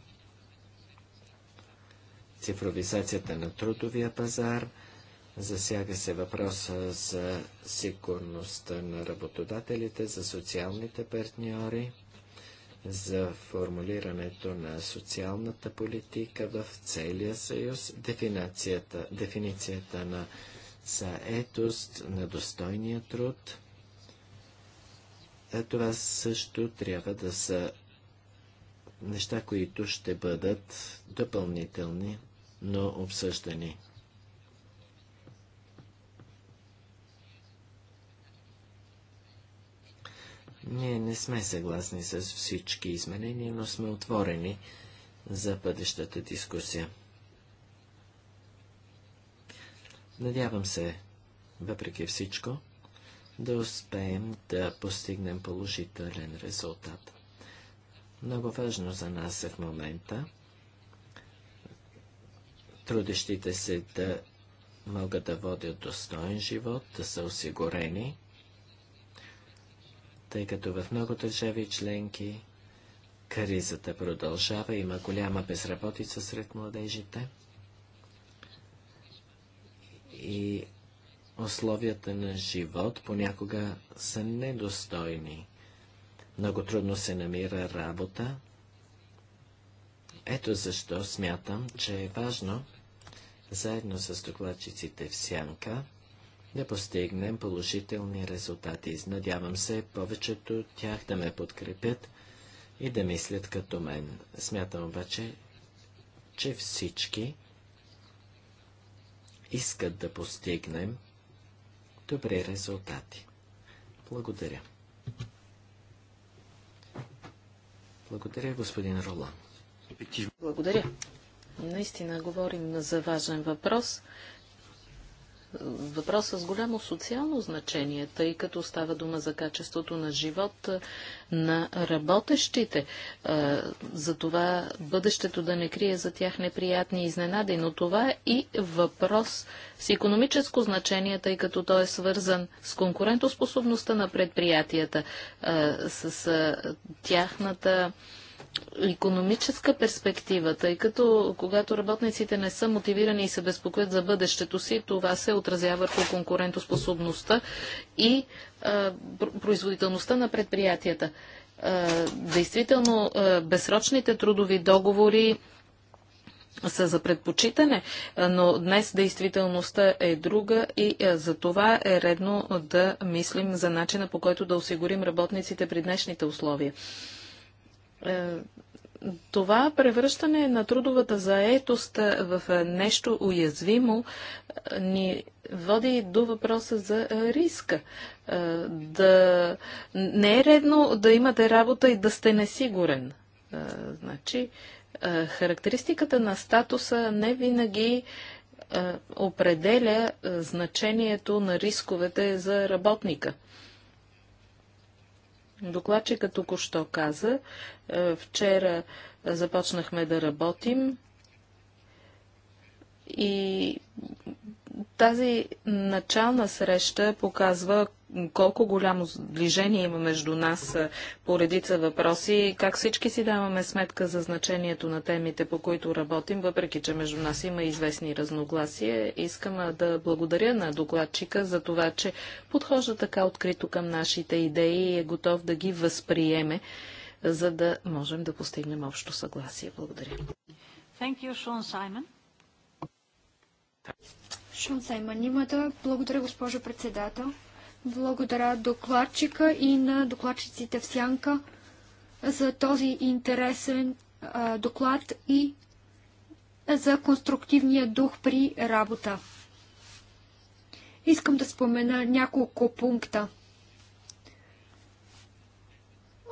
цифровизацията на трудовия пазар, засяга се въпроса за сигурността на работодателите, за социалните партньори, за формулирането на социалната политика в целия съюз, дефиницията, дефиницията на заетост, на достойния труд. А е, това също трябва да са неща, които ще бъдат допълнителни, но обсъждани. Ние не сме съгласни с всички изменения, но сме отворени за бъдещата дискусия. Надявам се, въпреки всичко, да успеем да постигнем положителен резултат. Много важно за нас е в момента трудещите се да могат да водят достоен живот, да са осигурени тъй като в много държави членки кризата продължава, има голяма безработица сред младежите и условията на живот понякога са недостойни. Много трудно се намира работа. Ето защо смятам, че е важно заедно с докладчиците в Сянка да постигнем положителни резултати. Надявам се повечето от тях да ме подкрепят и да мислят като мен. Смятам обаче, че всички искат да постигнем добри резултати. Благодаря. Благодаря, господин Ролан. Благодаря. Наистина говорим за важен въпрос въпрос с голямо социално значение, тъй като става дума за качеството на живот на работещите, за това бъдещето да не крие за тях неприятни изненади, но това е и въпрос с економическо значение, тъй като той е свързан с конкурентоспособността на предприятията, с тяхната економическа перспектива, тъй като когато работниците не са мотивирани и се безпокоят за бъдещето си, това се отразява върху конкурентоспособността и а, производителността на предприятията. А, действително, а, безсрочните трудови договори са за предпочитане, но днес действителността е друга и за това е редно да мислим за начина по който да осигурим работниците при днешните условия. Е, това превръщане на трудовата заетост е, в е, нещо уязвимо ни води до въпроса за риска. Да... Не е редно да имате работа и да сте несигурен. Значи, характеристиката на статуса не винаги определя значението на рисковете за работника. Докладчика току-що каза, е, вчера започнахме да работим и тази начална среща показва колко голямо движение има между нас по редица въпроси и как всички си даваме сметка за значението на темите, по които работим, въпреки че между нас има известни разногласия. Искам да благодаря на докладчика за това, че подхожда така открито към нашите идеи и е готов да ги възприеме, за да можем да постигнем общо съгласие. Благодаря. Thank you, Sean Simon. Шон Сайман имате, Благодаря, госпожо председател. Благодаря докладчика и на докладчиците в Сянка за този интересен а, доклад и за конструктивния дух при работа. Искам да спомена няколко пункта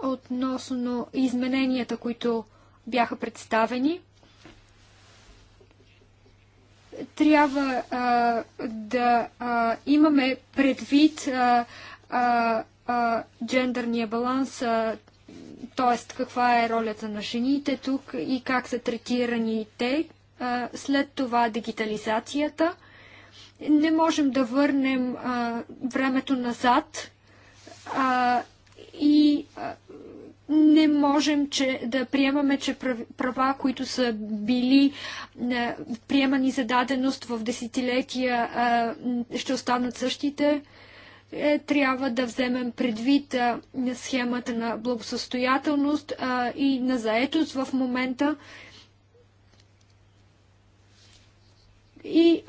относно измененията, които бяха представени трябва а, да а, имаме предвид а, а, а, джендърния баланс, а, т.е. каква е ролята на жените тук и как са третирани те. А, след това дигитализацията. Не можем да върнем а, времето назад а, и не можем че, да приемаме, че права, които са били е, приемани за даденост в десетилетия, е, ще останат същите. Е, трябва да вземем предвид схемата на благосъстоятелност и на заетост в момента. И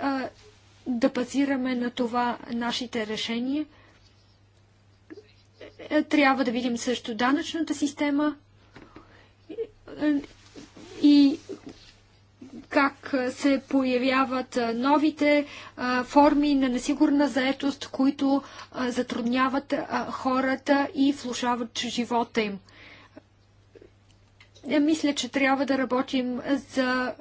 да базираме на това нашите решения – трябва да видим също данъчната система и как се появяват новите форми на несигурна заетост, които затрудняват хората и влушават живота им. Е, мисля, че трябва да работим за,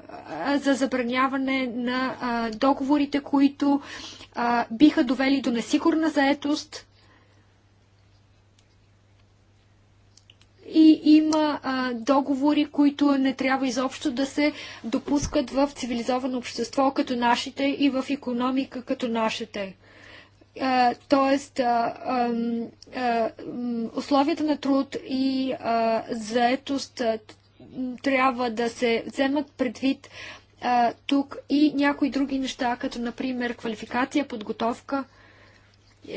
за забраняване на договорите, които биха довели до несигурна заетост и има а, договори, които не трябва изобщо да се допускат в цивилизовано общество като нашите и в економика като нашите. Тоест, условията на труд и заетост трябва да се вземат предвид тук и някои други неща, като например квалификация, подготовка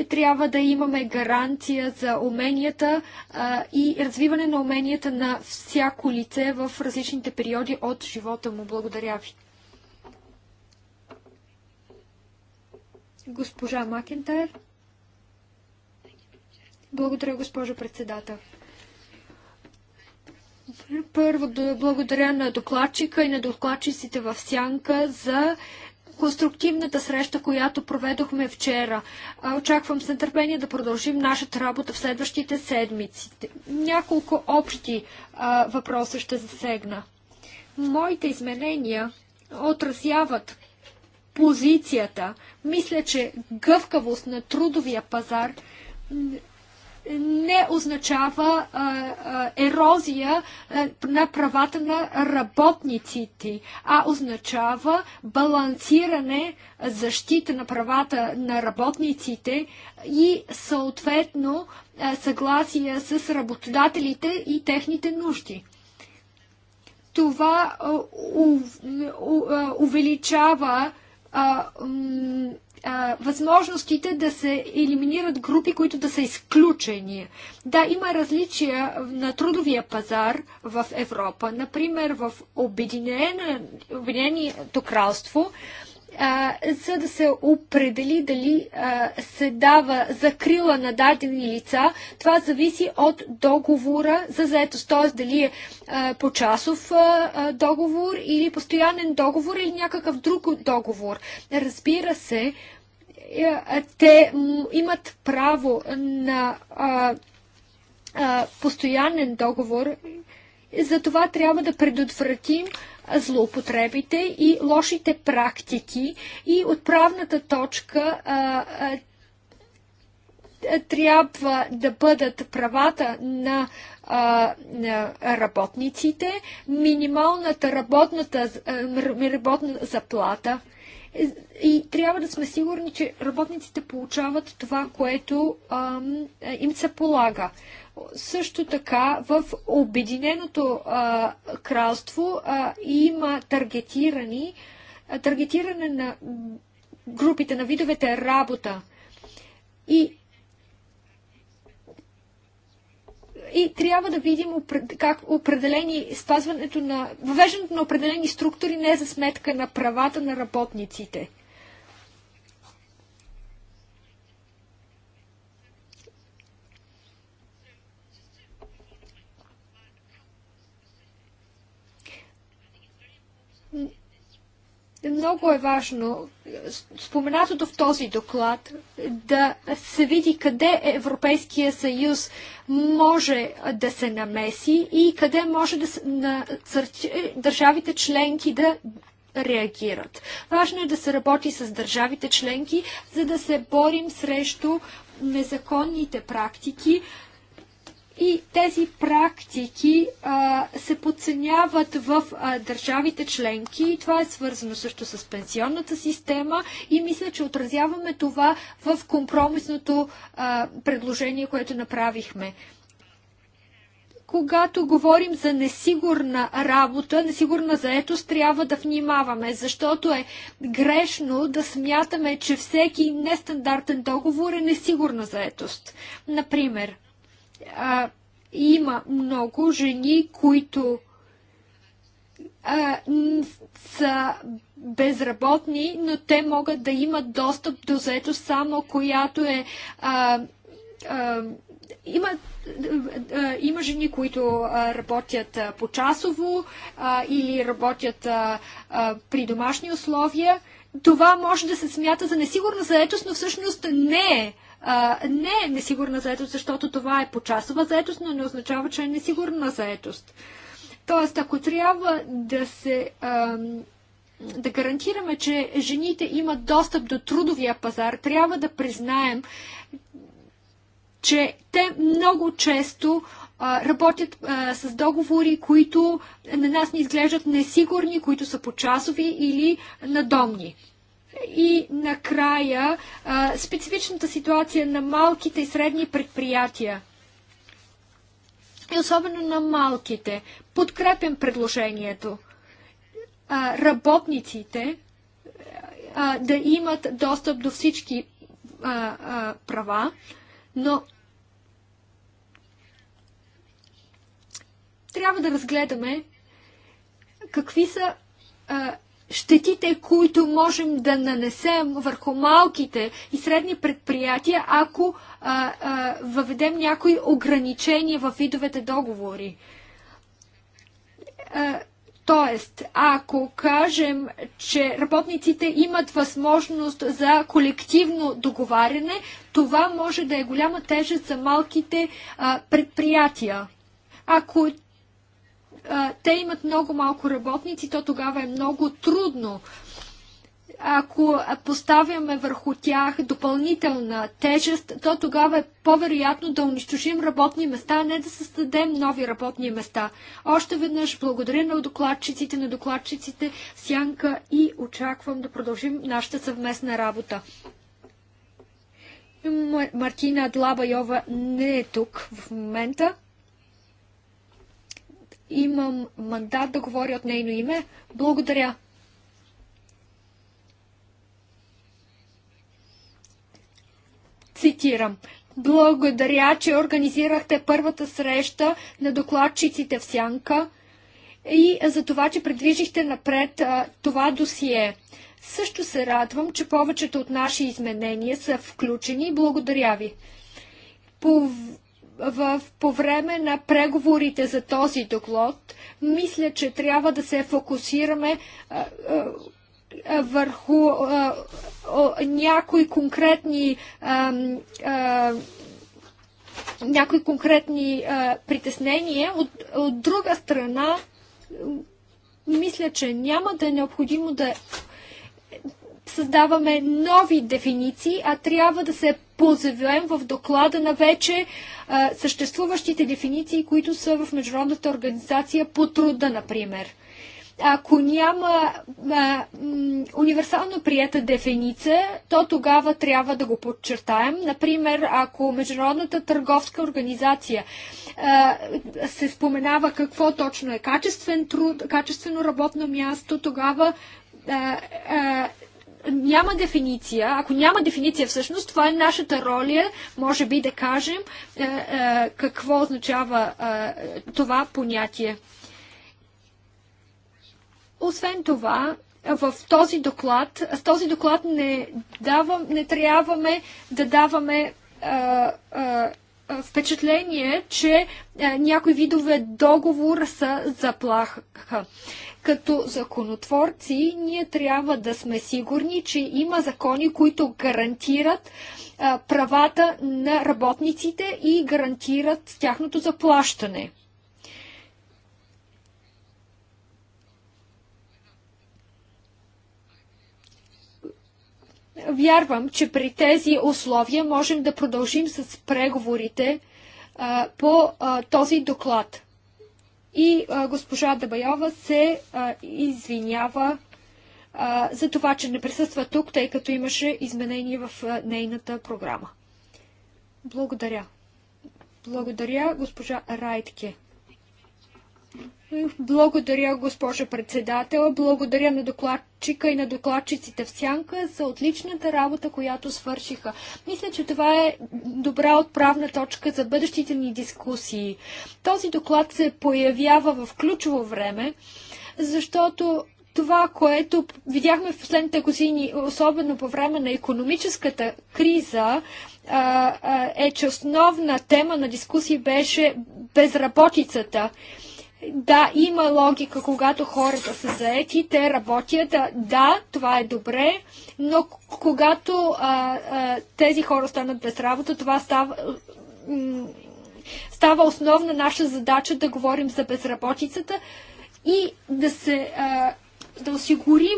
трябва да имаме гаранция за уменията а, и развиване на уменията на всяко лице в различните периоди от живота му. Благодаря ви. Госпожа Макентайр. Благодаря, госпожо председател. Първо, благодаря на докладчика и на докладчиците в Сянка за конструктивната среща, която проведохме вчера. Очаквам с нетърпение да продължим нашата работа в следващите седмици. Няколко общи а, въпроса ще засегна. Моите изменения отразяват позицията. Мисля, че гъвкавост на трудовия пазар не означава а, а, ерозия а, на правата на работниците, а означава балансиране, защита на правата на работниците и съответно съгласие с работодателите и техните нужди това увеличава а, възможностите да се елиминират групи, които да са изключени. Да, има различия на трудовия пазар в Европа. Например, в Обединеното кралство а, за да се определи дали а, се дава закрила на дадени лица, това зависи от договора за заетост, т.е. дали е почасов договор или постоянен договор или някакъв друг договор. Разбира се, е, те имат право на а, а, постоянен договор. Затова трябва да предотвратим злоупотребите и лошите практики и отправната точка а, трябва да бъдат правата на, а, на работниците, минималната работната, а, работна заплата, е, и трябва да сме сигурни, че работниците получават това, което ам, е, им се полага. Също така в Обединеното а, кралство а, има таргетирани, а, таргетиране на групите, на видовете работа. И и трябва да видим как определени, спазването на, въвеждането на определени структури не е за сметка на правата на работниците. Много е важно споменатото в този доклад да се види къде Европейския съюз може да се намеси и къде може да насърчи държавите членки да реагират. Важно е да се работи с държавите членки, за да се борим срещу незаконните практики и тези практики а, се подценяват в а, държавите членки и това е свързано също с пенсионната система и мисля, че отразяваме това в компромисното а, предложение, което направихме когато говорим за несигурна работа, несигурна заетост, трябва да внимаваме, защото е грешно да смятаме, че всеки нестандартен договор е несигурна заетост. Например, а, има много жени, които а, са безработни, но те могат да имат достъп до заето само, която е. А, а, има, има жени, които работят работят почасово или работят при домашни условия. Това може да се смята за несигурна заетост, но всъщност не е а, не е несигурна заетост, защото това е почасова заетост, но не означава, че е несигурна заетост. Тоест, ако трябва да се а, да гарантираме, че жените имат достъп до трудовия пазар, трябва да признаем, че те много често а, работят а, с договори, които на нас не изглеждат несигурни, които са почасови или надомни. И накрая специфичната ситуация на малките и средни предприятия. И особено на малките. Подкрепям предложението. Работниците да имат достъп до всички права, но трябва да разгледаме какви са а, щетите, които можем да нанесем върху малките и средни предприятия, ако а, а, въведем някои ограничения в видовете договори. А, Тоест, ако кажем, че работниците имат възможност за колективно договаряне, това може да е голяма тежест за малките а, предприятия. Ако те имат много малко работници, то тогава е много трудно. Ако поставяме върху тях допълнителна тежест, то тогава е по-вероятно да унищожим работни места, а не да създадем нови работни места. Още веднъж благодаря на докладчиците, на докладчиците Сянка и очаквам да продължим нашата съвместна работа. Мартина Длабайова не е тук в момента. Имам мандат да говоря от нейно име. Благодаря. Цитирам. Благодаря, че организирахте първата среща на докладчиците в Сянка и за това, че предвижихте напред а, това досие. Също се радвам, че повечето от наши изменения са включени. Благодаря ви. По в, по време на преговорите за този доклад, мисля, че трябва да се фокусираме а, а, върху а, някои конкретни някои конкретни притеснения. От, от друга страна, мисля, че няма да е необходимо да е, създаваме нови дефиниции, а трябва да се позовем в доклада на вече а, съществуващите дефиниции, които са в Международната организация по труда, например. Ако няма а, м, универсално прията дефиниция, то тогава трябва да го подчертаем. Например, ако Международната търговска организация а, се споменава какво точно е качествен труд, качествено работно място, тогава а, няма дефиниция, ако няма дефиниция всъщност, това е нашата роля, може би да кажем е, е, какво означава е, това понятие. Освен това, в този доклад, с този доклад не, давам, не трябваме да даваме е, е, впечатление, че е, някои видове договор са заплаха. Като законотворци ние трябва да сме сигурни, че има закони, които гарантират а, правата на работниците и гарантират тяхното заплащане. Вярвам, че при тези условия можем да продължим с преговорите а, по а, този доклад. И а, госпожа Дабайова се а, извинява а, за това, че не присъства тук, тъй като имаше изменение в а, нейната програма. Благодаря. Благодаря, госпожа Райтке. Благодаря, госпожа председател. Благодаря на докладчика и на докладчиците в Сянка за отличната работа, която свършиха. Мисля, че това е добра отправна точка за бъдещите ни дискусии. Този доклад се появява в ключово време, защото това, което видяхме в последните години, особено по време на економическата криза, е, че основна тема на дискусии беше безработицата. Да, има логика, когато хората са заети, те работят. Да, това е добре, но когато а, а, тези хора станат без работа, това става става основна наша задача да говорим за безработицата и да се да осигурим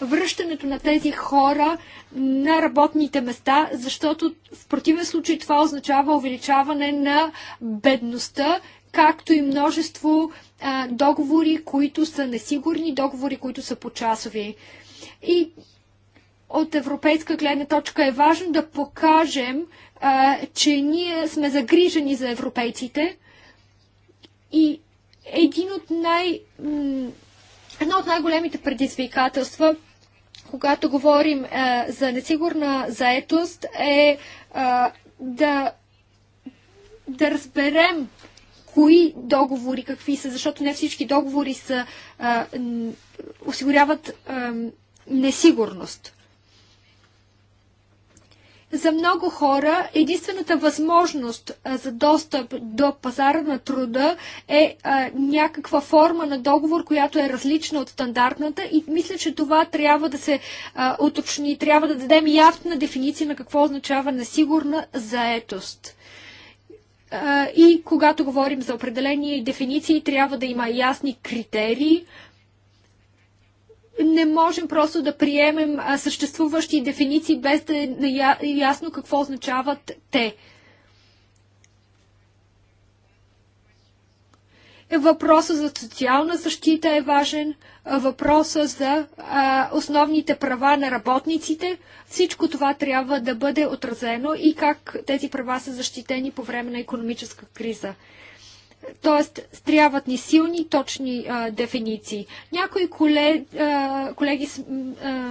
връщането на тези хора на работните места, защото в противен случай това означава увеличаване на бедността както и множество а, договори, които са несигурни, договори, които са почасови. И от европейска гледна точка е важно да покажем, а, че ние сме загрижени за европейците и един от най, едно от най-големите предизвикателства, когато говорим а, за несигурна заетост, е а, да, да разберем кои договори какви са, защото не всички договори са, а, осигуряват а, несигурност. За много хора единствената възможност за достъп до пазара на труда е а, някаква форма на договор, която е различна от стандартната и мисля, че това трябва да се а, уточни, трябва да дадем ясна дефиниция на какво означава несигурна заетост. И когато говорим за определени дефиниции, трябва да има ясни критерии. Не можем просто да приемем съществуващи дефиниции без да е ясно какво означават те. Е, въпросът за социална защита е важен, въпросът за а, основните права на работниците. Всичко това трябва да бъде отразено и как тези права са защитени по време на економическа криза. Тоест, трябват ни силни, точни а, дефиниции. Някои коле, а, колеги а,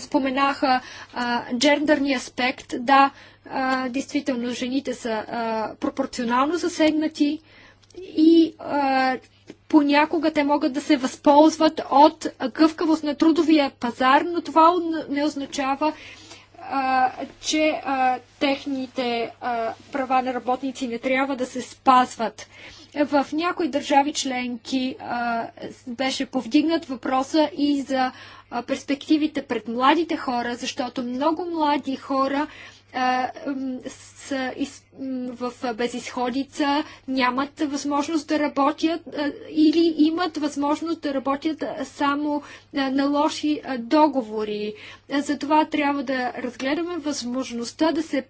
споменаха а, джендърния аспект. Да, а, действително, жените са а, пропорционално засегнати. А, и а, понякога те могат да се възползват от гъвкавост на трудовия пазар, но това не означава, а, че а, техните а, права на работници не трябва да се спазват. В някои държави членки а, беше повдигнат въпроса и за а, перспективите пред младите хора, защото много млади хора а, из, в безисходица, нямат възможност да работят или имат възможност да работят само на лоши договори. Затова трябва да разгледаме възможността да се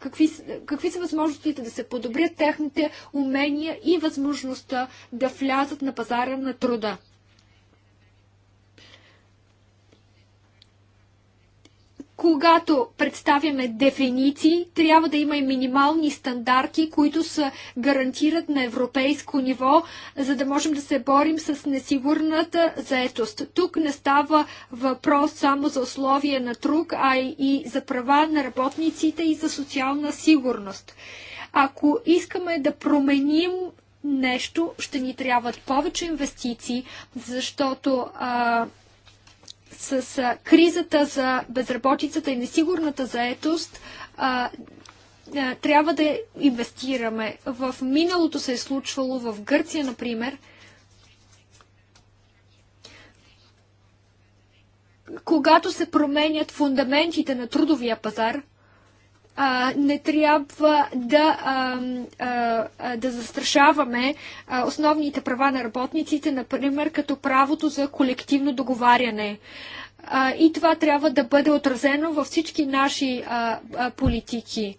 какви, какви са възможностите да се подобрят техните умения и възможността да влязат на пазара на труда. когато представяме дефиниции, трябва да има и минимални стандарти, които се гарантират на европейско ниво, за да можем да се борим с несигурната заетост. Тук не става въпрос само за условия на труд, а и за права на работниците и за социална сигурност. Ако искаме да променим нещо, ще ни трябват повече инвестиции, защото а, с а, кризата за безработицата и несигурната заетост, а, а, трябва да инвестираме. В миналото се е случвало, в Гърция, например, когато се променят фундаментите на трудовия пазар, а, не трябва да, а, а, да застрашаваме а, основните права на работниците, например като правото за колективно договаряне. А, и това трябва да бъде отразено във всички наши а, а, политики.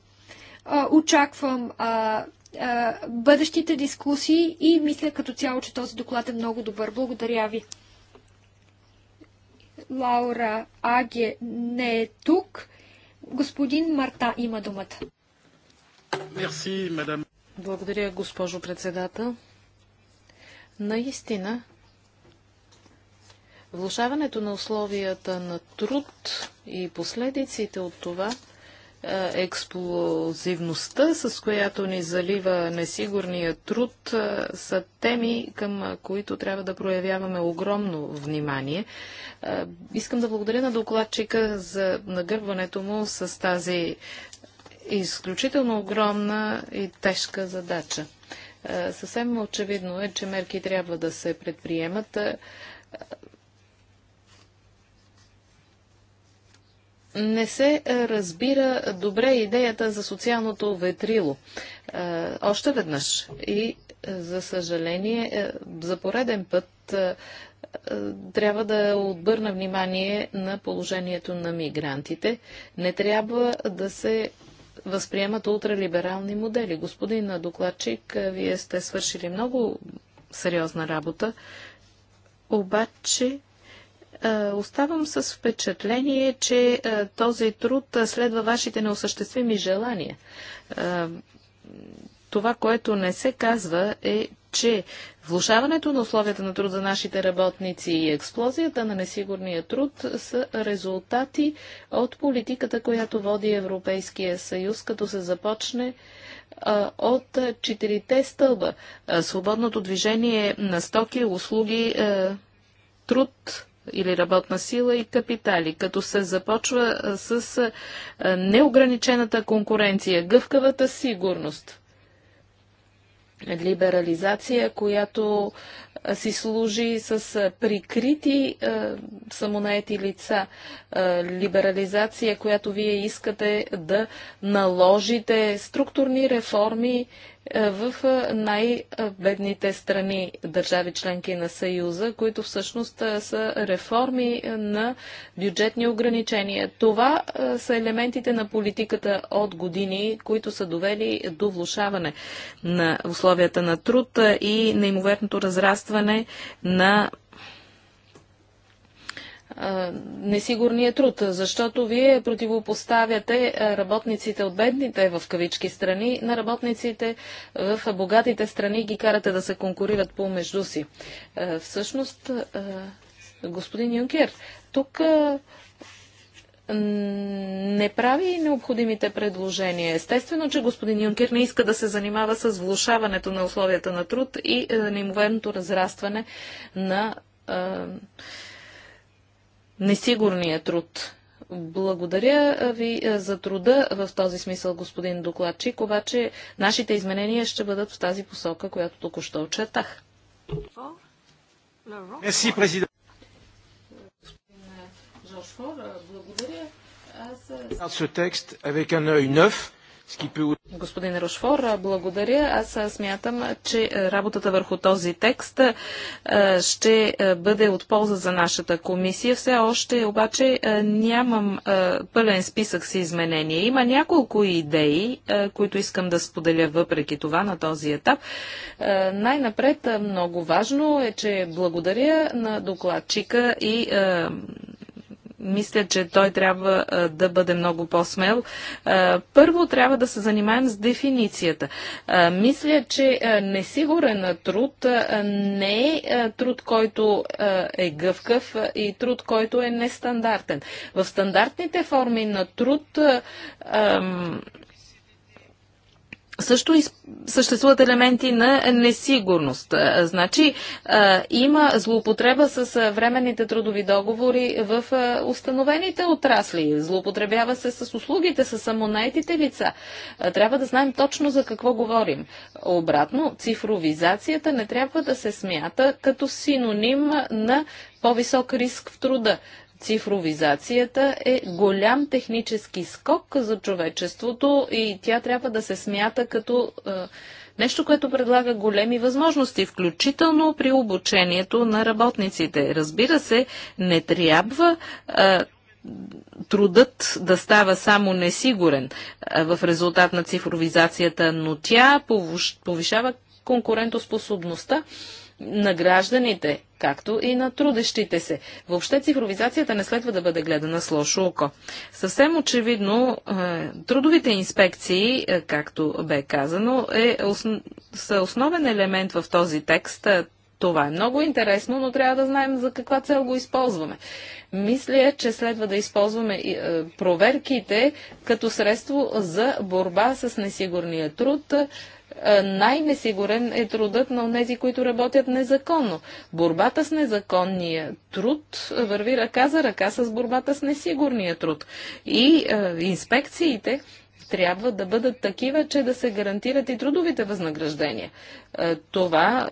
А, очаквам а, а, бъдещите дискусии и мисля като цяло, че този доклад е много добър. Благодаря ви. Лаура Аге не е тук. Господин Марта има думата. Мерси, мадам. Благодаря, госпожо председател. Наистина, влушаването на условията на труд и последиците от това – е, експлозивността, с която ни залива несигурния труд, е, са теми, към е, които трябва да проявяваме огромно внимание. Искам да благодаря на докладчика за нагърбването му с тази изключително огромна и тежка задача. Съвсем очевидно е, че мерки трябва да се предприемат. не се е, разбира добре идеята за социалното ветрило. Е, още веднъж и е, за съжаление, за пореден път трябва да отбърна внимание на положението на мигрантите. Не трябва да се възприемат ултралиберални модели. Господин докладчик, вие сте свършили много сериозна работа, обаче е, оставам с впечатление, че е, този труд е, следва вашите неосъществими желания. Това, което не се казва е, че влушаването на условията на труд за нашите работници и експлозията на несигурния труд са резултати от политиката, която води Европейския съюз, като се започне от четирите стълба. свободното движение на стоки, услуги, труд, или работна сила и капитали, като се започва с неограничената конкуренция, гъвкавата сигурност, либерализация, която си служи с прикрити самонаети лица, либерализация, която вие искате да наложите структурни реформи е, в е, най-бедните страни, държави членки на Съюза, които всъщност е, са реформи на бюджетни ограничения. Това са елементите на политиката от години, които са довели до влушаване на условията на труд и неимоверното разрастване на несигурния труд, защото вие противопоставяте работниците от бедните в кавички страни на работниците в богатите страни ги карате да се конкурират помежду си. Всъщност, господин Юнкер, тук не прави необходимите предложения. Естествено, че господин Юнкер не иска да се занимава с влушаването на условията на труд и неимоверното разрастване на несигурния труд. Благодаря ви е, за труда в този смисъл, господин докладчик, обаче нашите изменения ще бъдат в тази посока, която току-що очертах. Мерси, президент. Е, благодаря. Аз... Е, ce texte avec un œil neuf Господин Рошфор, благодаря. Аз смятам, че работата върху този текст ще бъде от полза за нашата комисия. Все още обаче нямам пълен списък с изменения. Има няколко идеи, които искам да споделя въпреки това на този етап. Най-напред много важно е, че благодаря на докладчика и мисля, че той трябва да бъде много по-смел. Първо трябва да се занимаем с дефиницията. Мисля, че несигурен труд не е труд, който е гъвкав и труд, който е нестандартен. В стандартните форми на труд също съществуват елементи на несигурност. Значи има злоупотреба с временните трудови договори в установените отрасли. Злоупотребява се с услугите, с самонаетите лица. Трябва да знаем точно за какво говорим. Обратно, цифровизацията не трябва да се смята като синоним на по-висок риск в труда цифровизацията е голям технически скок за човечеството и тя трябва да се смята като е, нещо, което предлага големи възможности, включително при обучението на работниците. Разбира се, не трябва е, трудът да става само несигурен е, в резултат на цифровизацията, но тя повишава конкурентоспособността на гражданите, както и на трудещите се. Въобще цифровизацията не следва да бъде гледана с лошо око. Съвсем очевидно, е, трудовите инспекции, е, както бе казано, е, основ... са основен елемент в този текст. Е, това е много интересно, но трябва да знаем за каква цел го използваме. Мисля, че следва да използваме проверките като средство за борба с несигурния труд, е, най-несигурен е трудът на тези, които работят незаконно. Борбата с незаконния труд върви ръка за ръка с борбата с несигурния труд. И е, инспекциите трябва да бъдат такива, че да се гарантират и трудовите възнаграждения. Е, това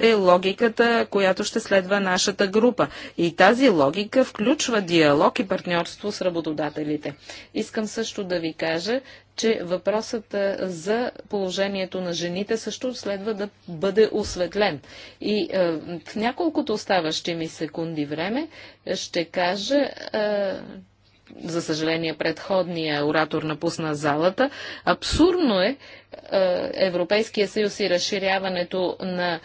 е логиката, която ще следва нашата група. И тази логика включва диалог и партньорство с работодателите. Искам също да ви кажа, че въпросът е, за положението на жените също следва да бъде осветлен. И е, в няколкото оставащи ми секунди време ще кажа, е, за съжаление, предходния оратор напусна залата. Абсурдно е, е Европейския съюз и разширяването на е,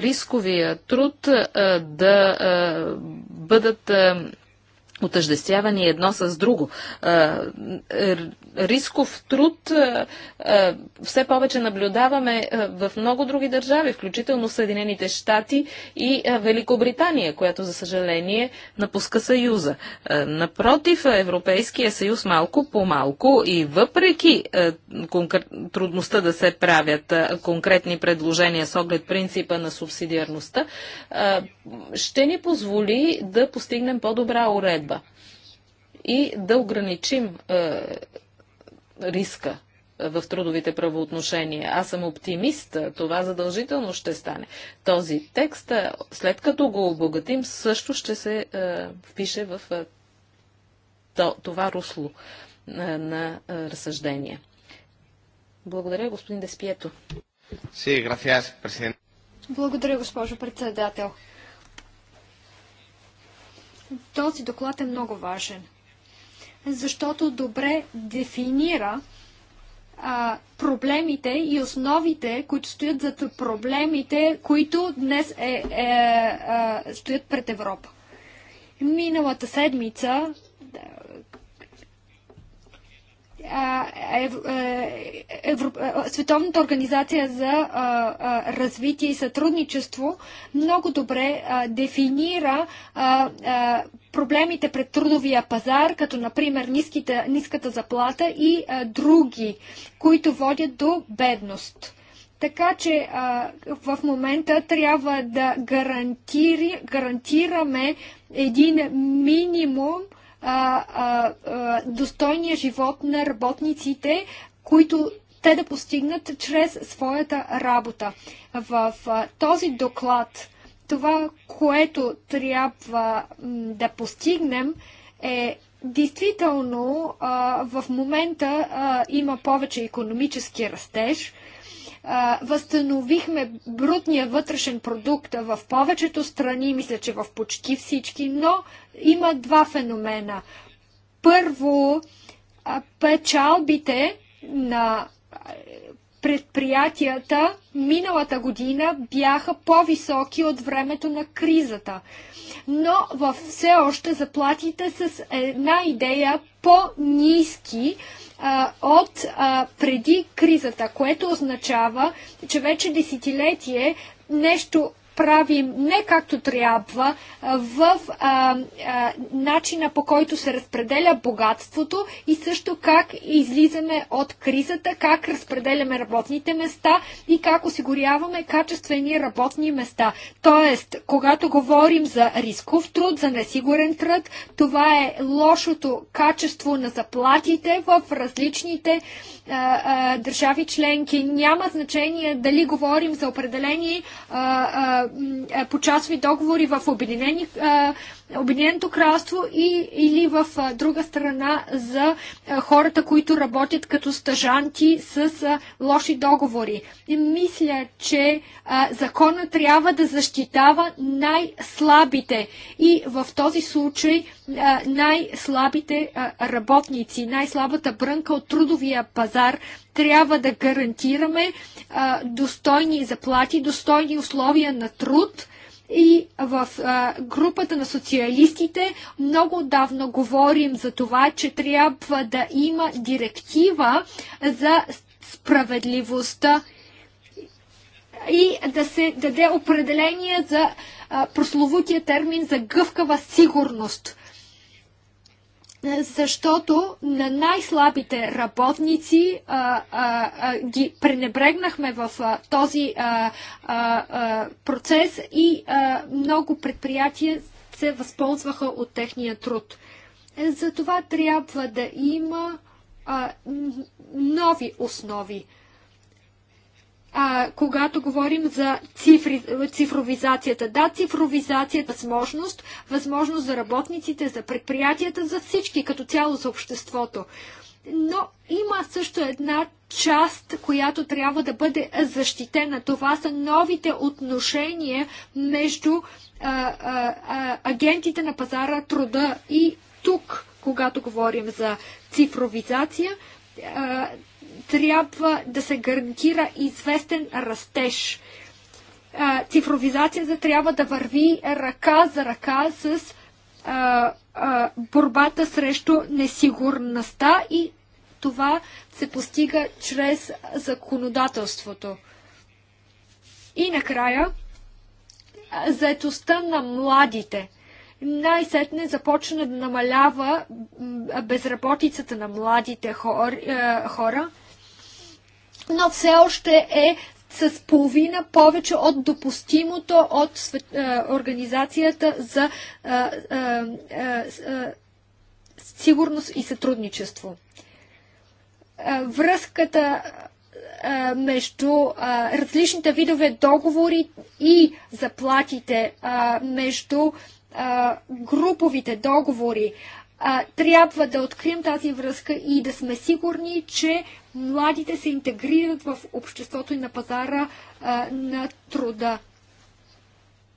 рисковия труд е, да бъдат отъждествявани едно с друго. Рисков труд все повече наблюдаваме в много други държави, включително Съединените щати и Великобритания, която, за съжаление, напуска Съюза. Напротив, Европейския съюз малко по малко и въпреки трудността да се правят конкретни предложения с оглед принципа на субсидиарността, ще ни позволи да постигнем по-добра уредба и да ограничим е, риска е, в трудовите правоотношения. Аз съм оптимист, е, това задължително ще стане. Този текст, е, след като го обогатим, също ще се е, впише в е, това русло е, на е, разсъждение. Благодаря, господин Деспието. Благодаря, госпожо председател. Този доклад е много важен, защото добре дефинира а, проблемите и основите, които стоят зад проблемите, които днес е, е, е, стоят пред Европа. Миналата седмица Световната организация за развитие и сътрудничество много добре дефинира проблемите пред трудовия пазар, като например ниските, ниската заплата и други, които водят до бедност. Така че а, в момента трябва да гарантири, гарантираме един минимум а, а, а, достойния живот на работниците, които те да постигнат чрез своята работа. В а, този доклад това, което трябва да постигнем е действително а, в момента а, има повече економически растеж – възстановихме брутния вътрешен продукт в повечето страни, мисля, че в почти всички, но има два феномена. Първо, печалбите на предприятията миналата година бяха по-високи от времето на кризата. Но във все още заплатите с една идея по-низки от а, преди кризата, което означава, че вече десетилетие нещо правим не както трябва в а, а, начина по който се разпределя богатството и също как излизаме от кризата, как разпределяме работните места и как осигуряваме качествени работни места. Тоест, когато говорим за рисков труд, за несигурен труд, това е лошото качество на заплатите в различните а, а, държави членки. Няма значение дали говорим за определени а, а, е, почасови договори в Обединени е, Обединеното кралство и, или в друга страна за хората, които работят като стажанти с лоши договори. И мисля, че закона трябва да защитава най-слабите и в този случай най-слабите работници, най-слабата брънка от трудовия пазар трябва да гарантираме достойни заплати, достойни условия на труд и в а, групата на социалистите много давно говорим за това, че трябва да има директива за справедливостта и да се даде определение за а, прословутия термин за гъвкава сигурност защото на най-слабите работници а, а, а, ги пренебрегнахме в а, този а, а, процес и а, много предприятия се възползваха от техния труд. Затова трябва да има а, нови основи а, когато говорим за цифри, цифровизацията. Да, цифровизацията е възможност, възможност за работниците, за предприятията, за всички, като цяло за обществото. Но има също една част, която трябва да бъде защитена. Това са новите отношения между а, а, а, агентите на пазара труда и тук, когато говорим за цифровизация, трябва да се гарантира известен растеж. Цифровизацията трябва да върви ръка за ръка с борбата срещу несигурността и това се постига чрез законодателството. И накрая, заетостта на младите. Най-сетне започна да намалява безработицата на младите е, хора но все още е с половина повече от допустимото от свет, е, Организацията за е, е, сигурност и сътрудничество. Връзката между различните видове договори и заплатите, между груповите договори, а, трябва да открием тази връзка и да сме сигурни, че младите се интегрират в обществото и на пазара а, на труда.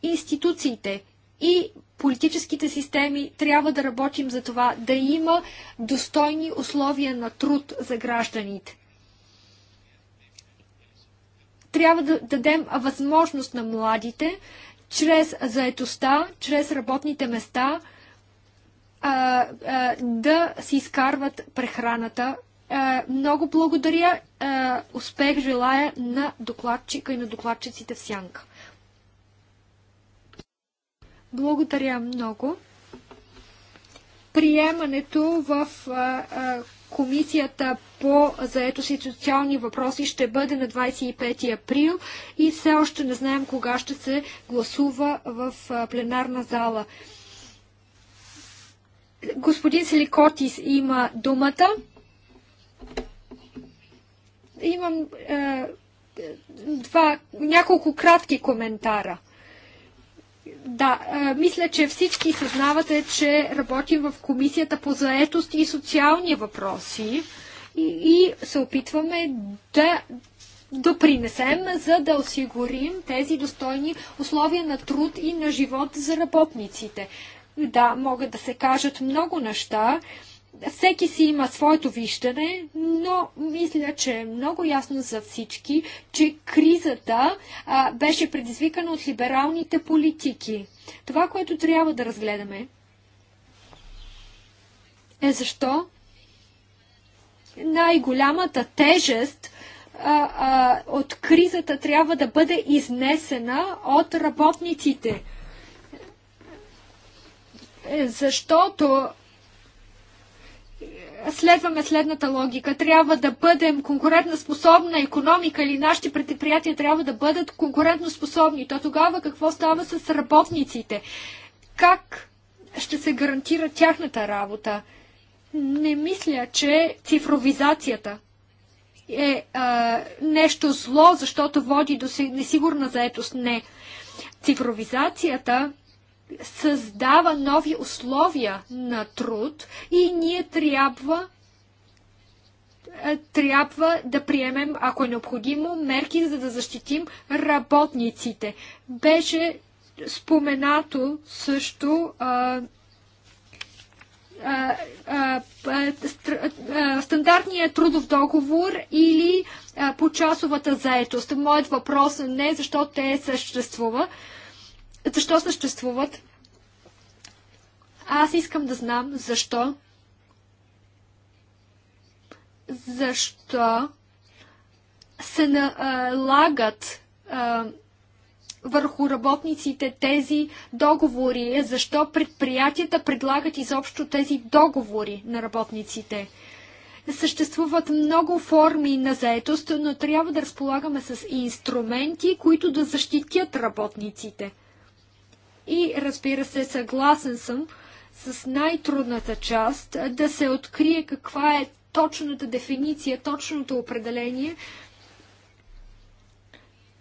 Институциите и политическите системи трябва да работим за това, да има достойни условия на труд за гражданите. Трябва да дадем възможност на младите чрез заетостта, чрез работните места – а, а, да си изкарват прехраната. А, много благодаря. А, успех желая на докладчика и на докладчиците в Сянка. Благодаря много. Приемането в а, а, Комисията по заетост и социални въпроси ще бъде на 25 април и все още не знаем кога ще се гласува в а, пленарна зала. Господин Селикотис има думата. Имам е, два, няколко кратки коментара. Да, е, мисля, че всички съзнавате, че работим в Комисията по заетост и социални въпроси и, и се опитваме да допринесем, за да осигурим тези достойни условия на труд и на живот за работниците. Да, могат да се кажат много неща. Всеки си има своето виждане, но мисля, че е много ясно за всички, че кризата а, беше предизвикана от либералните политики. Това, което трябва да разгледаме, е защо най-голямата тежест а, а, от кризата трябва да бъде изнесена от работниците защото следваме следната логика. Трябва да бъдем конкурентна способна економика или нашите предприятия трябва да бъдат конкурентно способни. То тогава какво става с работниците? Как ще се гарантира тяхната работа? Не мисля, че цифровизацията е а, нещо зло, защото води до несигурна заетост. Не. Цифровизацията създава нови условия на труд и ние трябва е, трябва да приемем, ако е необходимо, мерки, за да защитим работниците. Беше споменато също стандартният трудов договор или по часовата заетост. Моят въпрос е не защо те съществува, защо съществуват. Аз искам да знам защо. Защо се налагат върху работниците тези договори? Защо предприятията предлагат изобщо тези договори на работниците? Съществуват много форми на заетост, но трябва да разполагаме с инструменти, които да защитят работниците. И разбира се, съгласен съм с най-трудната част да се открие каква е точната дефиниция, точното определение.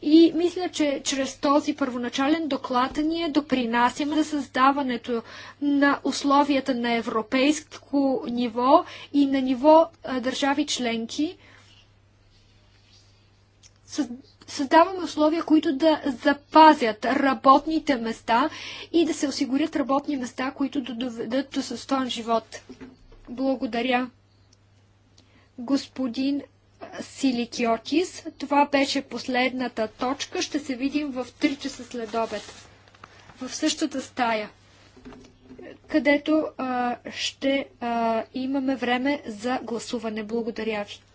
И мисля, че чрез този първоначален доклад ние допринасяме за създаването на условията на европейско ниво и на ниво държави членки, създаваме условия, които да запазят работните места и да се осигурят работни места, които да доведат до състоян живот. Благодаря. Господин Силикиотис, това беше последната точка. Ще се видим в 3 часа след обед. В същата стая където а, ще а, имаме време за гласуване. Благодаря ви.